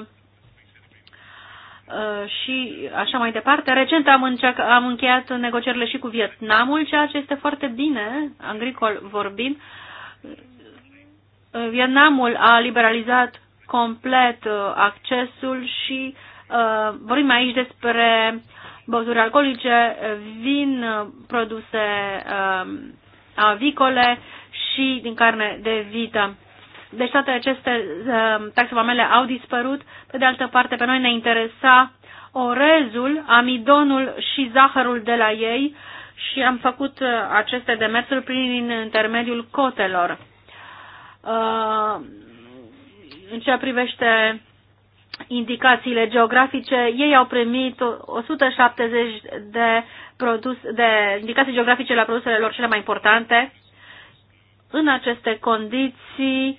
uh, și așa mai departe. Recent am, înceac, am încheiat negocierile și cu Vietnamul, ceea ce este foarte bine, agricol vorbind, Uh, Vietnamul a liberalizat complet uh, accesul și uh, vorbim aici despre băuturi alcoolice, vin, produse um, avicole și din carne de vită. Deci toate aceste um, taxe vamele au dispărut. Pe de altă parte, pe noi ne interesa orezul, amidonul și zahărul de la ei și am făcut aceste demersuri prin intermediul cotelor. Uh, în ceea privește indicațiile geografice, ei au primit 170 de, produs, de indicații geografice la produsele lor cele mai importante. În aceste condiții,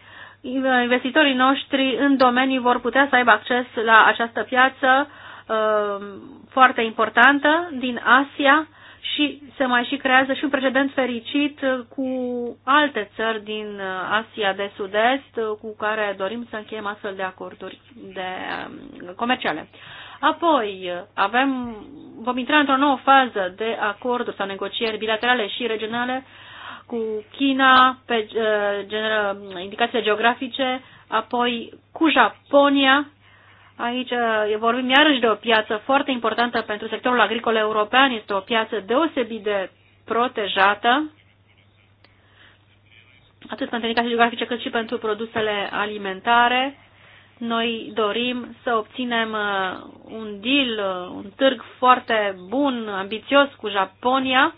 investitorii noștri în domenii vor putea să aibă acces la această piață uh, foarte importantă din Asia și se mai și creează și un precedent fericit cu alte țări din uh, Asia de Sud-Est uh, cu care dorim să încheiem astfel de acorduri de um, comerciale. Apoi uh, avem, vom intra într-o nouă fază de acorduri sau negocieri bilaterale și regionale cu China pe generă, um, indicațiile geografice, apoi cu Japonia Aici uh, vorbim iarăși de o piață foarte importantă pentru sectorul agricol european, este o piață deosebit de protejată, atât pentru indicații geografice cât și pentru produsele alimentare. Noi dorim să obținem uh, un deal, uh, un târg foarte bun, ambițios cu Japonia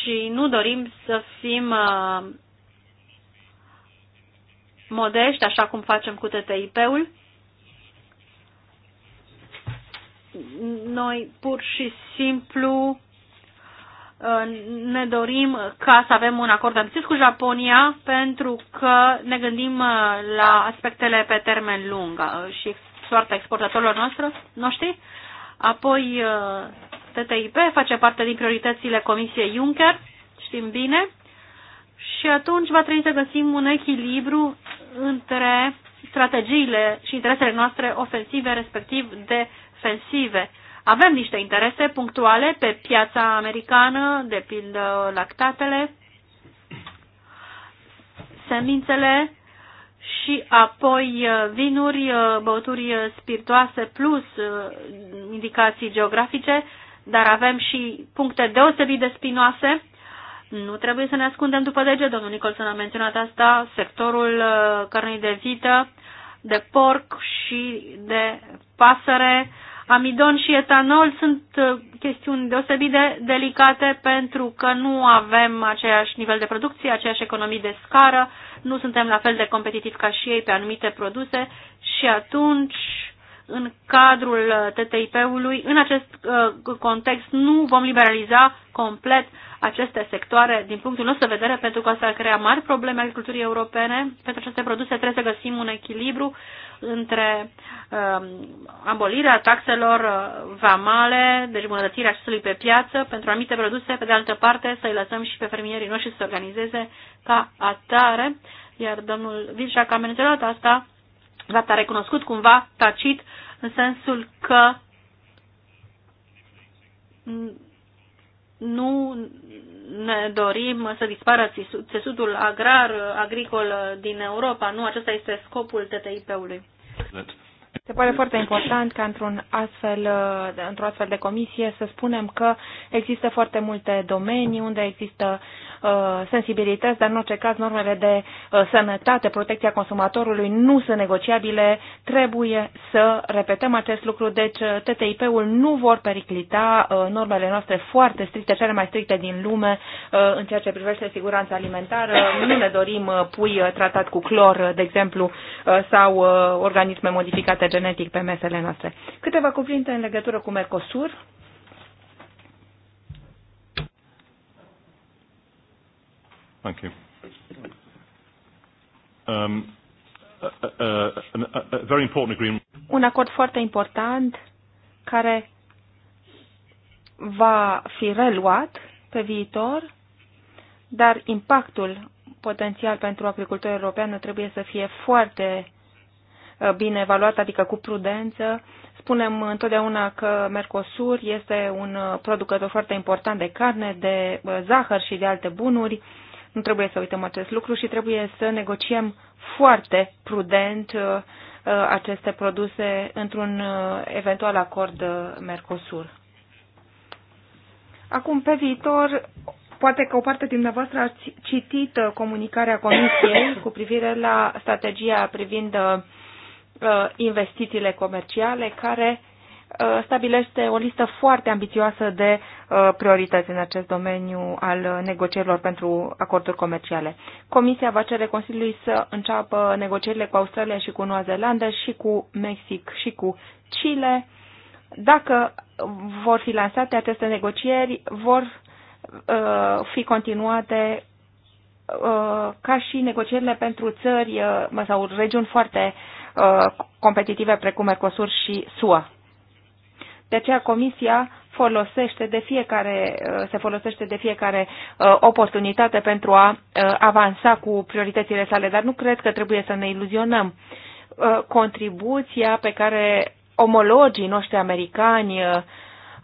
și nu dorim să fim modești, așa cum facem cu TTIP-ul Noi pur și simplu uh, ne dorim ca să avem un acord ambițios cu Japonia pentru că ne gândim uh, la aspectele pe termen lung uh, și soarta exportatorilor noastre, noștri. Apoi TTIP face parte din prioritățile Comisiei Juncker, știm bine, și atunci va trebui să găsim un echilibru între strategiile și interesele noastre ofensive, respectiv de ofensive. Avem niște interese punctuale pe piața americană, de pildă lactatele, semințele și apoi uh, vinuri, uh, băuturi spiritoase plus uh, indicații geografice, dar avem și puncte deosebit de spinoase. Nu trebuie să ne ascundem după dege domnul Nicolson a menționat asta, sectorul cărnii de vită, de porc și de pasăre, Amidon și etanol sunt uh, chestiuni deosebit de delicate pentru că nu avem aceeași nivel de producție, aceeași economii de scară, nu suntem la fel de competitivi ca și ei pe anumite produse și atunci în cadrul uh, TTIP-ului. În acest uh, context nu vom liberaliza complet aceste sectoare din punctul nostru de vedere, pentru că asta ar crea mari probleme agriculturii europene. Pentru aceste produse trebuie să găsim un echilibru între uh, abolirea taxelor uh, vamale, deci bunătățirea acestui pe piață pentru anumite produse, pe de altă parte să-i lăsăm și pe fermierii noștri să se organizeze ca atare. Iar domnul Vilșac a menționat asta, fapt a recunoscut cumva tacit în sensul că nu ne dorim să dispară țesutul agrar, agricol din Europa. Nu, acesta este scopul TTIP-ului. Se pare foarte important ca într-un astfel, uh, într-o astfel de comisie să spunem că există foarte multe domenii unde există uh, sensibilități, dar în orice caz normele de uh, sănătate, protecția consumatorului nu sunt negociabile, trebuie să repetăm acest lucru, deci uh, TTIP-ul nu vor periclita uh, normele noastre foarte stricte, cele mai stricte din lume uh, în ceea ce privește siguranța alimentară. Nu ne dorim uh, pui uh, tratat cu clor, uh, de exemplu, uh, sau uh, organisme modificate modificate genetic pe mesele noastre. Câteva cuvinte în legătură cu Mercosur. Thank you. Um, a, a, a, a very important agreement. Un acord foarte important care va fi reluat pe viitor, dar impactul potențial pentru agricultorul european trebuie să fie foarte uh, Uh, bine evaluat, adică cu prudență. Spunem întotdeauna că Mercosur este un uh, producător foarte important de carne, de uh, zahăr și de alte bunuri. Nu trebuie să uităm acest lucru și trebuie să negociem foarte prudent aceste produse într-un eventual acord Mercosur. Acum, pe viitor, poate că o parte din dumneavoastră ați citit comunicarea Comisiei cu privire la strategia privind Uh, investițiile comerciale, care uh, stabilește o listă foarte ambițioasă de uh, priorități în acest domeniu al negocierilor pentru acorduri comerciale. Comisia va cere Consiliului să înceapă negocierile cu Australia și cu Noua Zeelandă și cu Mexic și cu Chile. Dacă vor fi lansate aceste negocieri, vor fi continuate ca și negocierile pentru țări sau regiuni foarte uh, Uh, competitive precum Mercosur și SUA. De aceea Comisia folosește de fiecare, uh, se folosește de fiecare uh, oportunitate pentru a avansa cu prioritățile sale, dar nu cred că trebuie să ne iluzionăm. Contribuția pe care omologii noștri americani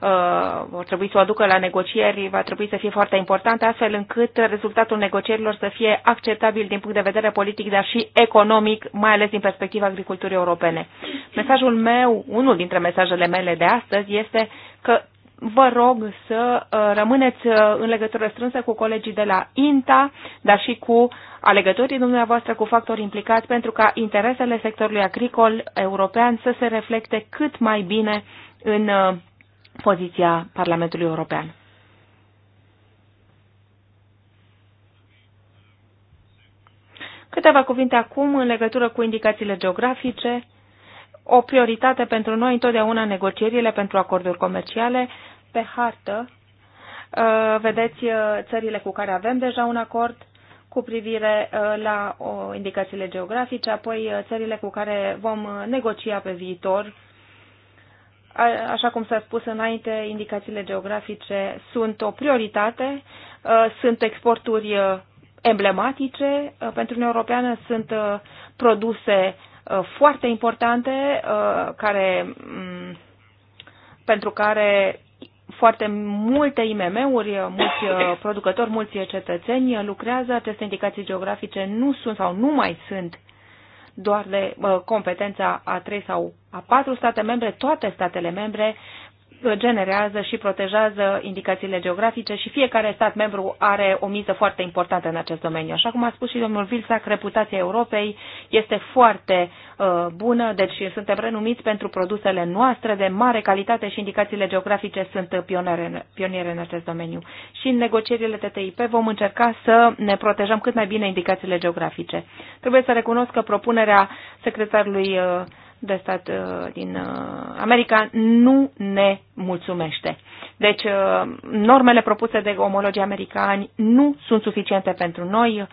Uh, vor trebui să o aducă la negocieri, va trebui să fie foarte importantă, astfel încât rezultatul negocierilor să fie acceptabil din punct de vedere politic, dar și economic, mai ales din perspectiva agriculturii europene. Mesajul meu, unul dintre mesajele mele de astăzi, este că vă rog să uh, rămâneți uh, în legătură strânsă cu colegii de la INTA, dar și cu alegătorii dumneavoastră, cu factori implicați, pentru ca interesele sectorului agricol european să se reflecte cât mai bine în poziția Parlamentului European. Câteva cuvinte acum în legătură cu indicațiile geografice. O prioritate pentru noi întotdeauna negocierile pentru acorduri comerciale pe hartă. Uh, vedeți uh, țările cu care avem deja un acord cu privire uh, la indicațiile geografice, apoi țările cu care vom negocia pe viitor așa cum s-a spus înainte, indicațiile geografice sunt o prioritate, uh, sunt exporturi uh, emblematice uh, pentru Uniunea Europeană, sunt produse foarte importante care, mm, pentru care foarte multe IMM-uri, mulți producători, mulți cetățeni lucrează. Aceste indicații geografice nu sunt sau nu mai sunt uh, doar de competența a trei sau a patru state membre, toate statele membre generează și protejează indicațiile geografice și fiecare stat membru are o miză foarte importantă în acest domeniu. Așa cum a spus și domnul Vilsac, reputația Europei este foarte uh, bună, deci suntem renumiți pentru produsele noastre de mare calitate și indicațiile geografice sunt pioniere în, pioniere în acest domeniu. Și în negocierile TTIP vom încerca să ne protejăm cât mai bine indicațiile geografice. Trebuie să recunosc că propunerea secretarului uh, de stat uh, din uh, America nu ne mulțumește. Deci, uh, normele propuse de omologii americani nu sunt suficiente pentru noi.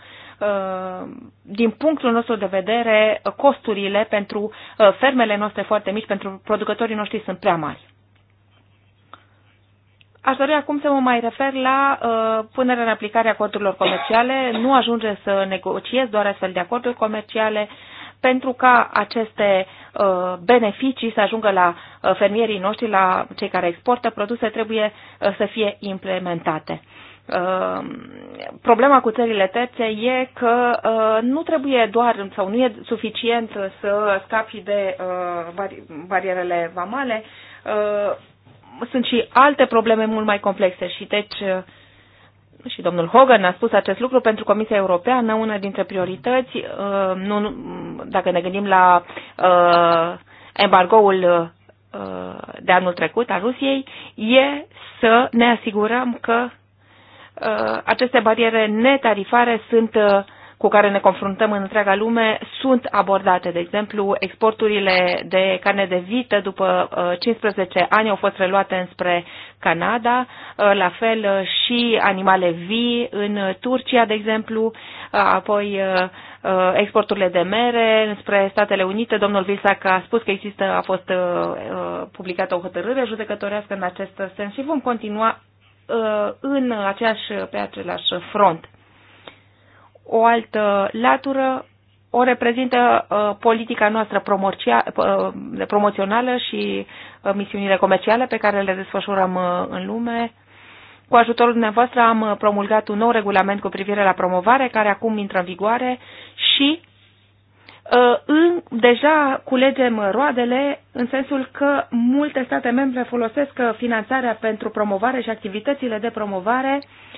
Din punctul nostru de vedere, costurile pentru fermele noastre foarte mici, pentru producătorii noștri sunt prea mari. Aș dori acum să mă mai refer la uh, punerea în aplicare a acordurilor comerciale. Nu ajunge să negociez doar astfel de acorduri comerciale. Uh, pentru ca aceste uh, beneficii să ajungă la uh, fermierii noștri, la cei care exportă produse, trebuie uh, să fie implementate problema cu țările terțe e că nu trebuie doar sau nu e suficient să scapi de barierele vamale, sunt și alte probleme mult mai complexe și deci și domnul Hogan a spus acest lucru pentru Comisia Europeană, una dintre priorități, uh, nu, dacă ne gândim la uh, embargoul uh, de anul trecut a Rusiei, e să ne asigurăm că aceste bariere netarifare sunt cu care ne confruntăm în întreaga lume sunt abordate. De exemplu, exporturile de carne de vită după 15 uh, ani au fost reluate înspre Canada, uh, la fel uh, și animale vii în Turcia, de exemplu, apoi exporturile de mere înspre Statele Unite. Domnul Vilsac a spus că există, a fost publicată o hotărâre judecătorească în acest sens și vom continua în aceeași, pe același front o altă latură o reprezintă uh, politica noastră uh, promoțională și uh, misiunile comerciale pe care le desfășurăm uh, în lume. Cu ajutorul dumneavoastră am uh, promulgat un nou regulament cu privire la promovare, care acum intră în vigoare și uh, în, deja culegem roadele în sensul că multe state membre folosesc uh, finanțarea pentru promovare și activitățile de promovare uh,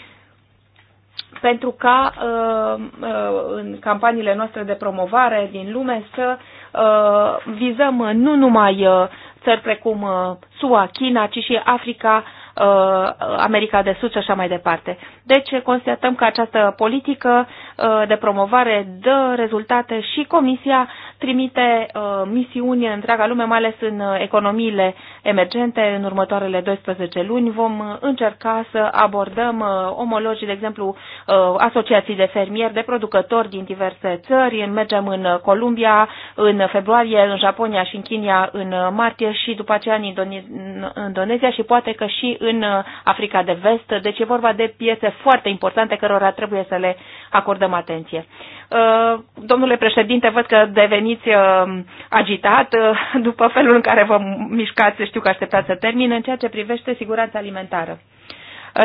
pentru ca uh, uh, în campaniile noastre de promovare din lume să uh, vizăm nu numai țări precum SUA, China, ci și Africa, Uh, America de Sud și așa mai departe. Deci constatăm că această politică uh, de promovare dă rezultate și Comisia trimite uh, misiuni în întreaga lume, mai ales în economiile emergente. În următoarele 12 luni vom încerca să abordăm omologii, de exemplu, asociații de fermieri, de producători din diverse țări. Mergem în Columbia în februarie, în Japonia și în China în martie și după aceea în Indonezia și poate că și în uh, Africa de Vest. Deci e vorba de piețe foarte importante cărora trebuie să le acordăm atenție. Uh, domnule președinte, văd că deveniți uh, agitat după felul în care vă mișcați, știu că așteptați să termin, în ceea ce privește siguranța alimentară.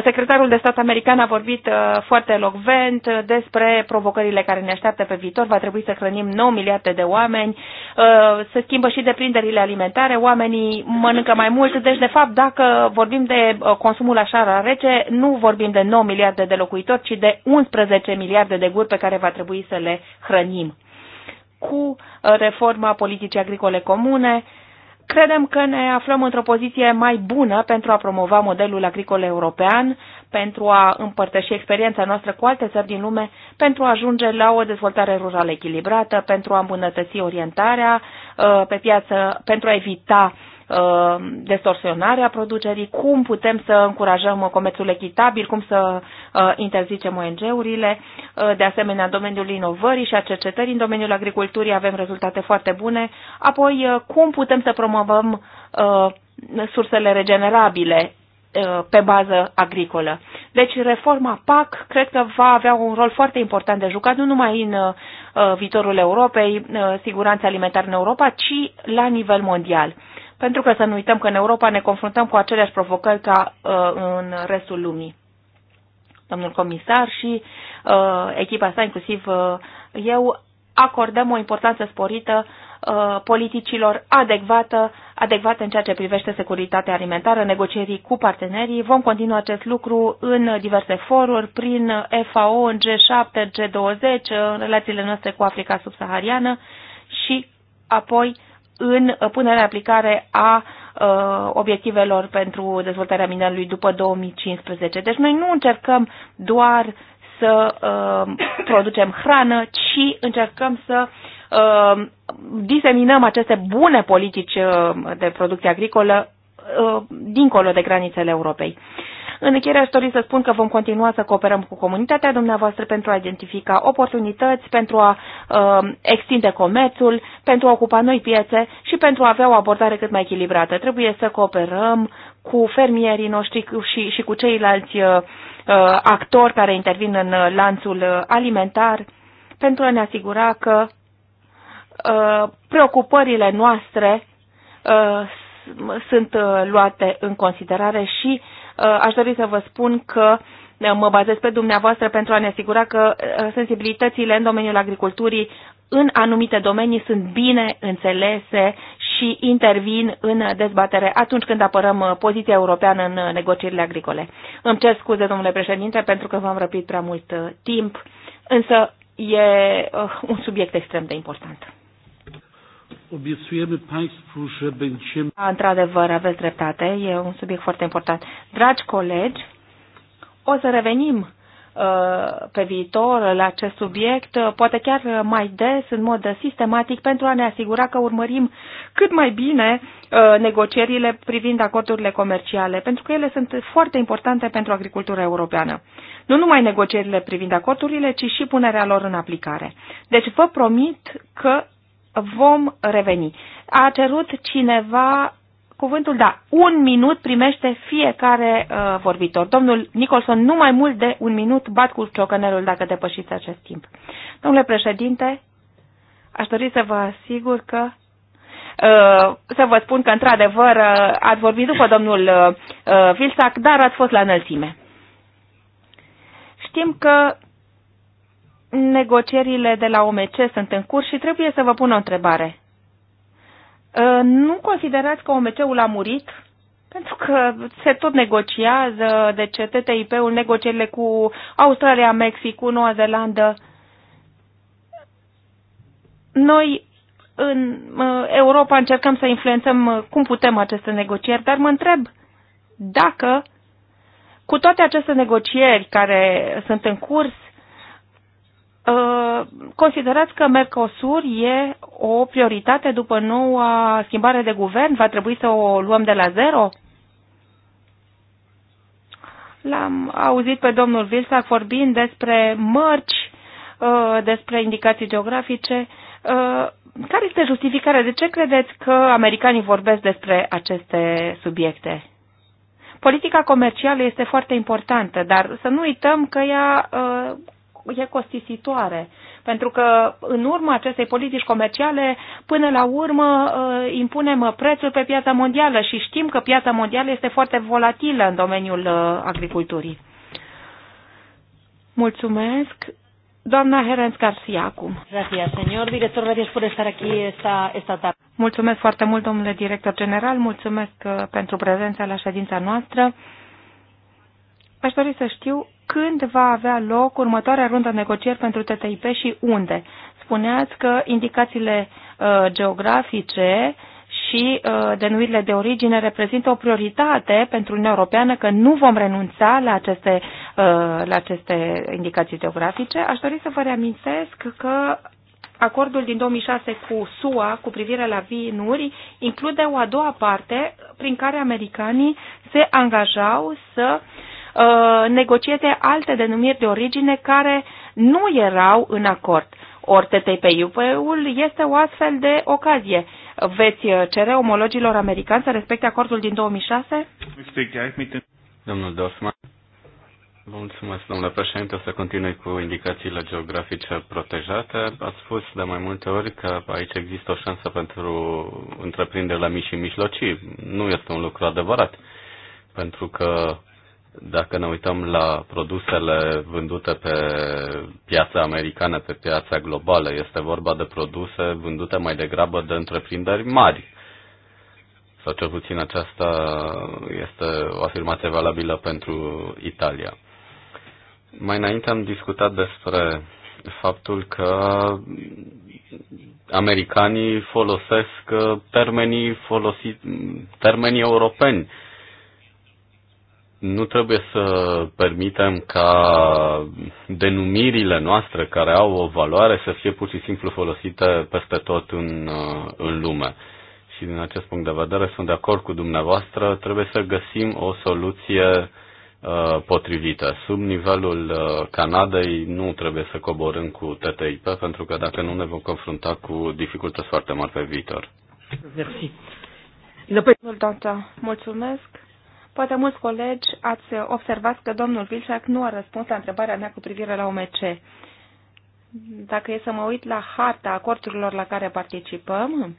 Secretarul de stat american a vorbit uh, foarte elocvent uh, despre provocările care ne așteaptă pe viitor. Va trebui să hrănim 9 miliarde de oameni, uh, se schimbă și deprinderile alimentare, oamenii mănâncă mai mult. Deci, de fapt, dacă vorbim de consumul așa la rece, nu vorbim de 9 miliarde de locuitori, ci de 11 miliarde de guri pe care va trebui să le hrănim. Cu reforma politicii agricole comune, Credem că ne aflăm într-o poziție mai bună pentru a promova modelul agricol european, pentru a împărtăși experiența noastră cu alte țări din lume, pentru a ajunge la o dezvoltare rurală echilibrată, pentru a îmbunătăți orientarea uh, pe piață, pentru a evita Uh, a producerii, cum putem să încurajăm comerțul echitabil, cum să uh, interzicem ONG-urile. Uh, de asemenea, în domeniul inovării și a cercetării, în domeniul agriculturii avem rezultate foarte bune. Apoi, cum putem să promovăm sursele regenerabile pe bază agricolă. Deci reforma PAC cred că va avea un rol foarte important de jucat, nu numai în viitorul Europei, siguranța alimentară în Europa, ci la nivel mondial pentru că să nu uităm că în Europa ne confruntăm cu aceleași provocări ca uh, în restul lumii. Domnul comisar și uh, echipa sa, inclusiv uh, eu, acordăm o importanță sporită politicilor adecvată, adecvate în ceea ce privește securitatea alimentară, negocierii cu partenerii. Vom continua acest lucru în diverse foruri, prin FAO, în G7, G20, în relațiile noastre cu Africa subsahariană și apoi uh, în punerea în aplicare a ă, obiectivelor pentru dezvoltarea minerului după 2015. Deci noi nu încercăm doar să ă, producem hrană, ci încercăm să ă, diseminăm aceste bune politici de producție agricolă dincolo de granițele Europei. În încheiere aș dori să spun că vom continua să cooperăm cu comunitatea dumneavoastră pentru a identifica oportunități, pentru a uh, extinde comerțul, pentru a ocupa noi piețe și pentru a avea o abordare cât mai echilibrată. Trebuie să cooperăm cu fermierii noștri și, și cu ceilalți uh, uh actori care intervin în uh, lanțul uh, alimentar pentru a ne asigura că uh, preocupările noastre uh, sunt luate în considerare și Uh, aș dori să vă spun că uh, mă bazez pe dumneavoastră pentru a ne asigura că uh, sensibilitățile în domeniul agriculturii în anumite domenii sunt bine înțelese și intervin în dezbatere atunci când apărăm poziția europeană în negocierile agricole. Îmi cer scuze, domnule președinte, pentru că v-am răpit prea mult timp, însă e un subiect extrem de important. Obiecujemy Państwu, że będziemy... Da, într-adevăr, aveți dreptate, e un subiect foarte important. Dragi colegi, o să revenim uh, pe viitor la acest subiect, uh, poate chiar mai des, în mod sistematic, pentru a ne asigura că urmărim cât mai bine uh, negocierile privind acordurile comerciale, pentru că ele sunt foarte importante pentru agricultura europeană. Nu numai negocierile privind acordurile, ci și punerea lor în aplicare. Deci vă promit că vom reveni. A cerut cineva cuvântul, da, un minut primește fiecare uh, vorbitor. Domnul Nicholson, nu mai mult de un minut bat cu ciocănelul dacă depășiți acest timp. Domnule președinte, aș dori să vă asigur că uh, să vă spun că, într-adevăr, uh, ați vorbit după domnul uh, Vilsac, dar ați fost la înălțime. Știm că negocierile de la OMC sunt în curs și trebuie să vă pun o întrebare. Ă, nu considerați că OMC-ul a murit? Pentru că se tot negociază, ce TTIP-ul, negocierile cu Australia, Mexic, cu Noua Zeelandă. Noi în ă, Europa încercăm să influențăm cum putem aceste negocieri, dar mă întreb dacă cu toate aceste negocieri care sunt în curs, Uh, considerați că Mercosur e o prioritate după noua schimbare de guvern? Va trebui să o luăm de la zero? L-am auzit pe domnul Vilsac vorbind despre mărci, uh, despre indicații geografice. Uh, care este justificarea? De ce credeți că americanii vorbesc despre aceste subiecte? Politica comercială este foarte importantă, dar să nu uităm că ea e costisitoare, pentru că în urma acestei politici comerciale, până la urmă, uh, impunem prețul pe piața mondială și știm că piața mondială este foarte volatilă în domeniul uh, agriculturii. Mulțumesc. Doamna Herenz Garcia acum. Gracias, señor director, gracias por estar aquí esta, esta tarde. Mulțumesc foarte mult, domnule director general, mulțumesc uh, pentru prezența la ședința noastră. Aș dori să știu când va avea loc următoarea rundă de negocieri pentru TTIP și unde. Spuneați că indicațiile uh, geografice și uh, denuirile de origine reprezintă o prioritate pentru Uniunea Europeană, că nu vom renunța la aceste, uh, la aceste indicații geografice. Aș dori să vă reamintesc că acordul din 2006 cu SUA cu privire la vinuri include o a doua parte prin care americanii se angajau să uh, Uh, negocieze alte denumiri de origine care nu erau în acord. Ori TTIP-ul este o astfel de ocazie. Veți cere omologilor americani să respecte acordul din 2006? Domnul Dorfman. Vă mulțumesc, domnule președinte. O să continui cu indicațiile geografice protejate. Ați spus de mai multe ori că aici există o șansă pentru întreprinderile mici și mijlocii. Nu este un lucru adevărat, pentru că dacă ne uităm la produsele vândute pe piața americană, pe piața globală, este vorba de produse vândute mai degrabă de întreprinderi mari. Sau cel puțin aceasta este o afirmație valabilă pentru Italia. Mai înainte am discutat despre faptul că americanii folosesc termenii, folosi, termenii europeni nu trebuie să permitem ca denumirile noastre care au o valoare să fie pur și simplu folosite peste tot în, uh, în lume. Și din acest punct de vedere sunt de acord cu dumneavoastră, trebuie să găsim o soluție uh, potrivită. Sub nivelul uh, Canadei nu trebuie să coborâm cu TTIP, pentru că dacă nu ne vom confrunta cu dificultăți foarte mari pe viitor. Mulțumesc. Poate mulți colegi ați observat că domnul Vilșac nu a răspuns la întrebarea mea cu privire la OMC. Dacă e să mă uit la harta acordurilor la care participăm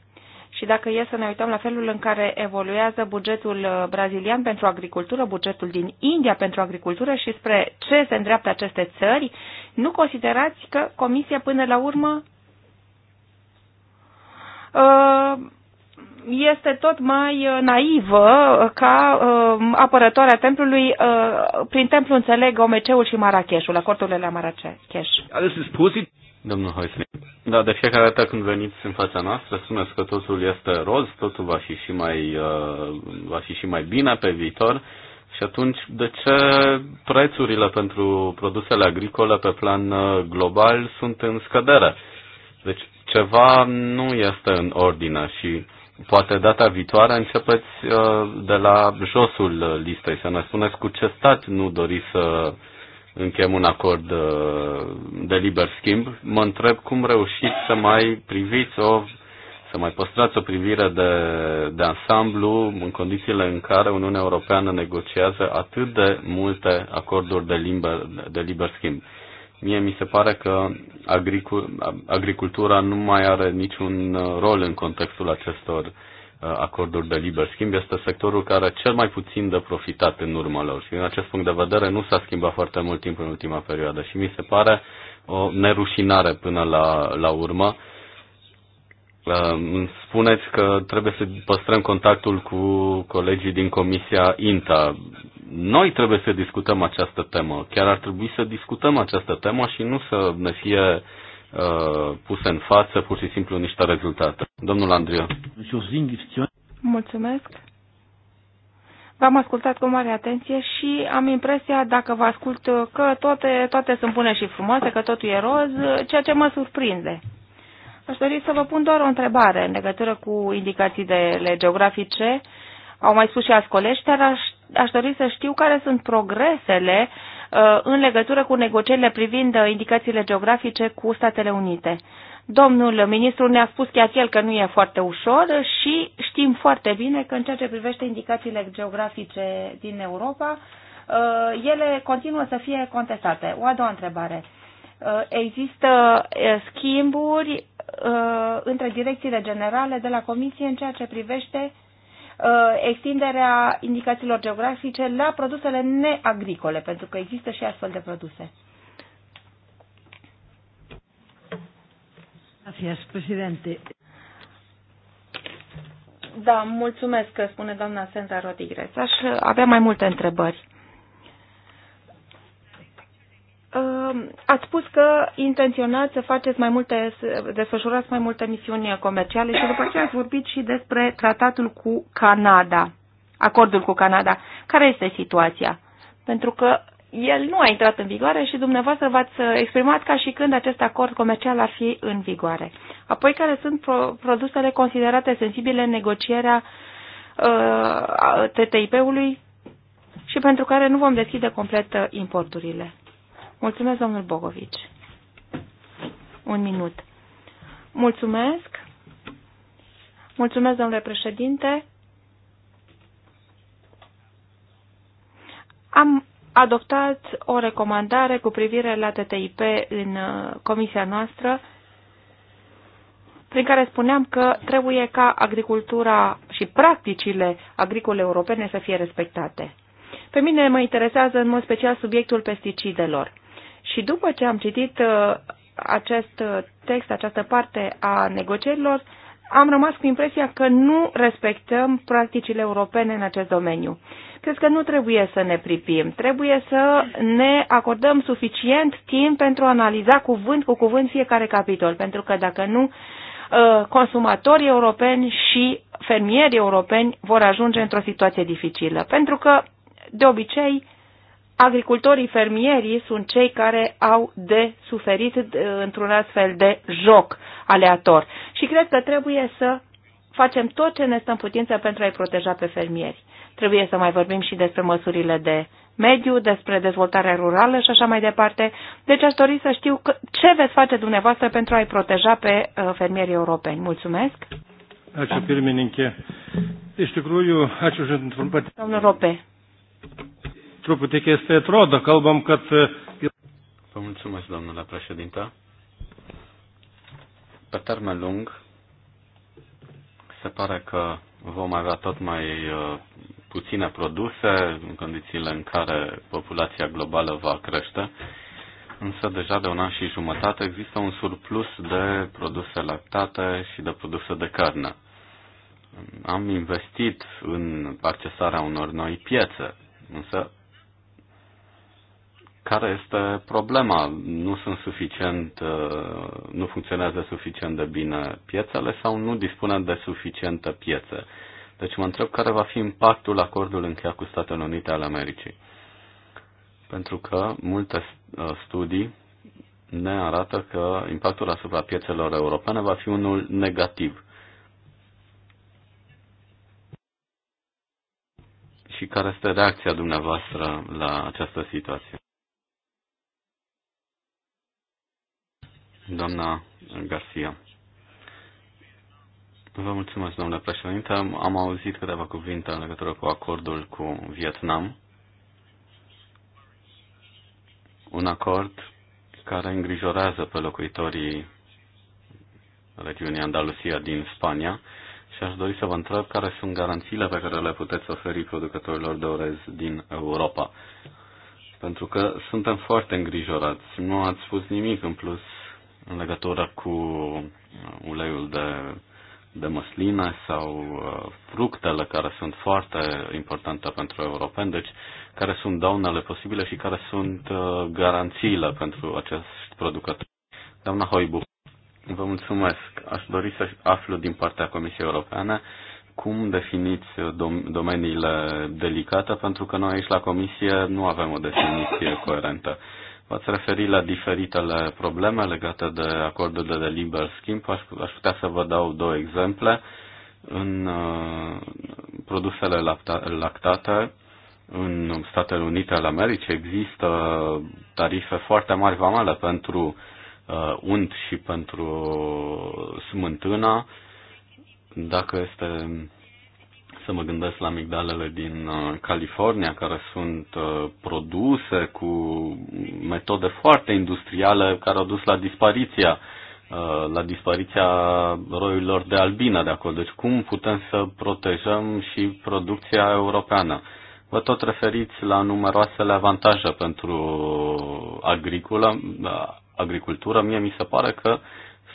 și dacă e să ne uităm la felul în care evoluează bugetul uh, brazilian pentru agricultură, bugetul din India pentru agricultură și spre ce se îndreaptă aceste țări, nu considerați că Comisia până la urmă uh, este tot mai uh, naivă ca uh, apărătoarea templului. Uh, prin templu înțeleg Omeceul și Marrakeșul, acordurile la Marrakeș. Da, deci Domnul Hoisne, da, de fiecare dată când veniți în fața noastră, spuneți că totul este roz, totul va fi și mai, uh, va fi și mai bine pe viitor. Și atunci, de ce prețurile pentru produsele agricole pe plan uh, global sunt în scădere? Deci, ceva nu este în ordine și poate data viitoare începeți uh, de la josul uh, listei, să ne spuneți cu ce stat nu doriți să încheiem un acord uh, de liber schimb. Mă întreb cum reușiți să mai priviți o să mai păstrați o privire de, de ansamblu în condițiile în care Uniunea Europeană negociază atât de multe acorduri de liber, de liber schimb. Mie mi se pare că agricultura nu mai are niciun uh, rol în contextul acestor uh, acorduri de liber schimb. Este sectorul care cel mai puțin de profitat în urma lor și din acest punct de vedere nu s-a schimbat foarte mult timp în ultima perioadă și mi se pare o nerușinare până la, la urmă îmi spuneți că trebuie să păstrăm contactul cu colegii din Comisia INTA. Noi trebuie să discutăm această temă. Chiar ar trebui să discutăm această temă și nu să ne fie uh, puse în față pur și simplu niște rezultate. Domnul Andriu. Mulțumesc. V-am ascultat cu mare atenție și am impresia, dacă vă ascult, că toate, toate sunt bune și frumoase, că totul e roz, ceea ce mă surprinde. Aș dori să vă pun doar o întrebare în legătură cu indicațiile geografice. Au mai spus și alți colegi, dar aș, aș dori să știu care sunt progresele uh, în legătură cu negocierile privind uh, indicațiile geografice cu Statele Unite. Domnul ministru ne-a spus chiar el că nu e foarte ușor și știm foarte bine că în ceea ce privește indicațiile geografice din Europa, uh, ele continuă să fie contestate. O a doua întrebare. Uh, există schimburi Uh, între direcțiile generale de la Comisie în ceea ce privește uh, extinderea indicațiilor geografice la produsele neagricole, pentru că există și astfel de produse. Gracias, presidente. Da, mulțumesc, spune doamna Senza Rodigres. Aș avea mai multe întrebări. Um, ați spus că intenționați să faceți mai multe, să desfășurați mai multe misiuni comerciale și după aceea ați vorbit și despre tratatul cu Canada, acordul cu Canada. Care este situația? Pentru că el nu a intrat în vigoare și dumneavoastră v-ați exprimat ca și când acest acord comercial ar fi în vigoare. Apoi, care sunt pro- produsele considerate sensibile în negocierea uh, TTIP-ului și pentru care nu vom deschide complet uh, importurile? Mulțumesc, domnul Bogovici. Un minut. Mulțumesc. Mulțumesc, domnule președinte. Am adoptat o recomandare cu privire la TTIP în uh, comisia noastră, prin care spuneam că trebuie ca agricultura și practicile agricole europene să fie respectate. Pe mine mă interesează în mod special subiectul pesticidelor. Și după ce am citit uh, acest uh, text, această parte a negocierilor, am rămas cu impresia că nu respectăm practicile europene în acest domeniu. Cred că nu trebuie să ne pripim, trebuie să ne acordăm suficient timp pentru a analiza cuvânt cu cuvânt fiecare capitol, pentru că dacă nu, uh, consumatorii europeni și fermierii europeni vor ajunge într-o situație dificilă, pentru că, de obicei, agricultorii, fermierii sunt cei care au de suferit într-un astfel de joc aleator. Și cred că trebuie să facem tot ce ne stă în putință pentru a-i proteja pe fermieri. Trebuie să mai vorbim și despre măsurile de mediu, despre dezvoltarea rurală și așa mai departe. Deci aș dori să știu ce veți face dumneavoastră pentru a-i proteja pe uh, fermierii europeni. Mulțumesc! Așa da. Iš tikrųjų, ačiū už informaciją. Domnul Rope truputį keistai atrodo. Kalbam, kad. Vă domnule președinte. Pe termen lung, se pare că vom avea tot mai puține produse în condițiile în care populația globală va crește, însă deja de un an și jumătate există un surplus de produse lactate și de produse de carne. Am investit în accesarea unor noi piețe, însă care este problema? Nu sunt suficient, uh, nu funcționează suficient de bine piețele sau nu dispunem de suficientă piețe? Deci mă întreb care va fi impactul acordului încheiat cu Statele Unite ale Americii. Pentru că multe uh, studii ne arată că impactul asupra piețelor europene va fi unul negativ. Și care este reacția dumneavoastră la această situație? doamna Garcia. Vă mulțumesc, domnule președinte. Am auzit câteva cuvinte în legătură cu acordul cu Vietnam. Un acord care îngrijorează pe locuitorii regiunii Andalusia din Spania și aș dori să vă întreb care sunt garanțiile pe care le puteți oferi producătorilor de orez din Europa. Pentru că suntem foarte îngrijorați. Nu ați spus nimic în plus în legătură cu uh, uleiul de, de măsline sau uh, fructele care sunt foarte importante pentru europeni, deci care sunt daunele posibile și care sunt uh, garanțiile pentru acest producător. Doamna Hoibu, vă mulțumesc. Aș dori să aflu din partea Comisiei Europene cum definiți dom- domeniile delicate, pentru că noi aici la Comisie nu avem o definiție coerentă. V-ați referit la diferitele probleme legate de acordurile de liber schimb. Aș, aș putea să vă dau două exemple. În uh, produsele lacta, lactate, în Statele Unite ale Americii, există tarife foarte mari vamale pentru uh, unt și pentru smântână. Dacă este să mă gândesc la migdalele din uh, California, care sunt uh, produse cu metode foarte industriale care au dus la dispariția uh, la dispariția roilor de albină de acolo. Deci cum putem să protejăm și producția europeană? Vă tot referiți la numeroasele avantaje pentru agriculă, agricultură. Mie mi se pare că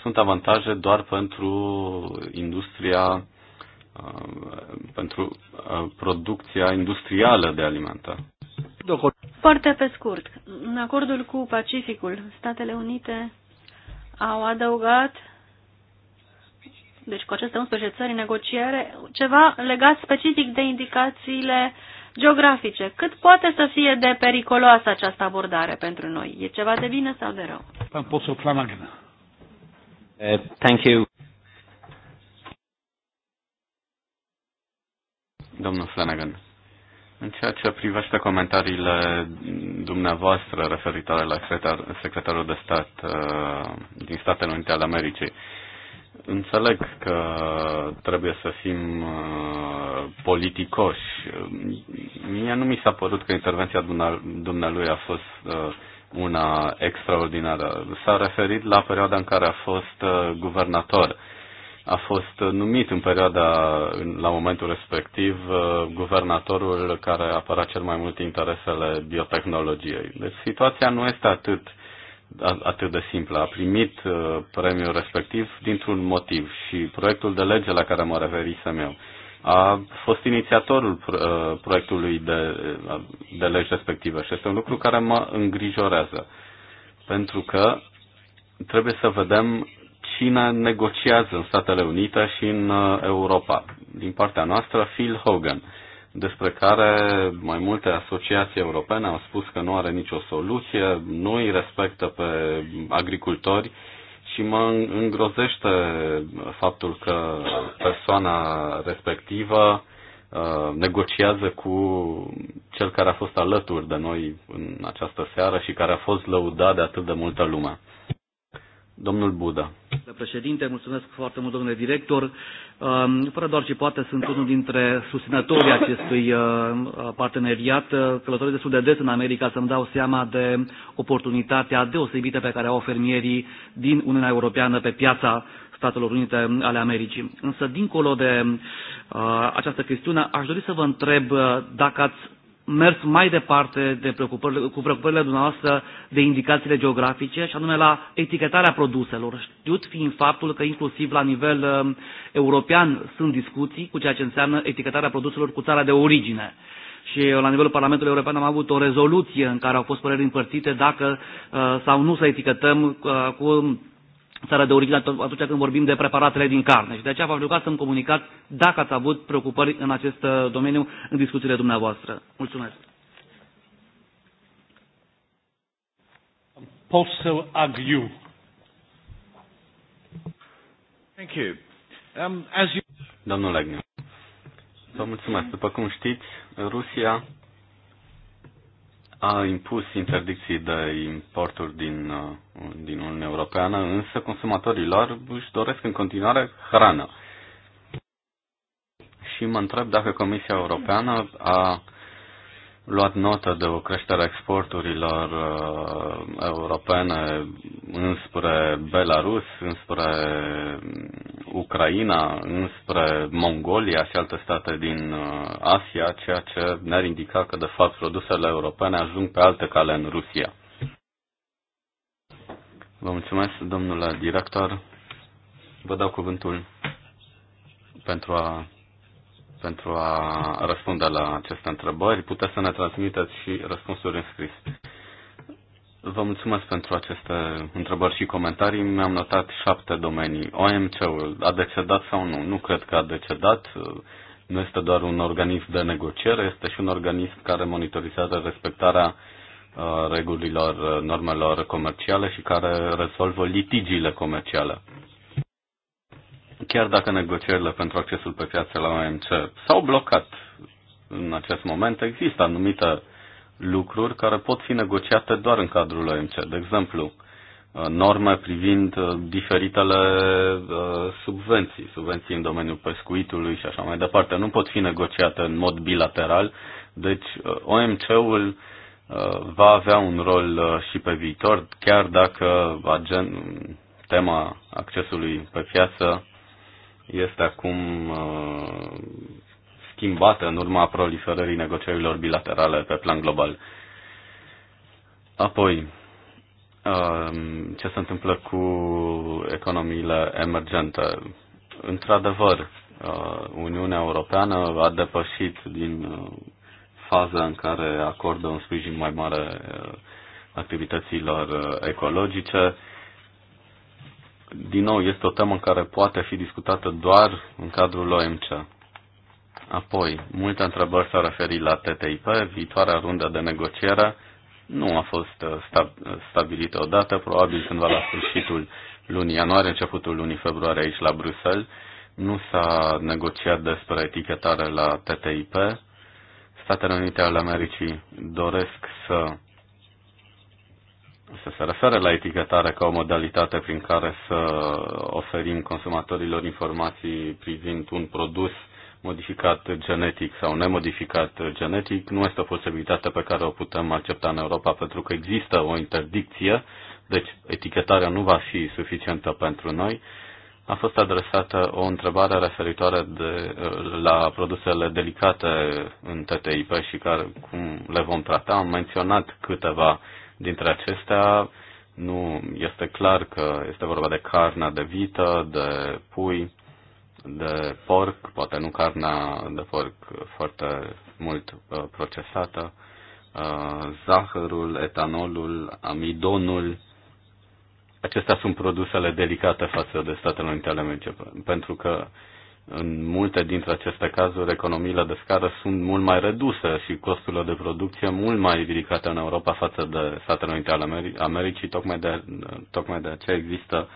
sunt avantaje doar pentru industria Um, pentru uh, producția industrială de alimente. Foarte pe scurt, în acordul cu Pacificul, Statele Unite au adăugat, deci cu aceste 11 țări negociere, ceva legat specific de indicațiile geografice. Cât poate să fie de periculoasă această abordare pentru noi? E ceva de bine sau de rău? Uh, thank you. Domnul Flanagan, în ceea ce privește comentariile dumneavoastră referitoare la secretar, secretarul de stat uh, din Statele Unite ale Americii, Înțeleg că trebuie să fim uh, politicoși. Mie nu mi s-a părut că intervenția dumnealui a fost uh, una extraordinară. S-a referit la perioada în care a fost uh, guvernator. Uh, a fost numit în perioada, la momentul respectiv, uh, guvernatorul care apăra cel mai mult interesele biotehnologiei. Deci situația nu este atât, atât de simplă. A primit uh, premiul respectiv dintr-un motiv și proiectul de lege la care mă referisem eu a fost inițiatorul uh, proiectului de, de lege respectivă și este un lucru care mă îngrijorează. Pentru că trebuie să vedem China negociază în Statele Unite și în uh, Europa. Din partea noastră, Phil Hogan, despre care mai multe asociații europene au spus că nu are nicio soluție, nu îi respectă pe agricultori și mă îngrozește faptul că persoana respectivă uh, negociază cu cel care a fost alături de noi în această seară și care a fost lăudat de atât de multă lume. Domnul Buda. Domnule președinte, mulțumesc foarte mult, domnule director. Um, fără doar ce poate, sunt unul dintre susținătorii acestui uh, parteneriat. Călătoresc destul de des în America să-mi dau seama de oportunitatea deosebită pe care o au fermierii din Uniunea Europeană pe piața Statelor Unite ale Americii. Însă, dincolo de uh, această chestiune, aș dori să vă întreb uh, dacă ați mers mai departe de preocupările, cu preocupările dumneavoastră de indicațiile geografice, și anume la etichetarea produselor, știut fiind faptul că inclusiv la nivel uh, european sunt discuții cu ceea ce înseamnă etichetarea produselor cu țara de origine. Și la nivelul Parlamentului European am avut o rezoluție în care au fost păreri împărțite dacă uh, sau nu să etichetăm uh, cu țară de origine atunci când vorbim de preparatele din carne. Și de aceea v-am rugat să-mi comunicați dacă ați avut preocupări în acest uh, domeniu în discuțiile dumneavoastră. Mulțumesc. Poseł Agiu. Thank you. Um, as you... Domnul Agnew. Vă mulțumesc. După cum știți, Rusia a impus interdicții de importuri din, uh, din Uniunea Europeană, însă consumatorii lor își doresc în continuare hrană. Și mă întreb dacă Comisia Europeană a luat notă de o creștere a exporturilor uh, europene înspre Belarus, înspre mm, Ucraina, înspre Mongolia și alte state din uh, Asia, ceea ce ne-ar indica că, de fapt, produsele europene ajung pe alte cale în Rusia. Vă mulțumesc, domnule director. Vă dau cuvântul pentru a pentru a răspunde la aceste întrebări. Puteți să ne transmiteți și răspunsuri în scris. Vă mulțumesc pentru aceste întrebări și comentarii. Mi-am notat șapte domenii. OMC-ul a decedat sau nu? Nu cred că a decedat. Nu este doar un organism de negociere, este și un organism care monitorizează respectarea uh, regulilor uh, normelor comerciale și care rezolvă litigiile comerciale chiar dacă negocierile pentru accesul pe piață la OMC s-au blocat în acest moment, există anumite lucruri care pot fi negociate doar în cadrul OMC. De exemplu, uh, norme privind uh, diferitele uh, subvenții, subvenții în domeniul pescuitului și așa mai departe, nu pot fi negociate în mod bilateral, deci OMC-ul va avea un rol și pe viitor, chiar dacă agen, tema accesului pe piață este acum uh, schimbată în urma proliferării negocierilor bilaterale pe plan global. Apoi, um, ce se întâmplă cu economiile emergente? Într-adevăr, uh, Uniunea Europeană a depășit din uh, faza în care acordă un sprijin mai mare activităților ecologice din nou, este o temă care poate fi discutată doar în cadrul OMC. Apoi, multe întrebări s-au referit la TTIP, viitoarea rundă de negociere nu a fost uh, uh, stabilită odată, probabil cândva la sfârșitul lunii ianuarie, începutul lunii februarie aici la Bruxelles. Nu s-a negociat despre etichetare la TTIP. Statele Unite ale Americii doresc să să se referă la etichetare ca o modalitate prin care să oferim consumatorilor informații privind un produs modificat genetic sau nemodificat genetic, nu este o posibilitate pe care o putem accepta în Europa pentru că există o interdicție, deci etichetarea nu va fi suficientă pentru noi. A fost adresată o întrebare referitoare de, la produsele delicate în TTIP și care, cum le vom trata. Am menționat câteva uh, dintre acestea nu este clar că este vorba de carnea de vită, de pui, de porc, poate nu carnea de porc foarte mult uh, procesată, uh, zahărul, etanolul, amidonul. Acestea sunt produsele delicate față de Statele Unite ale Americii, pentru că uh, în multe dintre aceste cazuri, economiile de scară sunt mult mai reduse și costurile de producție mult mai ridicate în Europa față de Statele Unite ale Americii. Tocmai de, tocmai de aceea există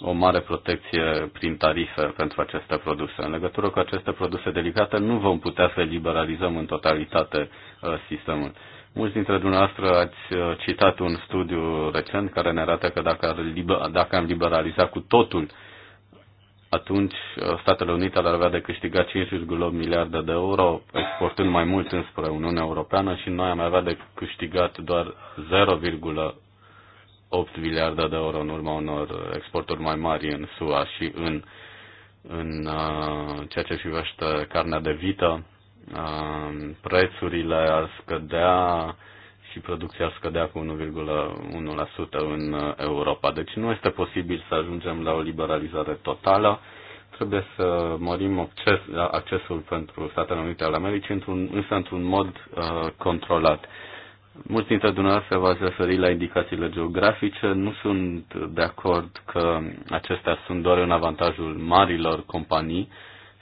o mare protecție prin tarife pentru aceste produse. În legătură cu aceste produse delicate, nu vom putea să liberalizăm în totalitate uh, sistemul. Mulți dintre dumneavoastră ați uh, citat un studiu recent care ne arată că dacă, ar dacă am liberalizat cu totul atunci uh, Statele Unite ar avea de câștigat 5,8 miliarde de euro exportând mai mult înspre Uniunea Europeană și noi am avea de câștigat doar 0,8 miliarde de euro în urma unor exporturi mai mari în SUA și în, în uh, ceea ce privește carnea de vită. Uh, prețurile ar scădea și producția scădea cu 1,1% în uh, Europa. Deci nu este posibil să ajungem la o liberalizare totală. Trebuie să mărim acces, accesul pentru Statele Unite ale Americii, într-un, însă într-un mod uh, controlat. Mulți dintre dumneavoastră v-ați referit la indicațiile geografice. Nu sunt de acord că acestea sunt doar în avantajul marilor companii,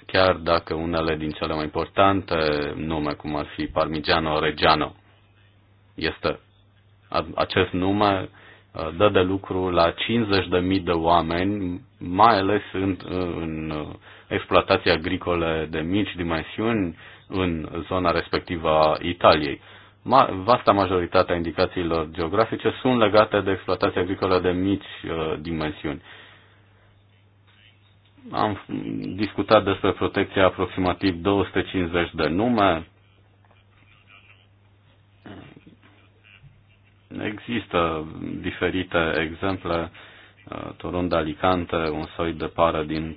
chiar dacă unele din cele mai importante nume, cum ar fi Parmigiano Reggiano, este acest număr uh, dă de lucru la 50.000 de oameni, mai ales în, în uh, exploatații agricole de mici dimensiuni în zona respectivă a Italiei. Ma, vasta majoritatea indicațiilor geografice sunt legate de exploatații agricole de mici uh, dimensiuni. Am discutat despre protecția aproximativ 250 de nume, Există diferite exemple, uh, de Alicante, un soi de pară din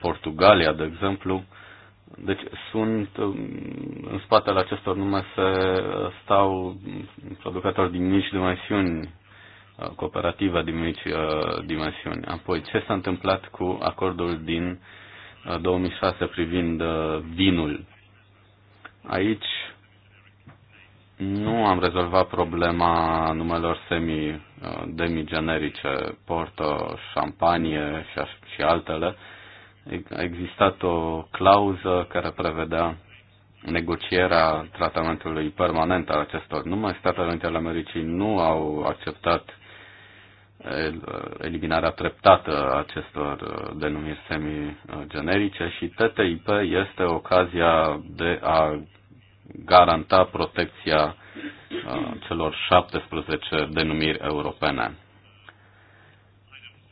Portugalia, de exemplu. Deci sunt, um, în spatele acestor nume se uh, stau producători din mici dimensiuni, uh, cooperativa din mici dimensiuni. Apoi, ce s-a întâmplat cu acordul din 2006 privind vinul? Aici nu am rezolvat problema numelor semi, uh, demigenerice, porto, șampanie și, și altele. A existat o clauză care prevedea negocierea tratamentului permanent al acestor nume. Statele Unite ale Americii nu au acceptat eliminarea treptată a acestor uh, denumiri semi-generice și TTIP este ocazia de a garanta protecția celor 17 denumiri europene.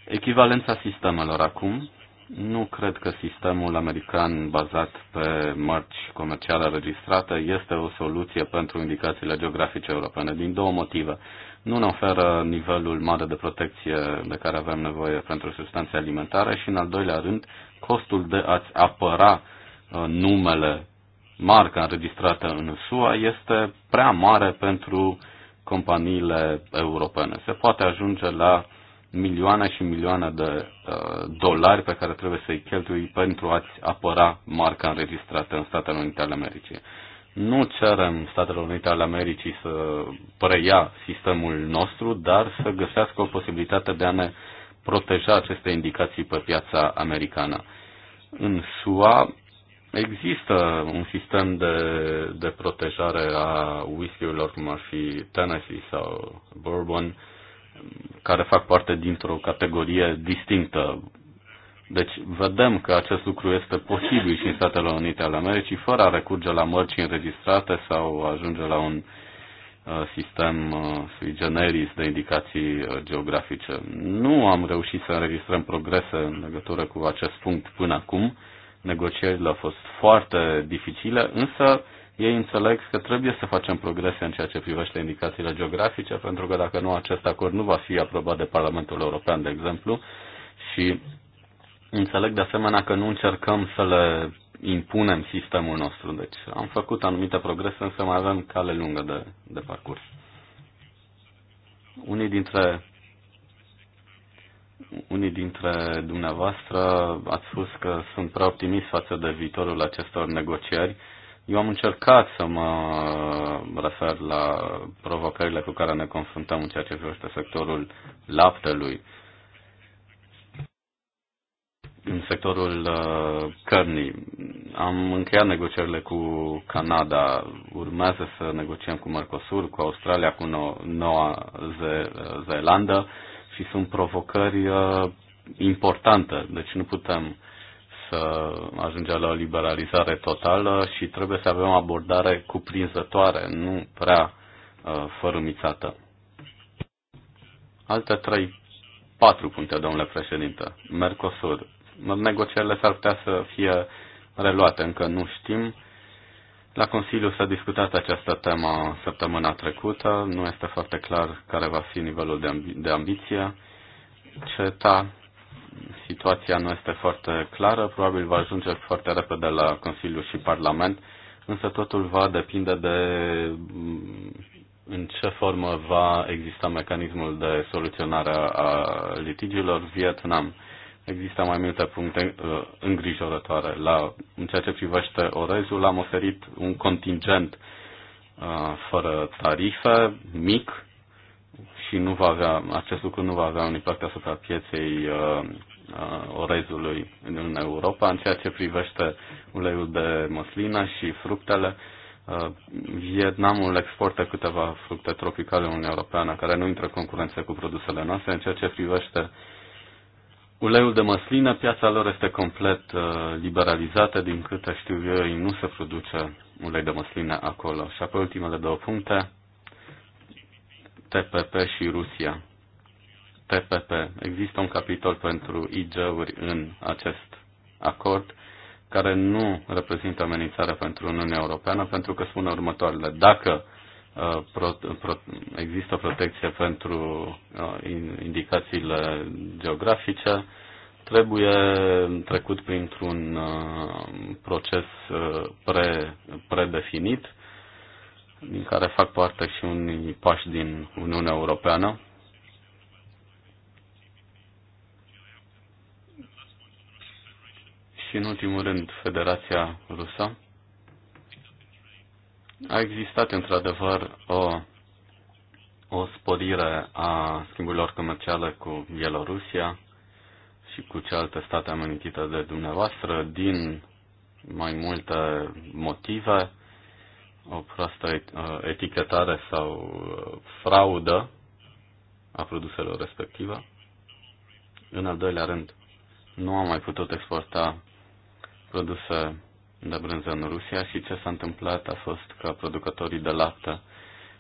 Echivalența sistemelor acum. Nu cred că sistemul american bazat pe mărci comerciale registrate este o soluție pentru indicațiile geografice europene, din două motive. Nu ne oferă nivelul mare de protecție de care avem nevoie pentru substanțe alimentare și, în al doilea rând, costul de a-ți apăra uh, numele marca înregistrată în SUA este prea mare pentru companiile europene. Se poate ajunge la milioane și milioane de uh, dolari pe care trebuie să-i cheltui pentru a-ți apăra marca înregistrată în Statele Unite ale Americii. Nu cerem Statele Unite ale Americii să preia sistemul nostru, dar să găsească o posibilitate de a ne proteja aceste indicații pe piața americană. În SUA Există un sistem de, de protejare a whisky-urilor cum ar fi Tennessee sau Bourbon, care fac parte dintr-o categorie distinctă. Deci vedem că acest lucru este posibil și în Statele Unite ale Americii, fără a recurge la mărci înregistrate sau ajunge la un uh, sistem uh, sui generis de indicații uh, geografice. Nu am reușit să înregistrăm progrese în legătură cu acest punct până acum, negocierile au fost foarte dificile, însă ei înțeleg că trebuie să facem progrese în ceea ce privește indicațiile geografice, pentru că dacă nu, acest acord nu va fi aprobat de Parlamentul European, de exemplu, și înțeleg de asemenea că nu încercăm să le impunem sistemul nostru. Deci am făcut anumite progrese, însă mai avem cale lungă de, de parcurs. Unii dintre unii dintre dumneavoastră ați spus că sunt prea optimist față de viitorul acestor negocieri. Eu am încercat să mă refer la provocările cu care ne confruntăm în ceea ce privește sectorul laptelui, în sectorul uh, cărnii. Am încheiat negocierile cu Canada, urmează să negociem cu Mercosur, cu Australia, cu no- Noua Ze- Zeelandă și sunt provocări uh, importante, deci nu putem să ajungem la o liberalizare totală și trebuie să avem o abordare cuprinzătoare, nu prea uh, fărâmițată. Alte trei, patru puncte, domnule președinte. Mercosur. Negocierile s-ar putea să fie reluate, încă nu știm la Consiliu s-a discutat această temă săptămâna trecută. Nu este foarte clar care va fi nivelul de, ambi- de ambiție. CETA, situația nu este foarte clară, probabil va ajunge foarte repede la Consiliu și Parlament, însă totul va depinde de în ce formă va exista mecanismul de soluționare a litigiilor Vietnam Există mai multe puncte uh, îngrijorătoare. La, în ceea ce privește orezul, am oferit un contingent uh, fără tarife, mic, și nu va avea, acest lucru nu va avea un impact asupra pieței uh, orezului în Europa. În ceea ce privește uleiul de măslină și fructele, Vietnamul exportă câteva fructe tropicale în Uniunea Europeană care nu intră în concurență cu produsele noastre. În ceea ce privește Uleiul de măsline, piața lor este complet uh, liberalizată, din câte știu eu, ei nu se produce ulei de măsline acolo. Și apoi ultimele două puncte, TPP și Rusia. TPP. Există un capitol pentru IG-uri în acest acord care nu reprezintă amenințare pentru Uniunea Europeană, pentru că spune următoarele. Dacă uh, Uh, pro, pro, există protecție pentru uh, indicațiile geografice, trebuie trecut printr-un uh, proces pre, predefinit, din care fac parte și unii pași din Uniunea Europeană. Și în ultimul rând, Federația Rusă a existat într-adevăr o, o sporire a schimburilor comerciale cu Bielorusia și cu celelalte state amintite de dumneavoastră din mai multe motive, o proastă etichetare sau fraudă a produselor respective. În al doilea rând, nu am mai putut exporta produse de brânză în Rusia și ce s-a întâmplat a fost că producătorii de lapte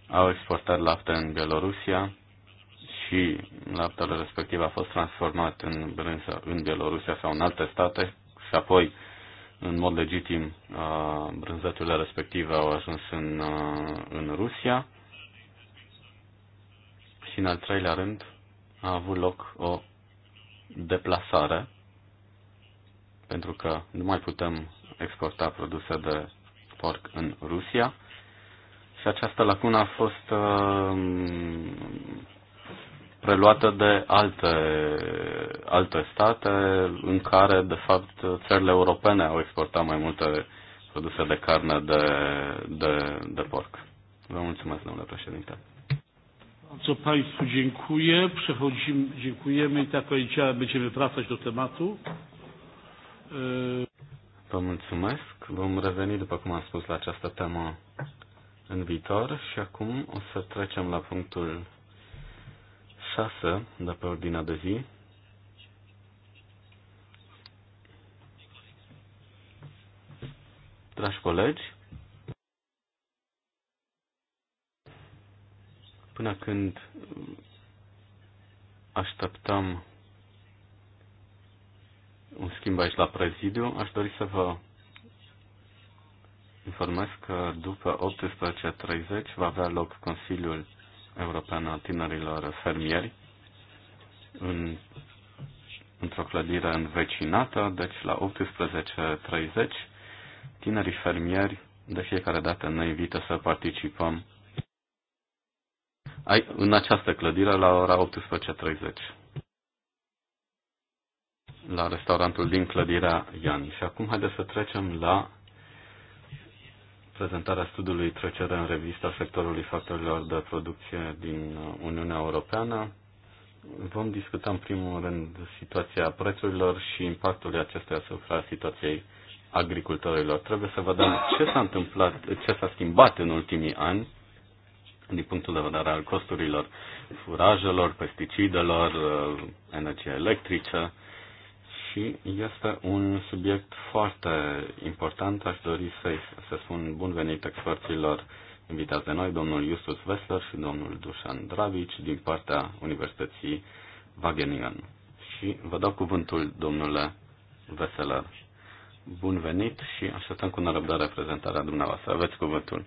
au exportat lapte în Bielorusia și laptele respectiv a fost transformat în brânză în Bielorusia sau în alte state și apoi, în mod legitim, brânzăturile respective au ajuns în, în Rusia și, în al treilea rând, a avut loc o deplasare pentru că nu mai putem exporta produse de porc în Rusia și această lacună a fost uh, preluată de alte, alte state în care, de fapt, țările europene au exportat mai multe produse de carne de, de, de porc. Vă mulțumesc, domnule președinte. Bardzo Państwu dziękuję. Przechodzimy, dziękujemy i tak powiedziałem, będziemy wracać do tematu. Vă mulțumesc. Vom reveni, după cum am spus, la această temă în viitor și acum o să trecem la punctul 6 de pe ordinea de zi. Dragi colegi, până când așteptăm un schimb aici la prezidiu. Aș dori să vă informez că după 18.30 va avea loc Consiliul European al Tinerilor Fermieri în, într-o clădire învecinată, deci la 18.30 tinerii fermieri de fiecare dată ne invită să participăm în această clădire la ora 18.30 la restaurantul din clădirea Iani. Și acum haideți să trecem la prezentarea studiului trecere în revista sectorului factorilor de producție din Uniunea Europeană. Vom discuta în primul rând situația prețurilor și impactul acestui asupra situației agricultorilor. Trebuie să vedem ce s-a întâmplat, ce s-a schimbat în ultimii ani din punctul de vedere al costurilor furajelor, pesticidelor, uh, energie electrice și este un subiect foarte important. Aș dori să să spun bun venit experților invitați de noi, domnul Justus Wessler și domnul Dușan Dravici din partea Universității Wageningen. Și vă dau cuvântul, domnule Wessler. Bun venit și așteptăm cu nerăbdare prezentarea dumneavoastră. Aveți cuvântul.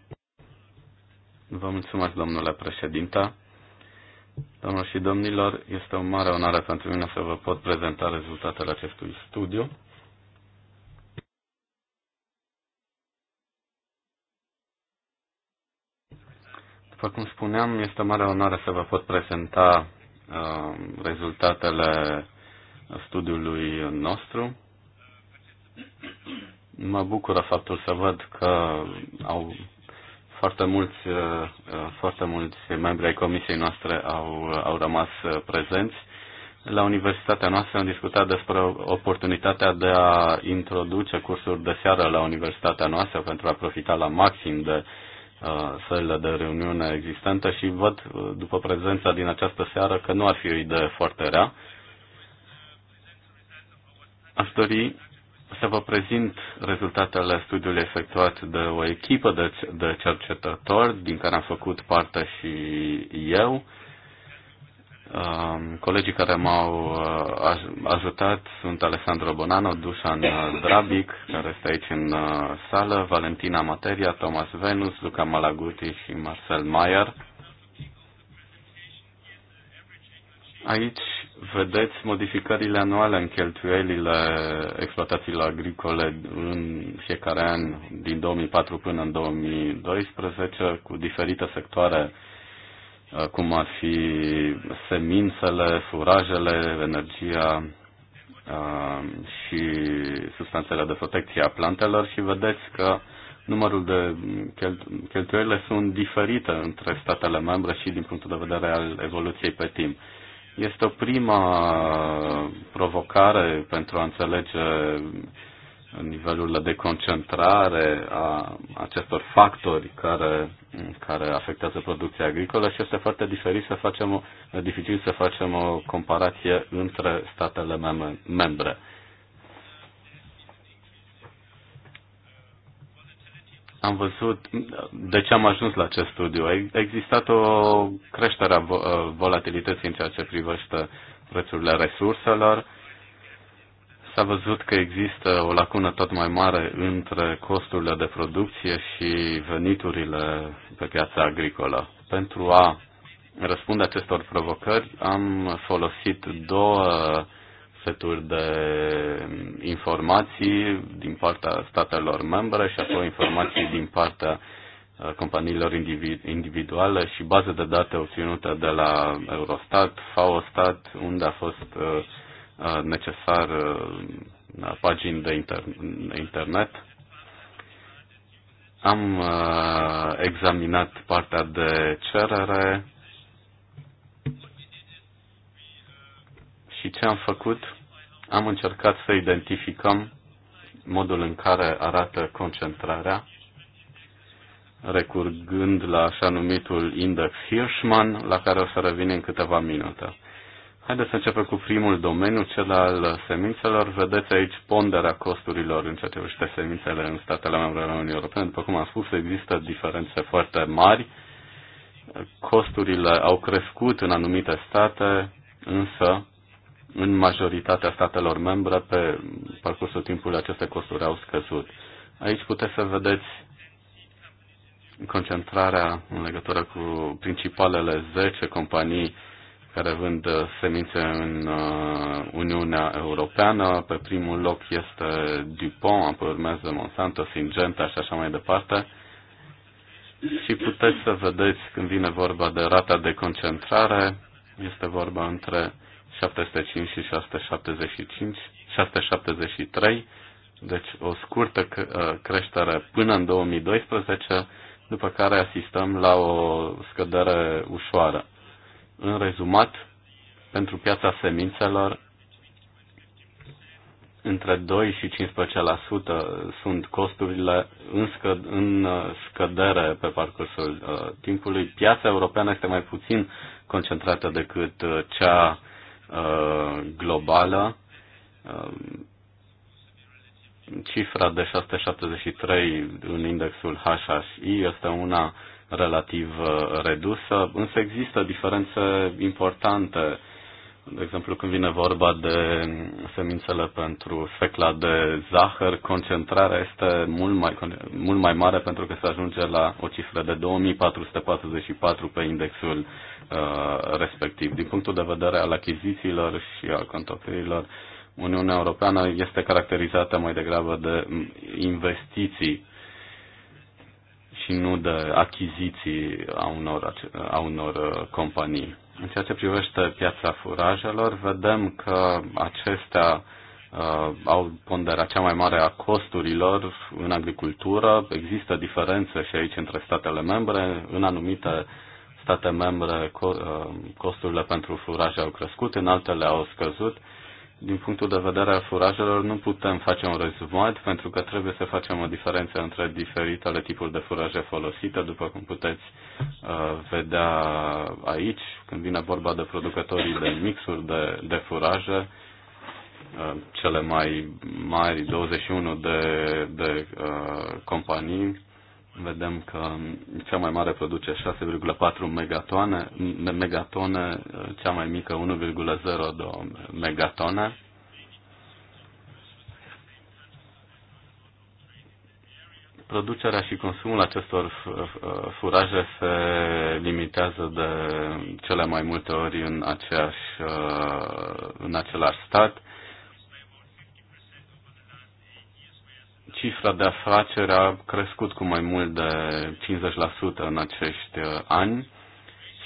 Vă mulțumesc, domnule președinte. Doamnelor și domnilor, este o mare onoare pentru mine să vă pot prezenta rezultatele acestui studiu. După cum spuneam, este o mare onoare să vă pot prezenta uh, rezultatele studiului nostru. Mă bucură faptul să văd că au foarte mulți, uh, uh, foarte mulți membri ai comisiei noastre au, uh, au rămas prezenți. La universitatea noastră am discutat despre oportunitatea de a introduce cursuri de seară la universitatea noastră pentru a profita la maxim de uh, sălile de reuniune existente și văd după prezența din această seară că nu ar fi o idee foarte rea. Aș dori să vă prezint rezultatele studiului efectuat de o echipă de, de cercetători, din care am făcut parte și eu. Um, colegii care m-au uh, ajutat sunt Alessandro Bonano, Dușan Drabic, care este aici în uh, sală, Valentina Materia, Thomas Venus, Luca Malaguti și Marcel Maier. Aici vedeți modificările anuale în cheltuielile exploatațiilor agricole în fiecare an din 2004 până în 2012 cu diferite sectoare uh, cum ar fi semințele, furajele, energia uh, și substanțele de protecție a plantelor și vedeți că numărul de cheltuielile sunt diferite între statele membre și din punctul de vedere al evoluției pe timp. Este o prima provocare pentru a înțelege nivelurile de concentrare a acestor factori care, care afectează producția agricolă și este foarte diferit să facem, dificil să facem o comparație între statele membre. am văzut de ce am ajuns la acest studiu. A existat o creștere a volatilității în ceea ce privește prețurile resurselor. S-a văzut că există o lacună tot mai mare între costurile de producție și veniturile pe piața agricolă. Pentru a răspunde acestor provocări am folosit două seturi de informații din partea statelor membre și apoi informații din partea uh, companiilor individuale și baze de date obținute de la Eurostat, Faostat, unde a fost uh, uh, necesar pagini de internet. Am examinat partea de cerere și ce am făcut? Am încercat să identificăm modul în care arată concentrarea, recurgând la așa numitul index Hirschman, la care o să revin în câteva minute. Haideți să începem cu primul domeniu, cel al semințelor. Vedeți aici ponderea costurilor în ceea ce privește semințele în statele membre ale Uniunii Europene. După cum am spus, există diferențe foarte mari. Costurile au crescut în anumite state, însă în majoritatea statelor membre, pe parcursul timpului aceste costuri au scăzut. Aici puteți să vedeți concentrarea în legătură cu principalele 10 companii care vând semințe în uh, Uniunea Europeană. Pe primul loc este DuPont, apoi urmează Monsanto, Syngenta și așa mai departe. Și puteți să vedeți când vine vorba de rata de concentrare, este vorba între 705 și 675, 673, deci o scurtă uh, creștere până în 2012, după care asistăm la o scădere ușoară. În rezumat, pentru piața semințelor, între 2 și 15% sunt costurile în, scă- în uh, scădere pe parcursul uh, timpului. Piața europeană este mai puțin concentrată decât uh, cea Uh, globală. Um, cifra de 673 în indexul HHI este una relativ uh, redusă, însă există diferențe importante de exemplu, când vine vorba de semințele pentru secla de zahăr, concentrarea este mult mai, mult mai mare pentru că se ajunge la o cifră de 2444 pe indexul uh, respectiv. Din punctul de vedere al achizițiilor și al contopirilor, Uniunea Europeană este caracterizată mai degrabă de investiții și nu de achiziții a unor, a unor uh, companii. În ceea ce privește piața furajelor, vedem că acestea uh, au ponderea cea mai mare a costurilor în agricultură. Există diferențe și aici între statele membre. În anumite state membre uh, costurile pentru furaje au crescut, în altele au scăzut. Uh, din punctul de vedere al furajelor, nu putem face un rezumat pentru că trebuie să facem o diferență între diferitele tipuri de furaje folosite, după cum puteți uh, vedea aici, când vine vorba de producătorii de mixuri de, de furaje, uh, cele mai mari, 21 de, de uh, companii, vedem că cea mai mare produce 6,4 megatone, megatone, cea mai mică 1,02 megatone. Producerea și consumul acestor furaje se limitează de cele mai multe ori în, aceeași, în același stat cifra de afaceri a crescut cu mai mult de 50% în acești uh, ani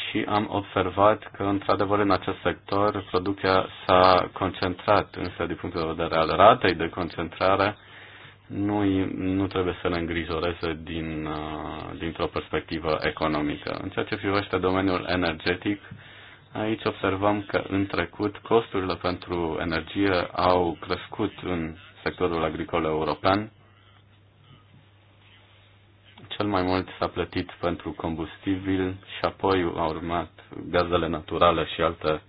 și am observat că, într-adevăr, în acest sector, producția s-a concentrat, însă, din punctul de vedere al ratei de concentrare, nu, nu trebuie să ne îngrijoreze din, uh, dintr-o perspectivă economică. În ceea ce privește domeniul energetic, aici observăm că în trecut costurile pentru energie au crescut în sectorul agricol european cel mai mult s-a plătit pentru combustibil și apoi au urmat gazele naturale și alte uh,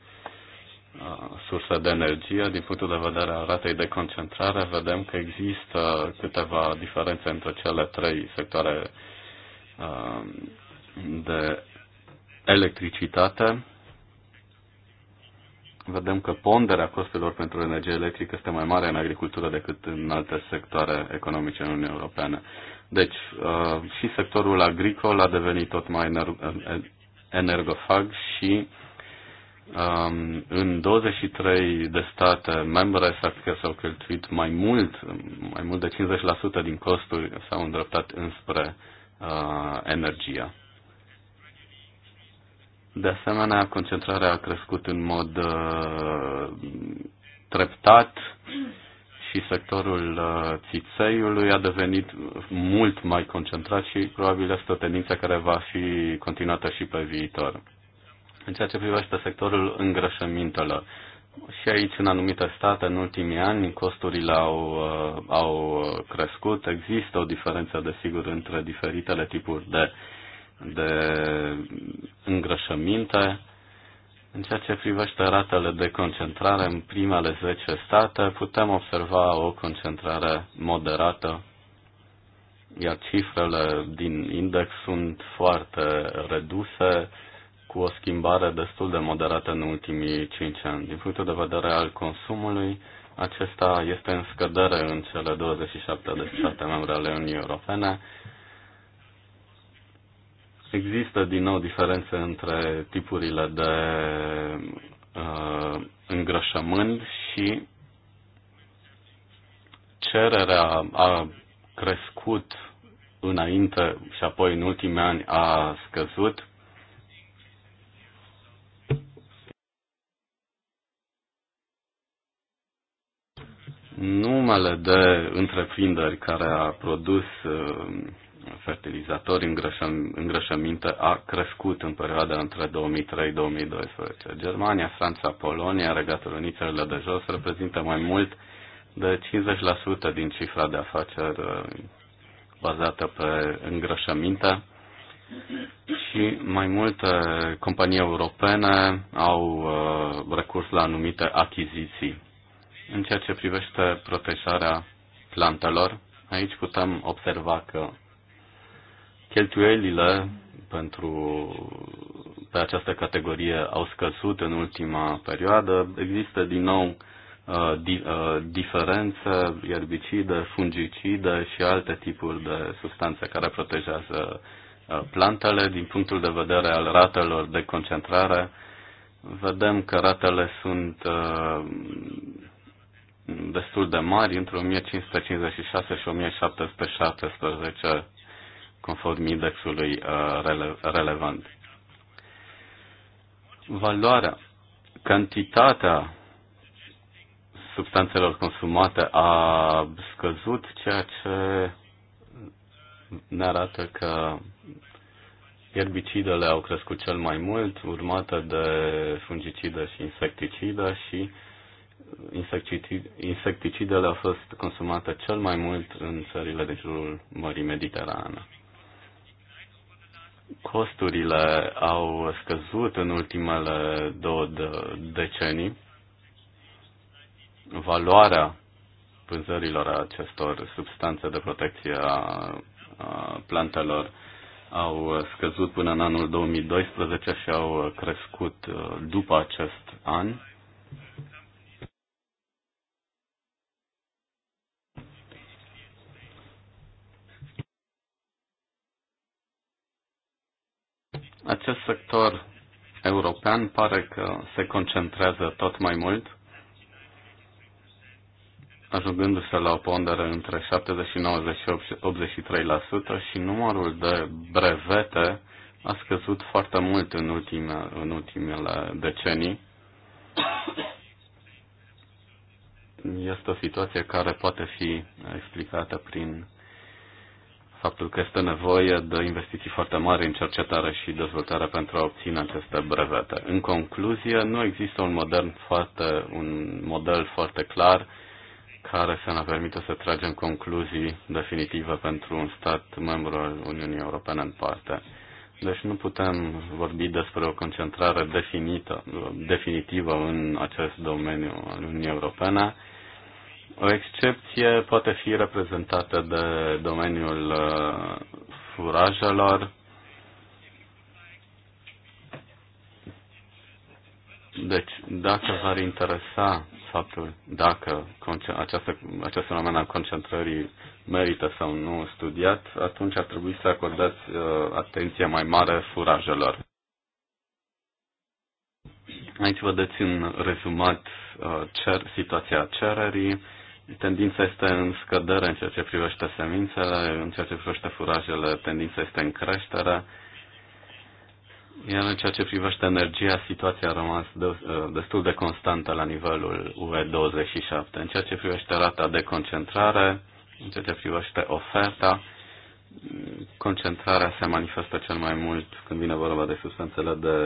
surse de energie. Din punctul de vedere al ratei de concentrare, vedem că există câteva diferențe între cele trei sectoare uh, de electricitate. Vedem că ponderea costurilor pentru energie electrică este mai mare în agricultură decât în alte sectoare economice în Uniunea Europeană. Deci, uh, și sectorul agricol a devenit tot mai energofag și um, în 23 de state membre s-au cheltuit mai mult, mai mult de 50% din costuri s-au îndreptat înspre uh, energia. De asemenea, concentrarea a crescut în mod uh, treptat. Uh, și sectorul uh, țițeiului a devenit mult mai concentrat și probabil este o tendință care va fi continuată și pe viitor. În ceea ce privește sectorul îngrășămintelor, și aici, în anumite state, în ultimii ani, costurile au, uh, au crescut. Există o diferență, desigur, între diferitele tipuri de, de îngrășăminte în ceea ce privește ratele de concentrare în primele 10 state, putem observa o concentrare moderată, iar cifrele din index sunt foarte reduse, cu o schimbare destul de moderată în ultimii 5 ani. Din punctul de vedere al consumului, acesta este în scădere în cele 27 de state membre ale Uniunii Europene, Există din nou diferențe între tipurile de uh, îngrășământ și cererea a crescut înainte și apoi în ultimii ani a scăzut. Numele de întreprinderi care a produs uh, fertilizatori, îngrășăm, îngrășăminte a crescut în perioada între 2003-2012. Germania, Franța, Polonia, Regatul Unit, țările de jos reprezintă mai mult de 50% din cifra de afaceri uh, bazată pe îngrășăminte și mai multe companii europene au uh, recurs la anumite achiziții. În ceea ce privește protejarea plantelor, aici putem observa că Cheltuielile pentru pe această categorie au scăzut în ultima perioadă. Există din nou uh, di, uh, diferențe, erbicide, fungicide și alte tipuri de substanțe care protejează uh, plantele din punctul de vedere al ratelor de concentrare. Vedem că ratele sunt destul de mari, între 1556 și 1717 conform indexului uh, rele- relevant. Valoarea, cantitatea substanțelor consumate a scăzut, ceea ce ne arată că erbicidele au crescut cel mai mult, urmate de fungicide și insecticide și insecticidele au fost consumate cel mai mult în țările din jurul Mării Mediterane costurile au scăzut în ultimele două decenii, valoarea pânzărilor acestor substanțe de protecție a, a plantelor au scăzut până în anul 2012 și au crescut după acest an. Acest sector european pare că se concentrează tot mai mult, ajungându-se la o pondere între 79 și 83% și numărul de brevete a scăzut foarte mult în, ultime, în ultimele decenii. Este o situație care poate fi explicată prin faptul că este nevoie de investiții foarte mari în cercetare și dezvoltare pentru a obține aceste brevete. În concluzie, nu există un model foarte, un model foarte clar care să ne permită să tragem concluzii definitive pentru un stat membru al Uniunii Europene în parte. Deci nu putem vorbi despre o concentrare definită, definitivă în acest domeniu al Uniunii Europene, o excepție poate fi reprezentată de domeniul uh, furajelor, Deci, dacă v-ar interesa faptul dacă această, această fenomen al concentrării merită sau nu studiat, atunci ar trebui să acordați uh, atenție mai mare furajelor. Aici vedeți în rezumat uh, cer, situația cererii, Tendința este în scădere în ceea ce privește semințele, în ceea ce privește furajele, tendința este în creștere. Iar în ceea ce privește energia, situația a rămas de, uh, destul de constantă la nivelul UE27. În ceea ce privește rata de concentrare, în ceea ce privește oferta, concentrarea se manifestă cel mai mult când vine vorba de substanțele de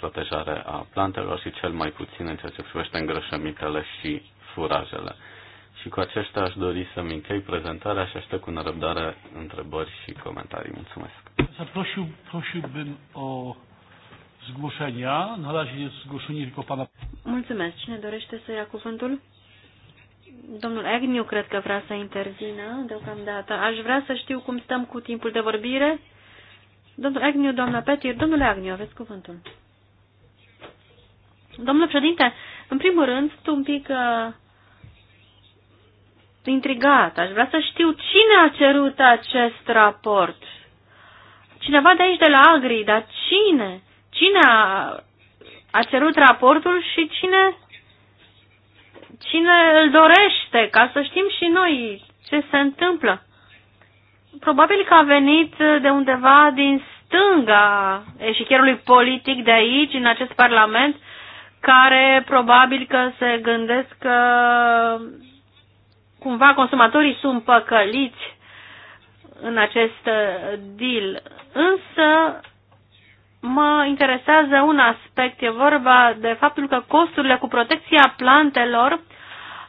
protejare a plantelor și cel mai puțin în ceea ce privește îngrășămintele și furajele. Și cu aceasta aș dori să-mi închei prezentarea și aștept cu nărăbdare întrebări și comentarii. Mulțumesc. Zaprosił, prosiłbym o zgłoszenia. Na razie jest zgłoszenie tylko pana... Mulțumesc. Cine dorește să ia cuvântul? Domnul Agniu, cred că vrea să intervină deocamdată. Aș vrea să știu cum stăm cu timpul de vorbire. Domnul Agniu, doamna Petir, domnule Agniu, aveți cuvântul. Domnule președinte, în primul rând, sunt un pic uh, intrigat, aș vrea să știu cine a cerut acest raport. Cineva de aici de la Agri, dar cine? Cine a, a cerut raportul și cine, cine îl dorește, ca să știm și noi ce se întâmplă. Probabil că a venit de undeva din stânga eșichierului politic de aici, în acest parlament, care probabil că se gândesc că cumva consumatorii sunt păcăliți în acest uh, deal. Însă mă interesează un aspect, e vorba de faptul că costurile cu protecția plantelor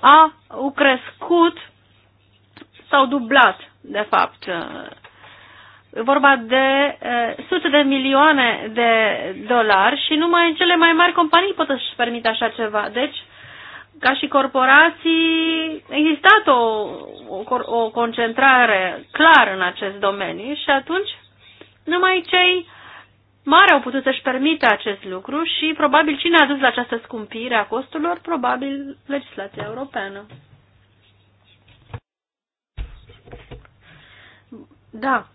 au crescut, sau dublat, de fapt. E vorba de e, uh, sute de milioane de dolari și numai în cele mai mari companii pot să-și permite așa ceva. Deci, ca și corporații, a existat o, o, o concentrare clar în acest domeniu și atunci numai cei mari au putut să-și permită acest lucru și probabil cine a dus la această scumpire a costurilor? Probabil legislația europeană. Da.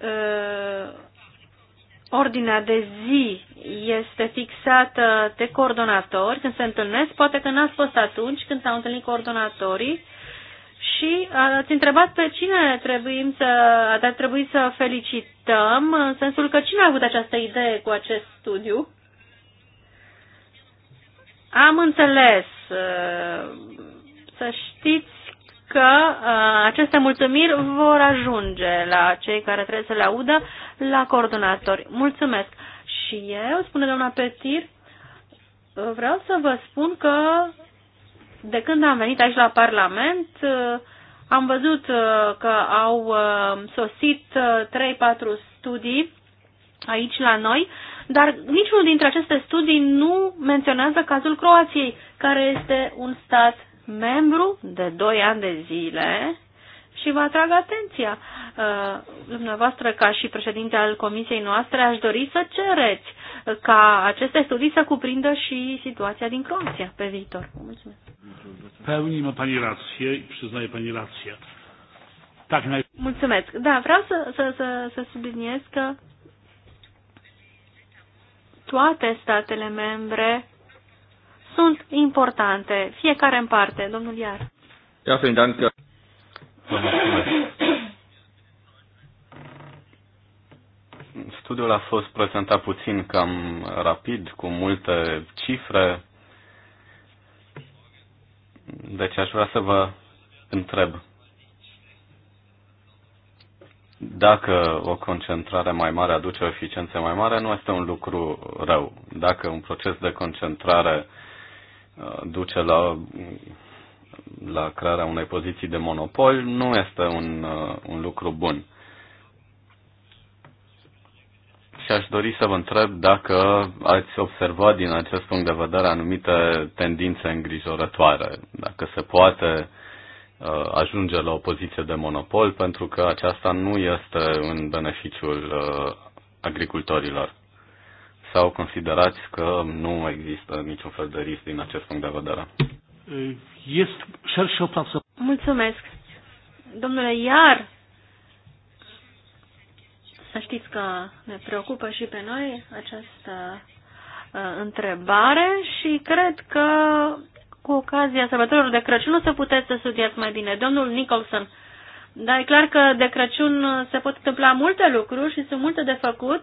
Uh ordinea de zi este fixată de coordonatori când se întâlnesc, poate că n-ați fost atunci când s-au întâlnit coordonatorii și ați întrebat pe cine trebuie să, ar trebui să felicităm, în sensul că cine a avut această idee cu acest studiu? Am înțeles. Uh, să știți că uh, aceste mulțumiri vor ajunge la cei care trebuie să le audă, la coordonatori. Mulțumesc! Și eu, spune doamna Petir, vreau să vă spun că de când am venit aici la Parlament, uh, am văzut uh, că au uh, sosit uh, 3-4 studii aici la noi, dar niciunul dintre aceste studii nu menționează cazul Croației, care este un stat membru de 2 ani de zile și vă atrag atenția. Uh, dumneavoastră, ca și președinte al comisiei noastre, aș dori să cereți ca aceste studii să cuprindă și situația din Croația pe viitor. Mulțumesc. Pełni ma pani rację i przyznaje pani rację. Tak, naj... Mulțumesc. Da, vreau să, să, să, să subliniez că toate statele membre sunt importante, fiecare în parte. Domnul Iar. Ja, vielen Dank. Studiul a fost prezentat puțin cam rapid, cu multe cifre. Deci aș vrea să vă întreb dacă o concentrare mai mare aduce o eficiență mai mare, nu este un lucru rău. Dacă un proces de concentrare uh, Uh, duce la, la crearea unei poziții de monopol, nu este un, uh, un lucru bun. Și aș dori să vă întreb dacă ați observat din acest punct de vedere anumite tendințe îngrijorătoare, dacă se poate uh, ajunge la o poziție de monopol, pentru că aceasta nu este în beneficiul agricultorilor sau considerați că nu există niciun fel de risc din acest punct de vedere? Este și Mulțumesc. Domnule, iar să știți că ne preocupă și pe noi această uh, întrebare și cred că cu ocazia sărbătorilor de Crăciun o să puteți să studiați mai bine. Domnul Nicholson, dar e clar că de Crăciun uh, se pot întâmpla multe lucruri și sunt multe de făcut,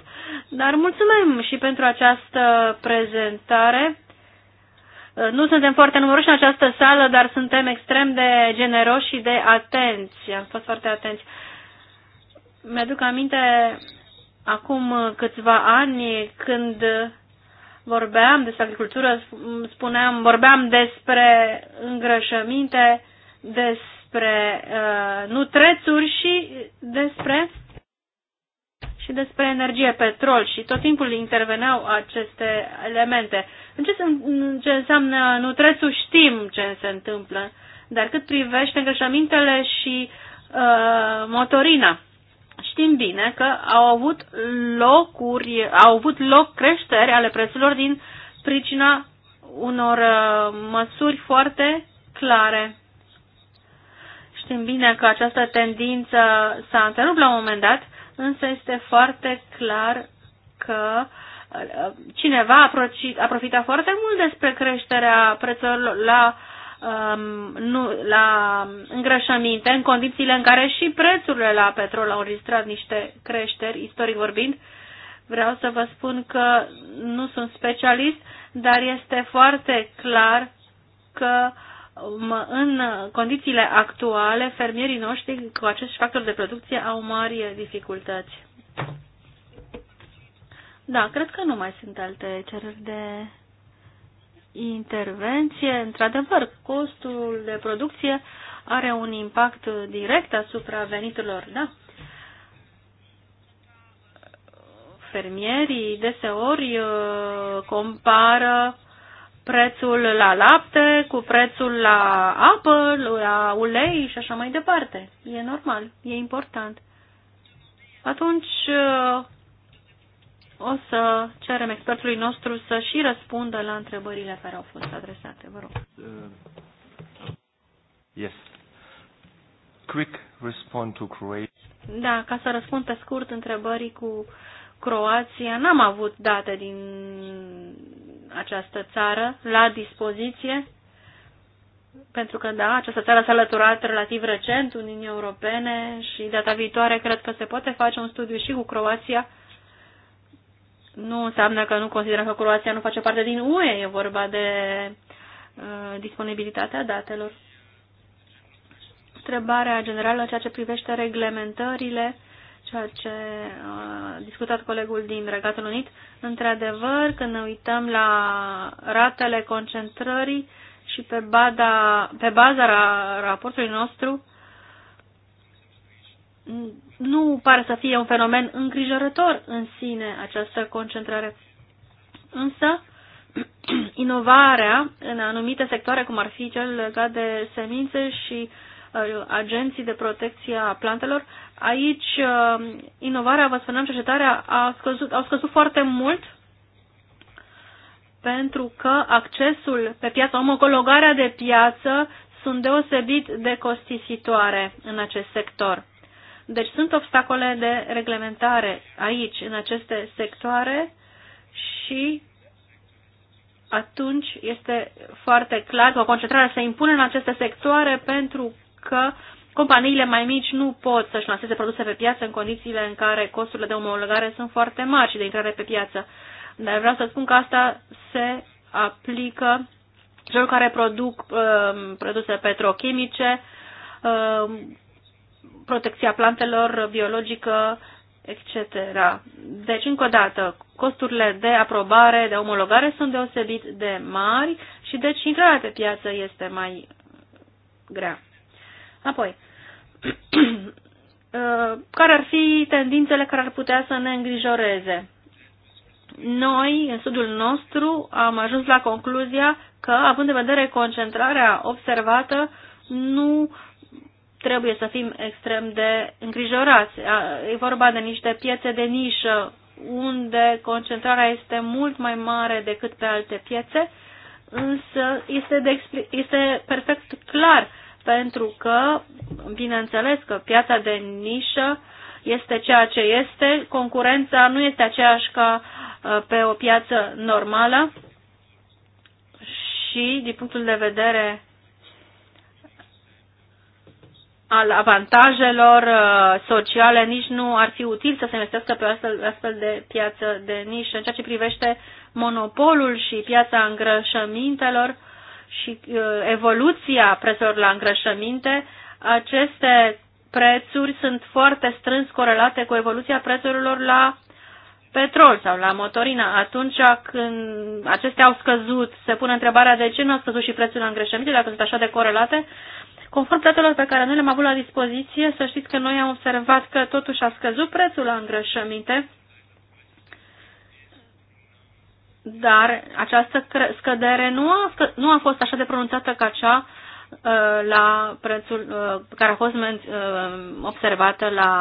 dar mulțumim și pentru această prezentare. Uh, nu suntem foarte numeroși în această sală, dar suntem extrem de generoși și de atenți. Am fost foarte atenți. Mi-aduc aminte acum câțiva ani când vorbeam despre agricultură, spuneam, vorbeam despre îngrășăminte, despre despre uh, nutrețuri și despre și despre energie, petrol și tot timpul interveneau aceste elemente. În ce, în ce înseamnă nutrețul știm ce se întâmplă, dar cât privește îngrășămintele și uh, motorina, știm bine că au avut, locuri, au avut loc creșteri ale prețurilor din pricina unor uh, măsuri foarte clare cunoaștem bine că această tendință s-a întrerupt la un moment dat, însă este foarte clar că uh, cineva a profitat foarte mult despre creșterea prețurilor la, um, nu, la îngrășăminte, în condițiile în care și prețurile la petrol au înregistrat niște creșteri, istoric vorbind. Vreau să vă spun că nu sunt specialist, dar este foarte clar că uh, în condițiile actuale, fermierii noștri cu acești factori de producție au mari dificultăți. Da, cred că nu mai sunt alte cereri de intervenție. Într-adevăr, costul de producție are un impact direct asupra veniturilor, da. Fermierii deseori uh, compară prețul la lapte, cu prețul la apă, la ulei și așa mai departe. E normal, e important. Atunci uh, o să cerem expertului nostru să și răspundă la întrebările care au fost adresate. Vă rog. Uh, yes. Quick respond to Croatia. Da, ca să răspund pe scurt întrebării cu Croația, n-am avut date din această țară la dispoziție, pentru că, da, această țară s-a alăturat relativ recent Uniunii Europene și data viitoare cred că se poate face un studiu și cu Croația. Nu înseamnă că nu considerăm că Croația nu face parte din UE, e vorba de uh, disponibilitatea datelor. Întrebarea generală în ceea ce privește reglementările ceea ce a discutat colegul din Regatul Unit. Într-adevăr, când ne uităm la ratele concentrării și pe, bada, pe baza ra, raportului nostru, nu pare să fie un fenomen îngrijorător în sine această concentrare. Însă, inovarea în anumite sectoare, cum ar fi cel legat de semințe și uh, agenții de protecție a plantelor, Aici uh, inovarea, vă spuneam, cercetarea a scăzut, au scăzut foarte mult pentru că accesul pe piață, omologarea de piață sunt deosebit de costisitoare în acest sector. Deci sunt obstacole de reglementare aici, în aceste sectoare și atunci este foarte clar că o concentrare se impune în aceste sectoare pentru că uh, companiile mai mici nu pot să-și lanseze produse pe piață în condițiile în care costurile de omologare sunt foarte mari și de intrare pe piață. Dar vreau să spun că asta se aplică celor care produc uh, produse petrochimice, uh, protecția plantelor biologică, etc. Deci, încă o dată, costurile de aprobare, de omologare sunt deosebit de mari și deci intrarea pe piață este mai grea. Apoi, Uh, care ar fi tendințele care ar putea să ne îngrijoreze. Noi, în studiul nostru, am ajuns la concluzia că, având în vedere concentrarea observată, nu trebuie să fim extrem de îngrijorați. E vorba de niște piețe de nișă unde concentrarea este mult mai mare decât pe alte piețe, însă este, de, este perfect clar pentru că, bineînțeles că piața de nișă este ceea ce este, concurența nu este aceeași ca uh, pe o piață normală și, din punctul de vedere al avantajelor uh, sociale, nici nu ar fi util să se investească pe o astfel, astfel de piață de nișă. În ceea ce privește monopolul și piața îngrășămintelor, și uh, evoluția prețurilor la îngrășăminte, aceste prețuri sunt foarte strâns corelate cu evoluția prețurilor la petrol sau la motorină. Atunci când acestea au scăzut, se pune întrebarea de ce nu au scăzut și prețul la îngrășăminte dacă sunt așa de corelate. Conform datelor pe care noi le-am avut la dispoziție, să știți că noi am observat că totuși a scăzut prețul la îngrășăminte dar această scădere nu a, scă nu a fost așa de pronunțată ca cea uh, la prețul uh, care a fost uh, observată la,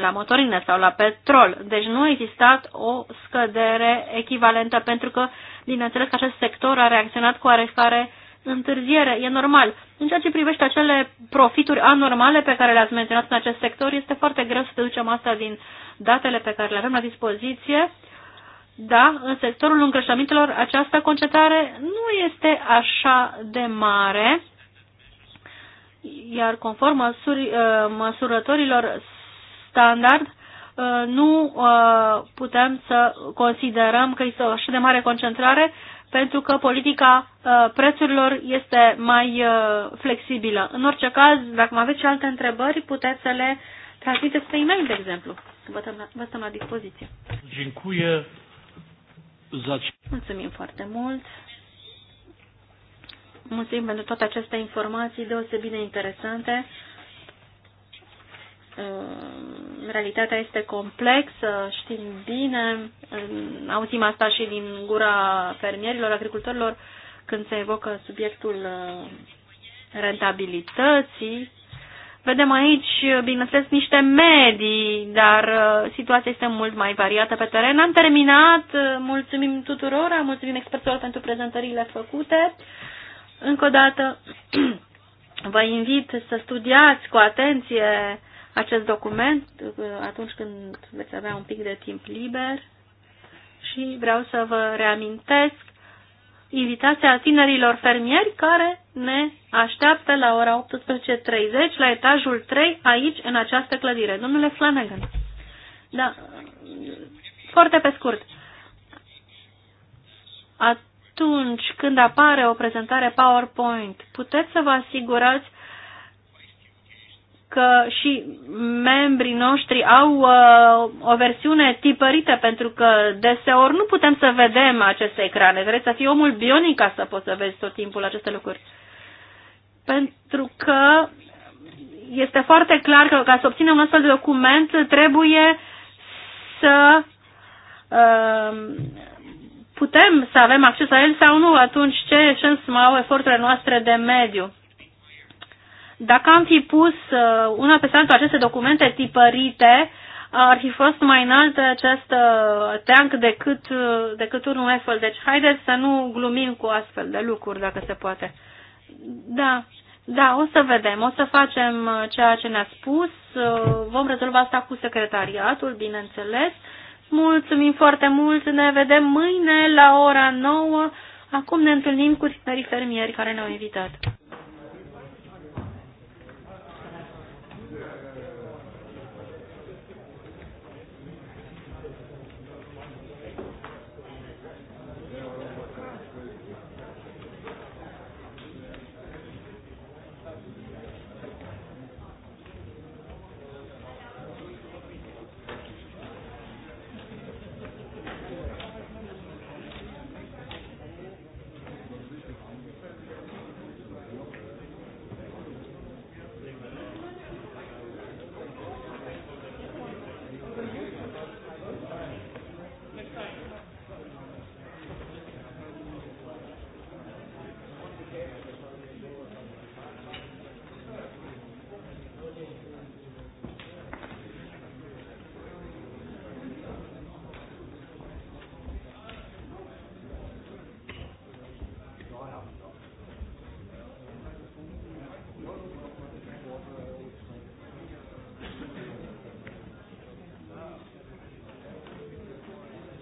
la motorină sau la petrol. Deci nu a existat o scădere echivalentă pentru că, bineînțeles, că acest sector a reacționat cu oarecare întârziere. E normal. În ceea ce privește acele profituri anormale pe care le-ați menționat în acest sector, este foarte greu să deducem asta din datele pe care le avem la dispoziție. Uh, da, în sectorul încălțămintelor această concentrare nu este așa de mare, iar conform măsuri, uh, măsurătorilor standard, uh, nu uh, putem să considerăm că este o așa de mare concentrare pentru că politica prețurilor este mai flexibilă. În orice caz, dacă mai aveți și alte întrebări, puteți să le transmiteți pe e-mail, de exemplu. Vă stăm la, la dispoziție. Dziękuję. Mulțumim foarte mult. Mulțumim pentru toate aceste informații deosebit de interesante. Uh, realitatea este complexă, știm bine, uh, auzim asta și din gura fermierilor, agricultorilor, când se evocă subiectul uh, rentabilității Vedem aici, bineînțeles, niște medii, dar uh, situația este mult mai variată pe teren. Am terminat, uh, mulțumim tuturor, mulțumim experților pentru prezentările făcute. Încă o dată vă invit să studiați cu atenție acest document uh, atunci când veți avea un pic de timp liber și vreau să vă reamintesc invitația tinerilor fermieri care ne așteaptă la ora 18.30 la etajul 3 aici, în această clădire. Domnule Flanagan, da, foarte pe scurt. Atunci când apare o prezentare PowerPoint, puteți să vă asigurați că și membrii noștri au uh, o versiune tipărită, pentru că deseori nu putem să vedem aceste ecrane. Trebuie să fii omul bionic ca să poți să vezi tot timpul aceste lucruri. Pentru că este foarte clar că ca să obținem un astfel de document trebuie să uh, putem să avem acces la el sau nu, atunci ce sens mai au eforturile noastre de mediu. Dacă am fi pus uh, una pe altul aceste documente tipărite, ar fi fost mai înaltă acest uh, teanc decât, uh, decât unul Eiffel. Deci haideți să nu glumim cu astfel de lucruri, dacă se poate. Da, da, o să vedem, o să facem ceea ce ne-a spus, vom rezolva asta cu secretariatul, bineînțeles. Mulțumim foarte mult, ne vedem mâine la ora 9. Acum ne întâlnim cu tinerii fermieri care ne-au invitat.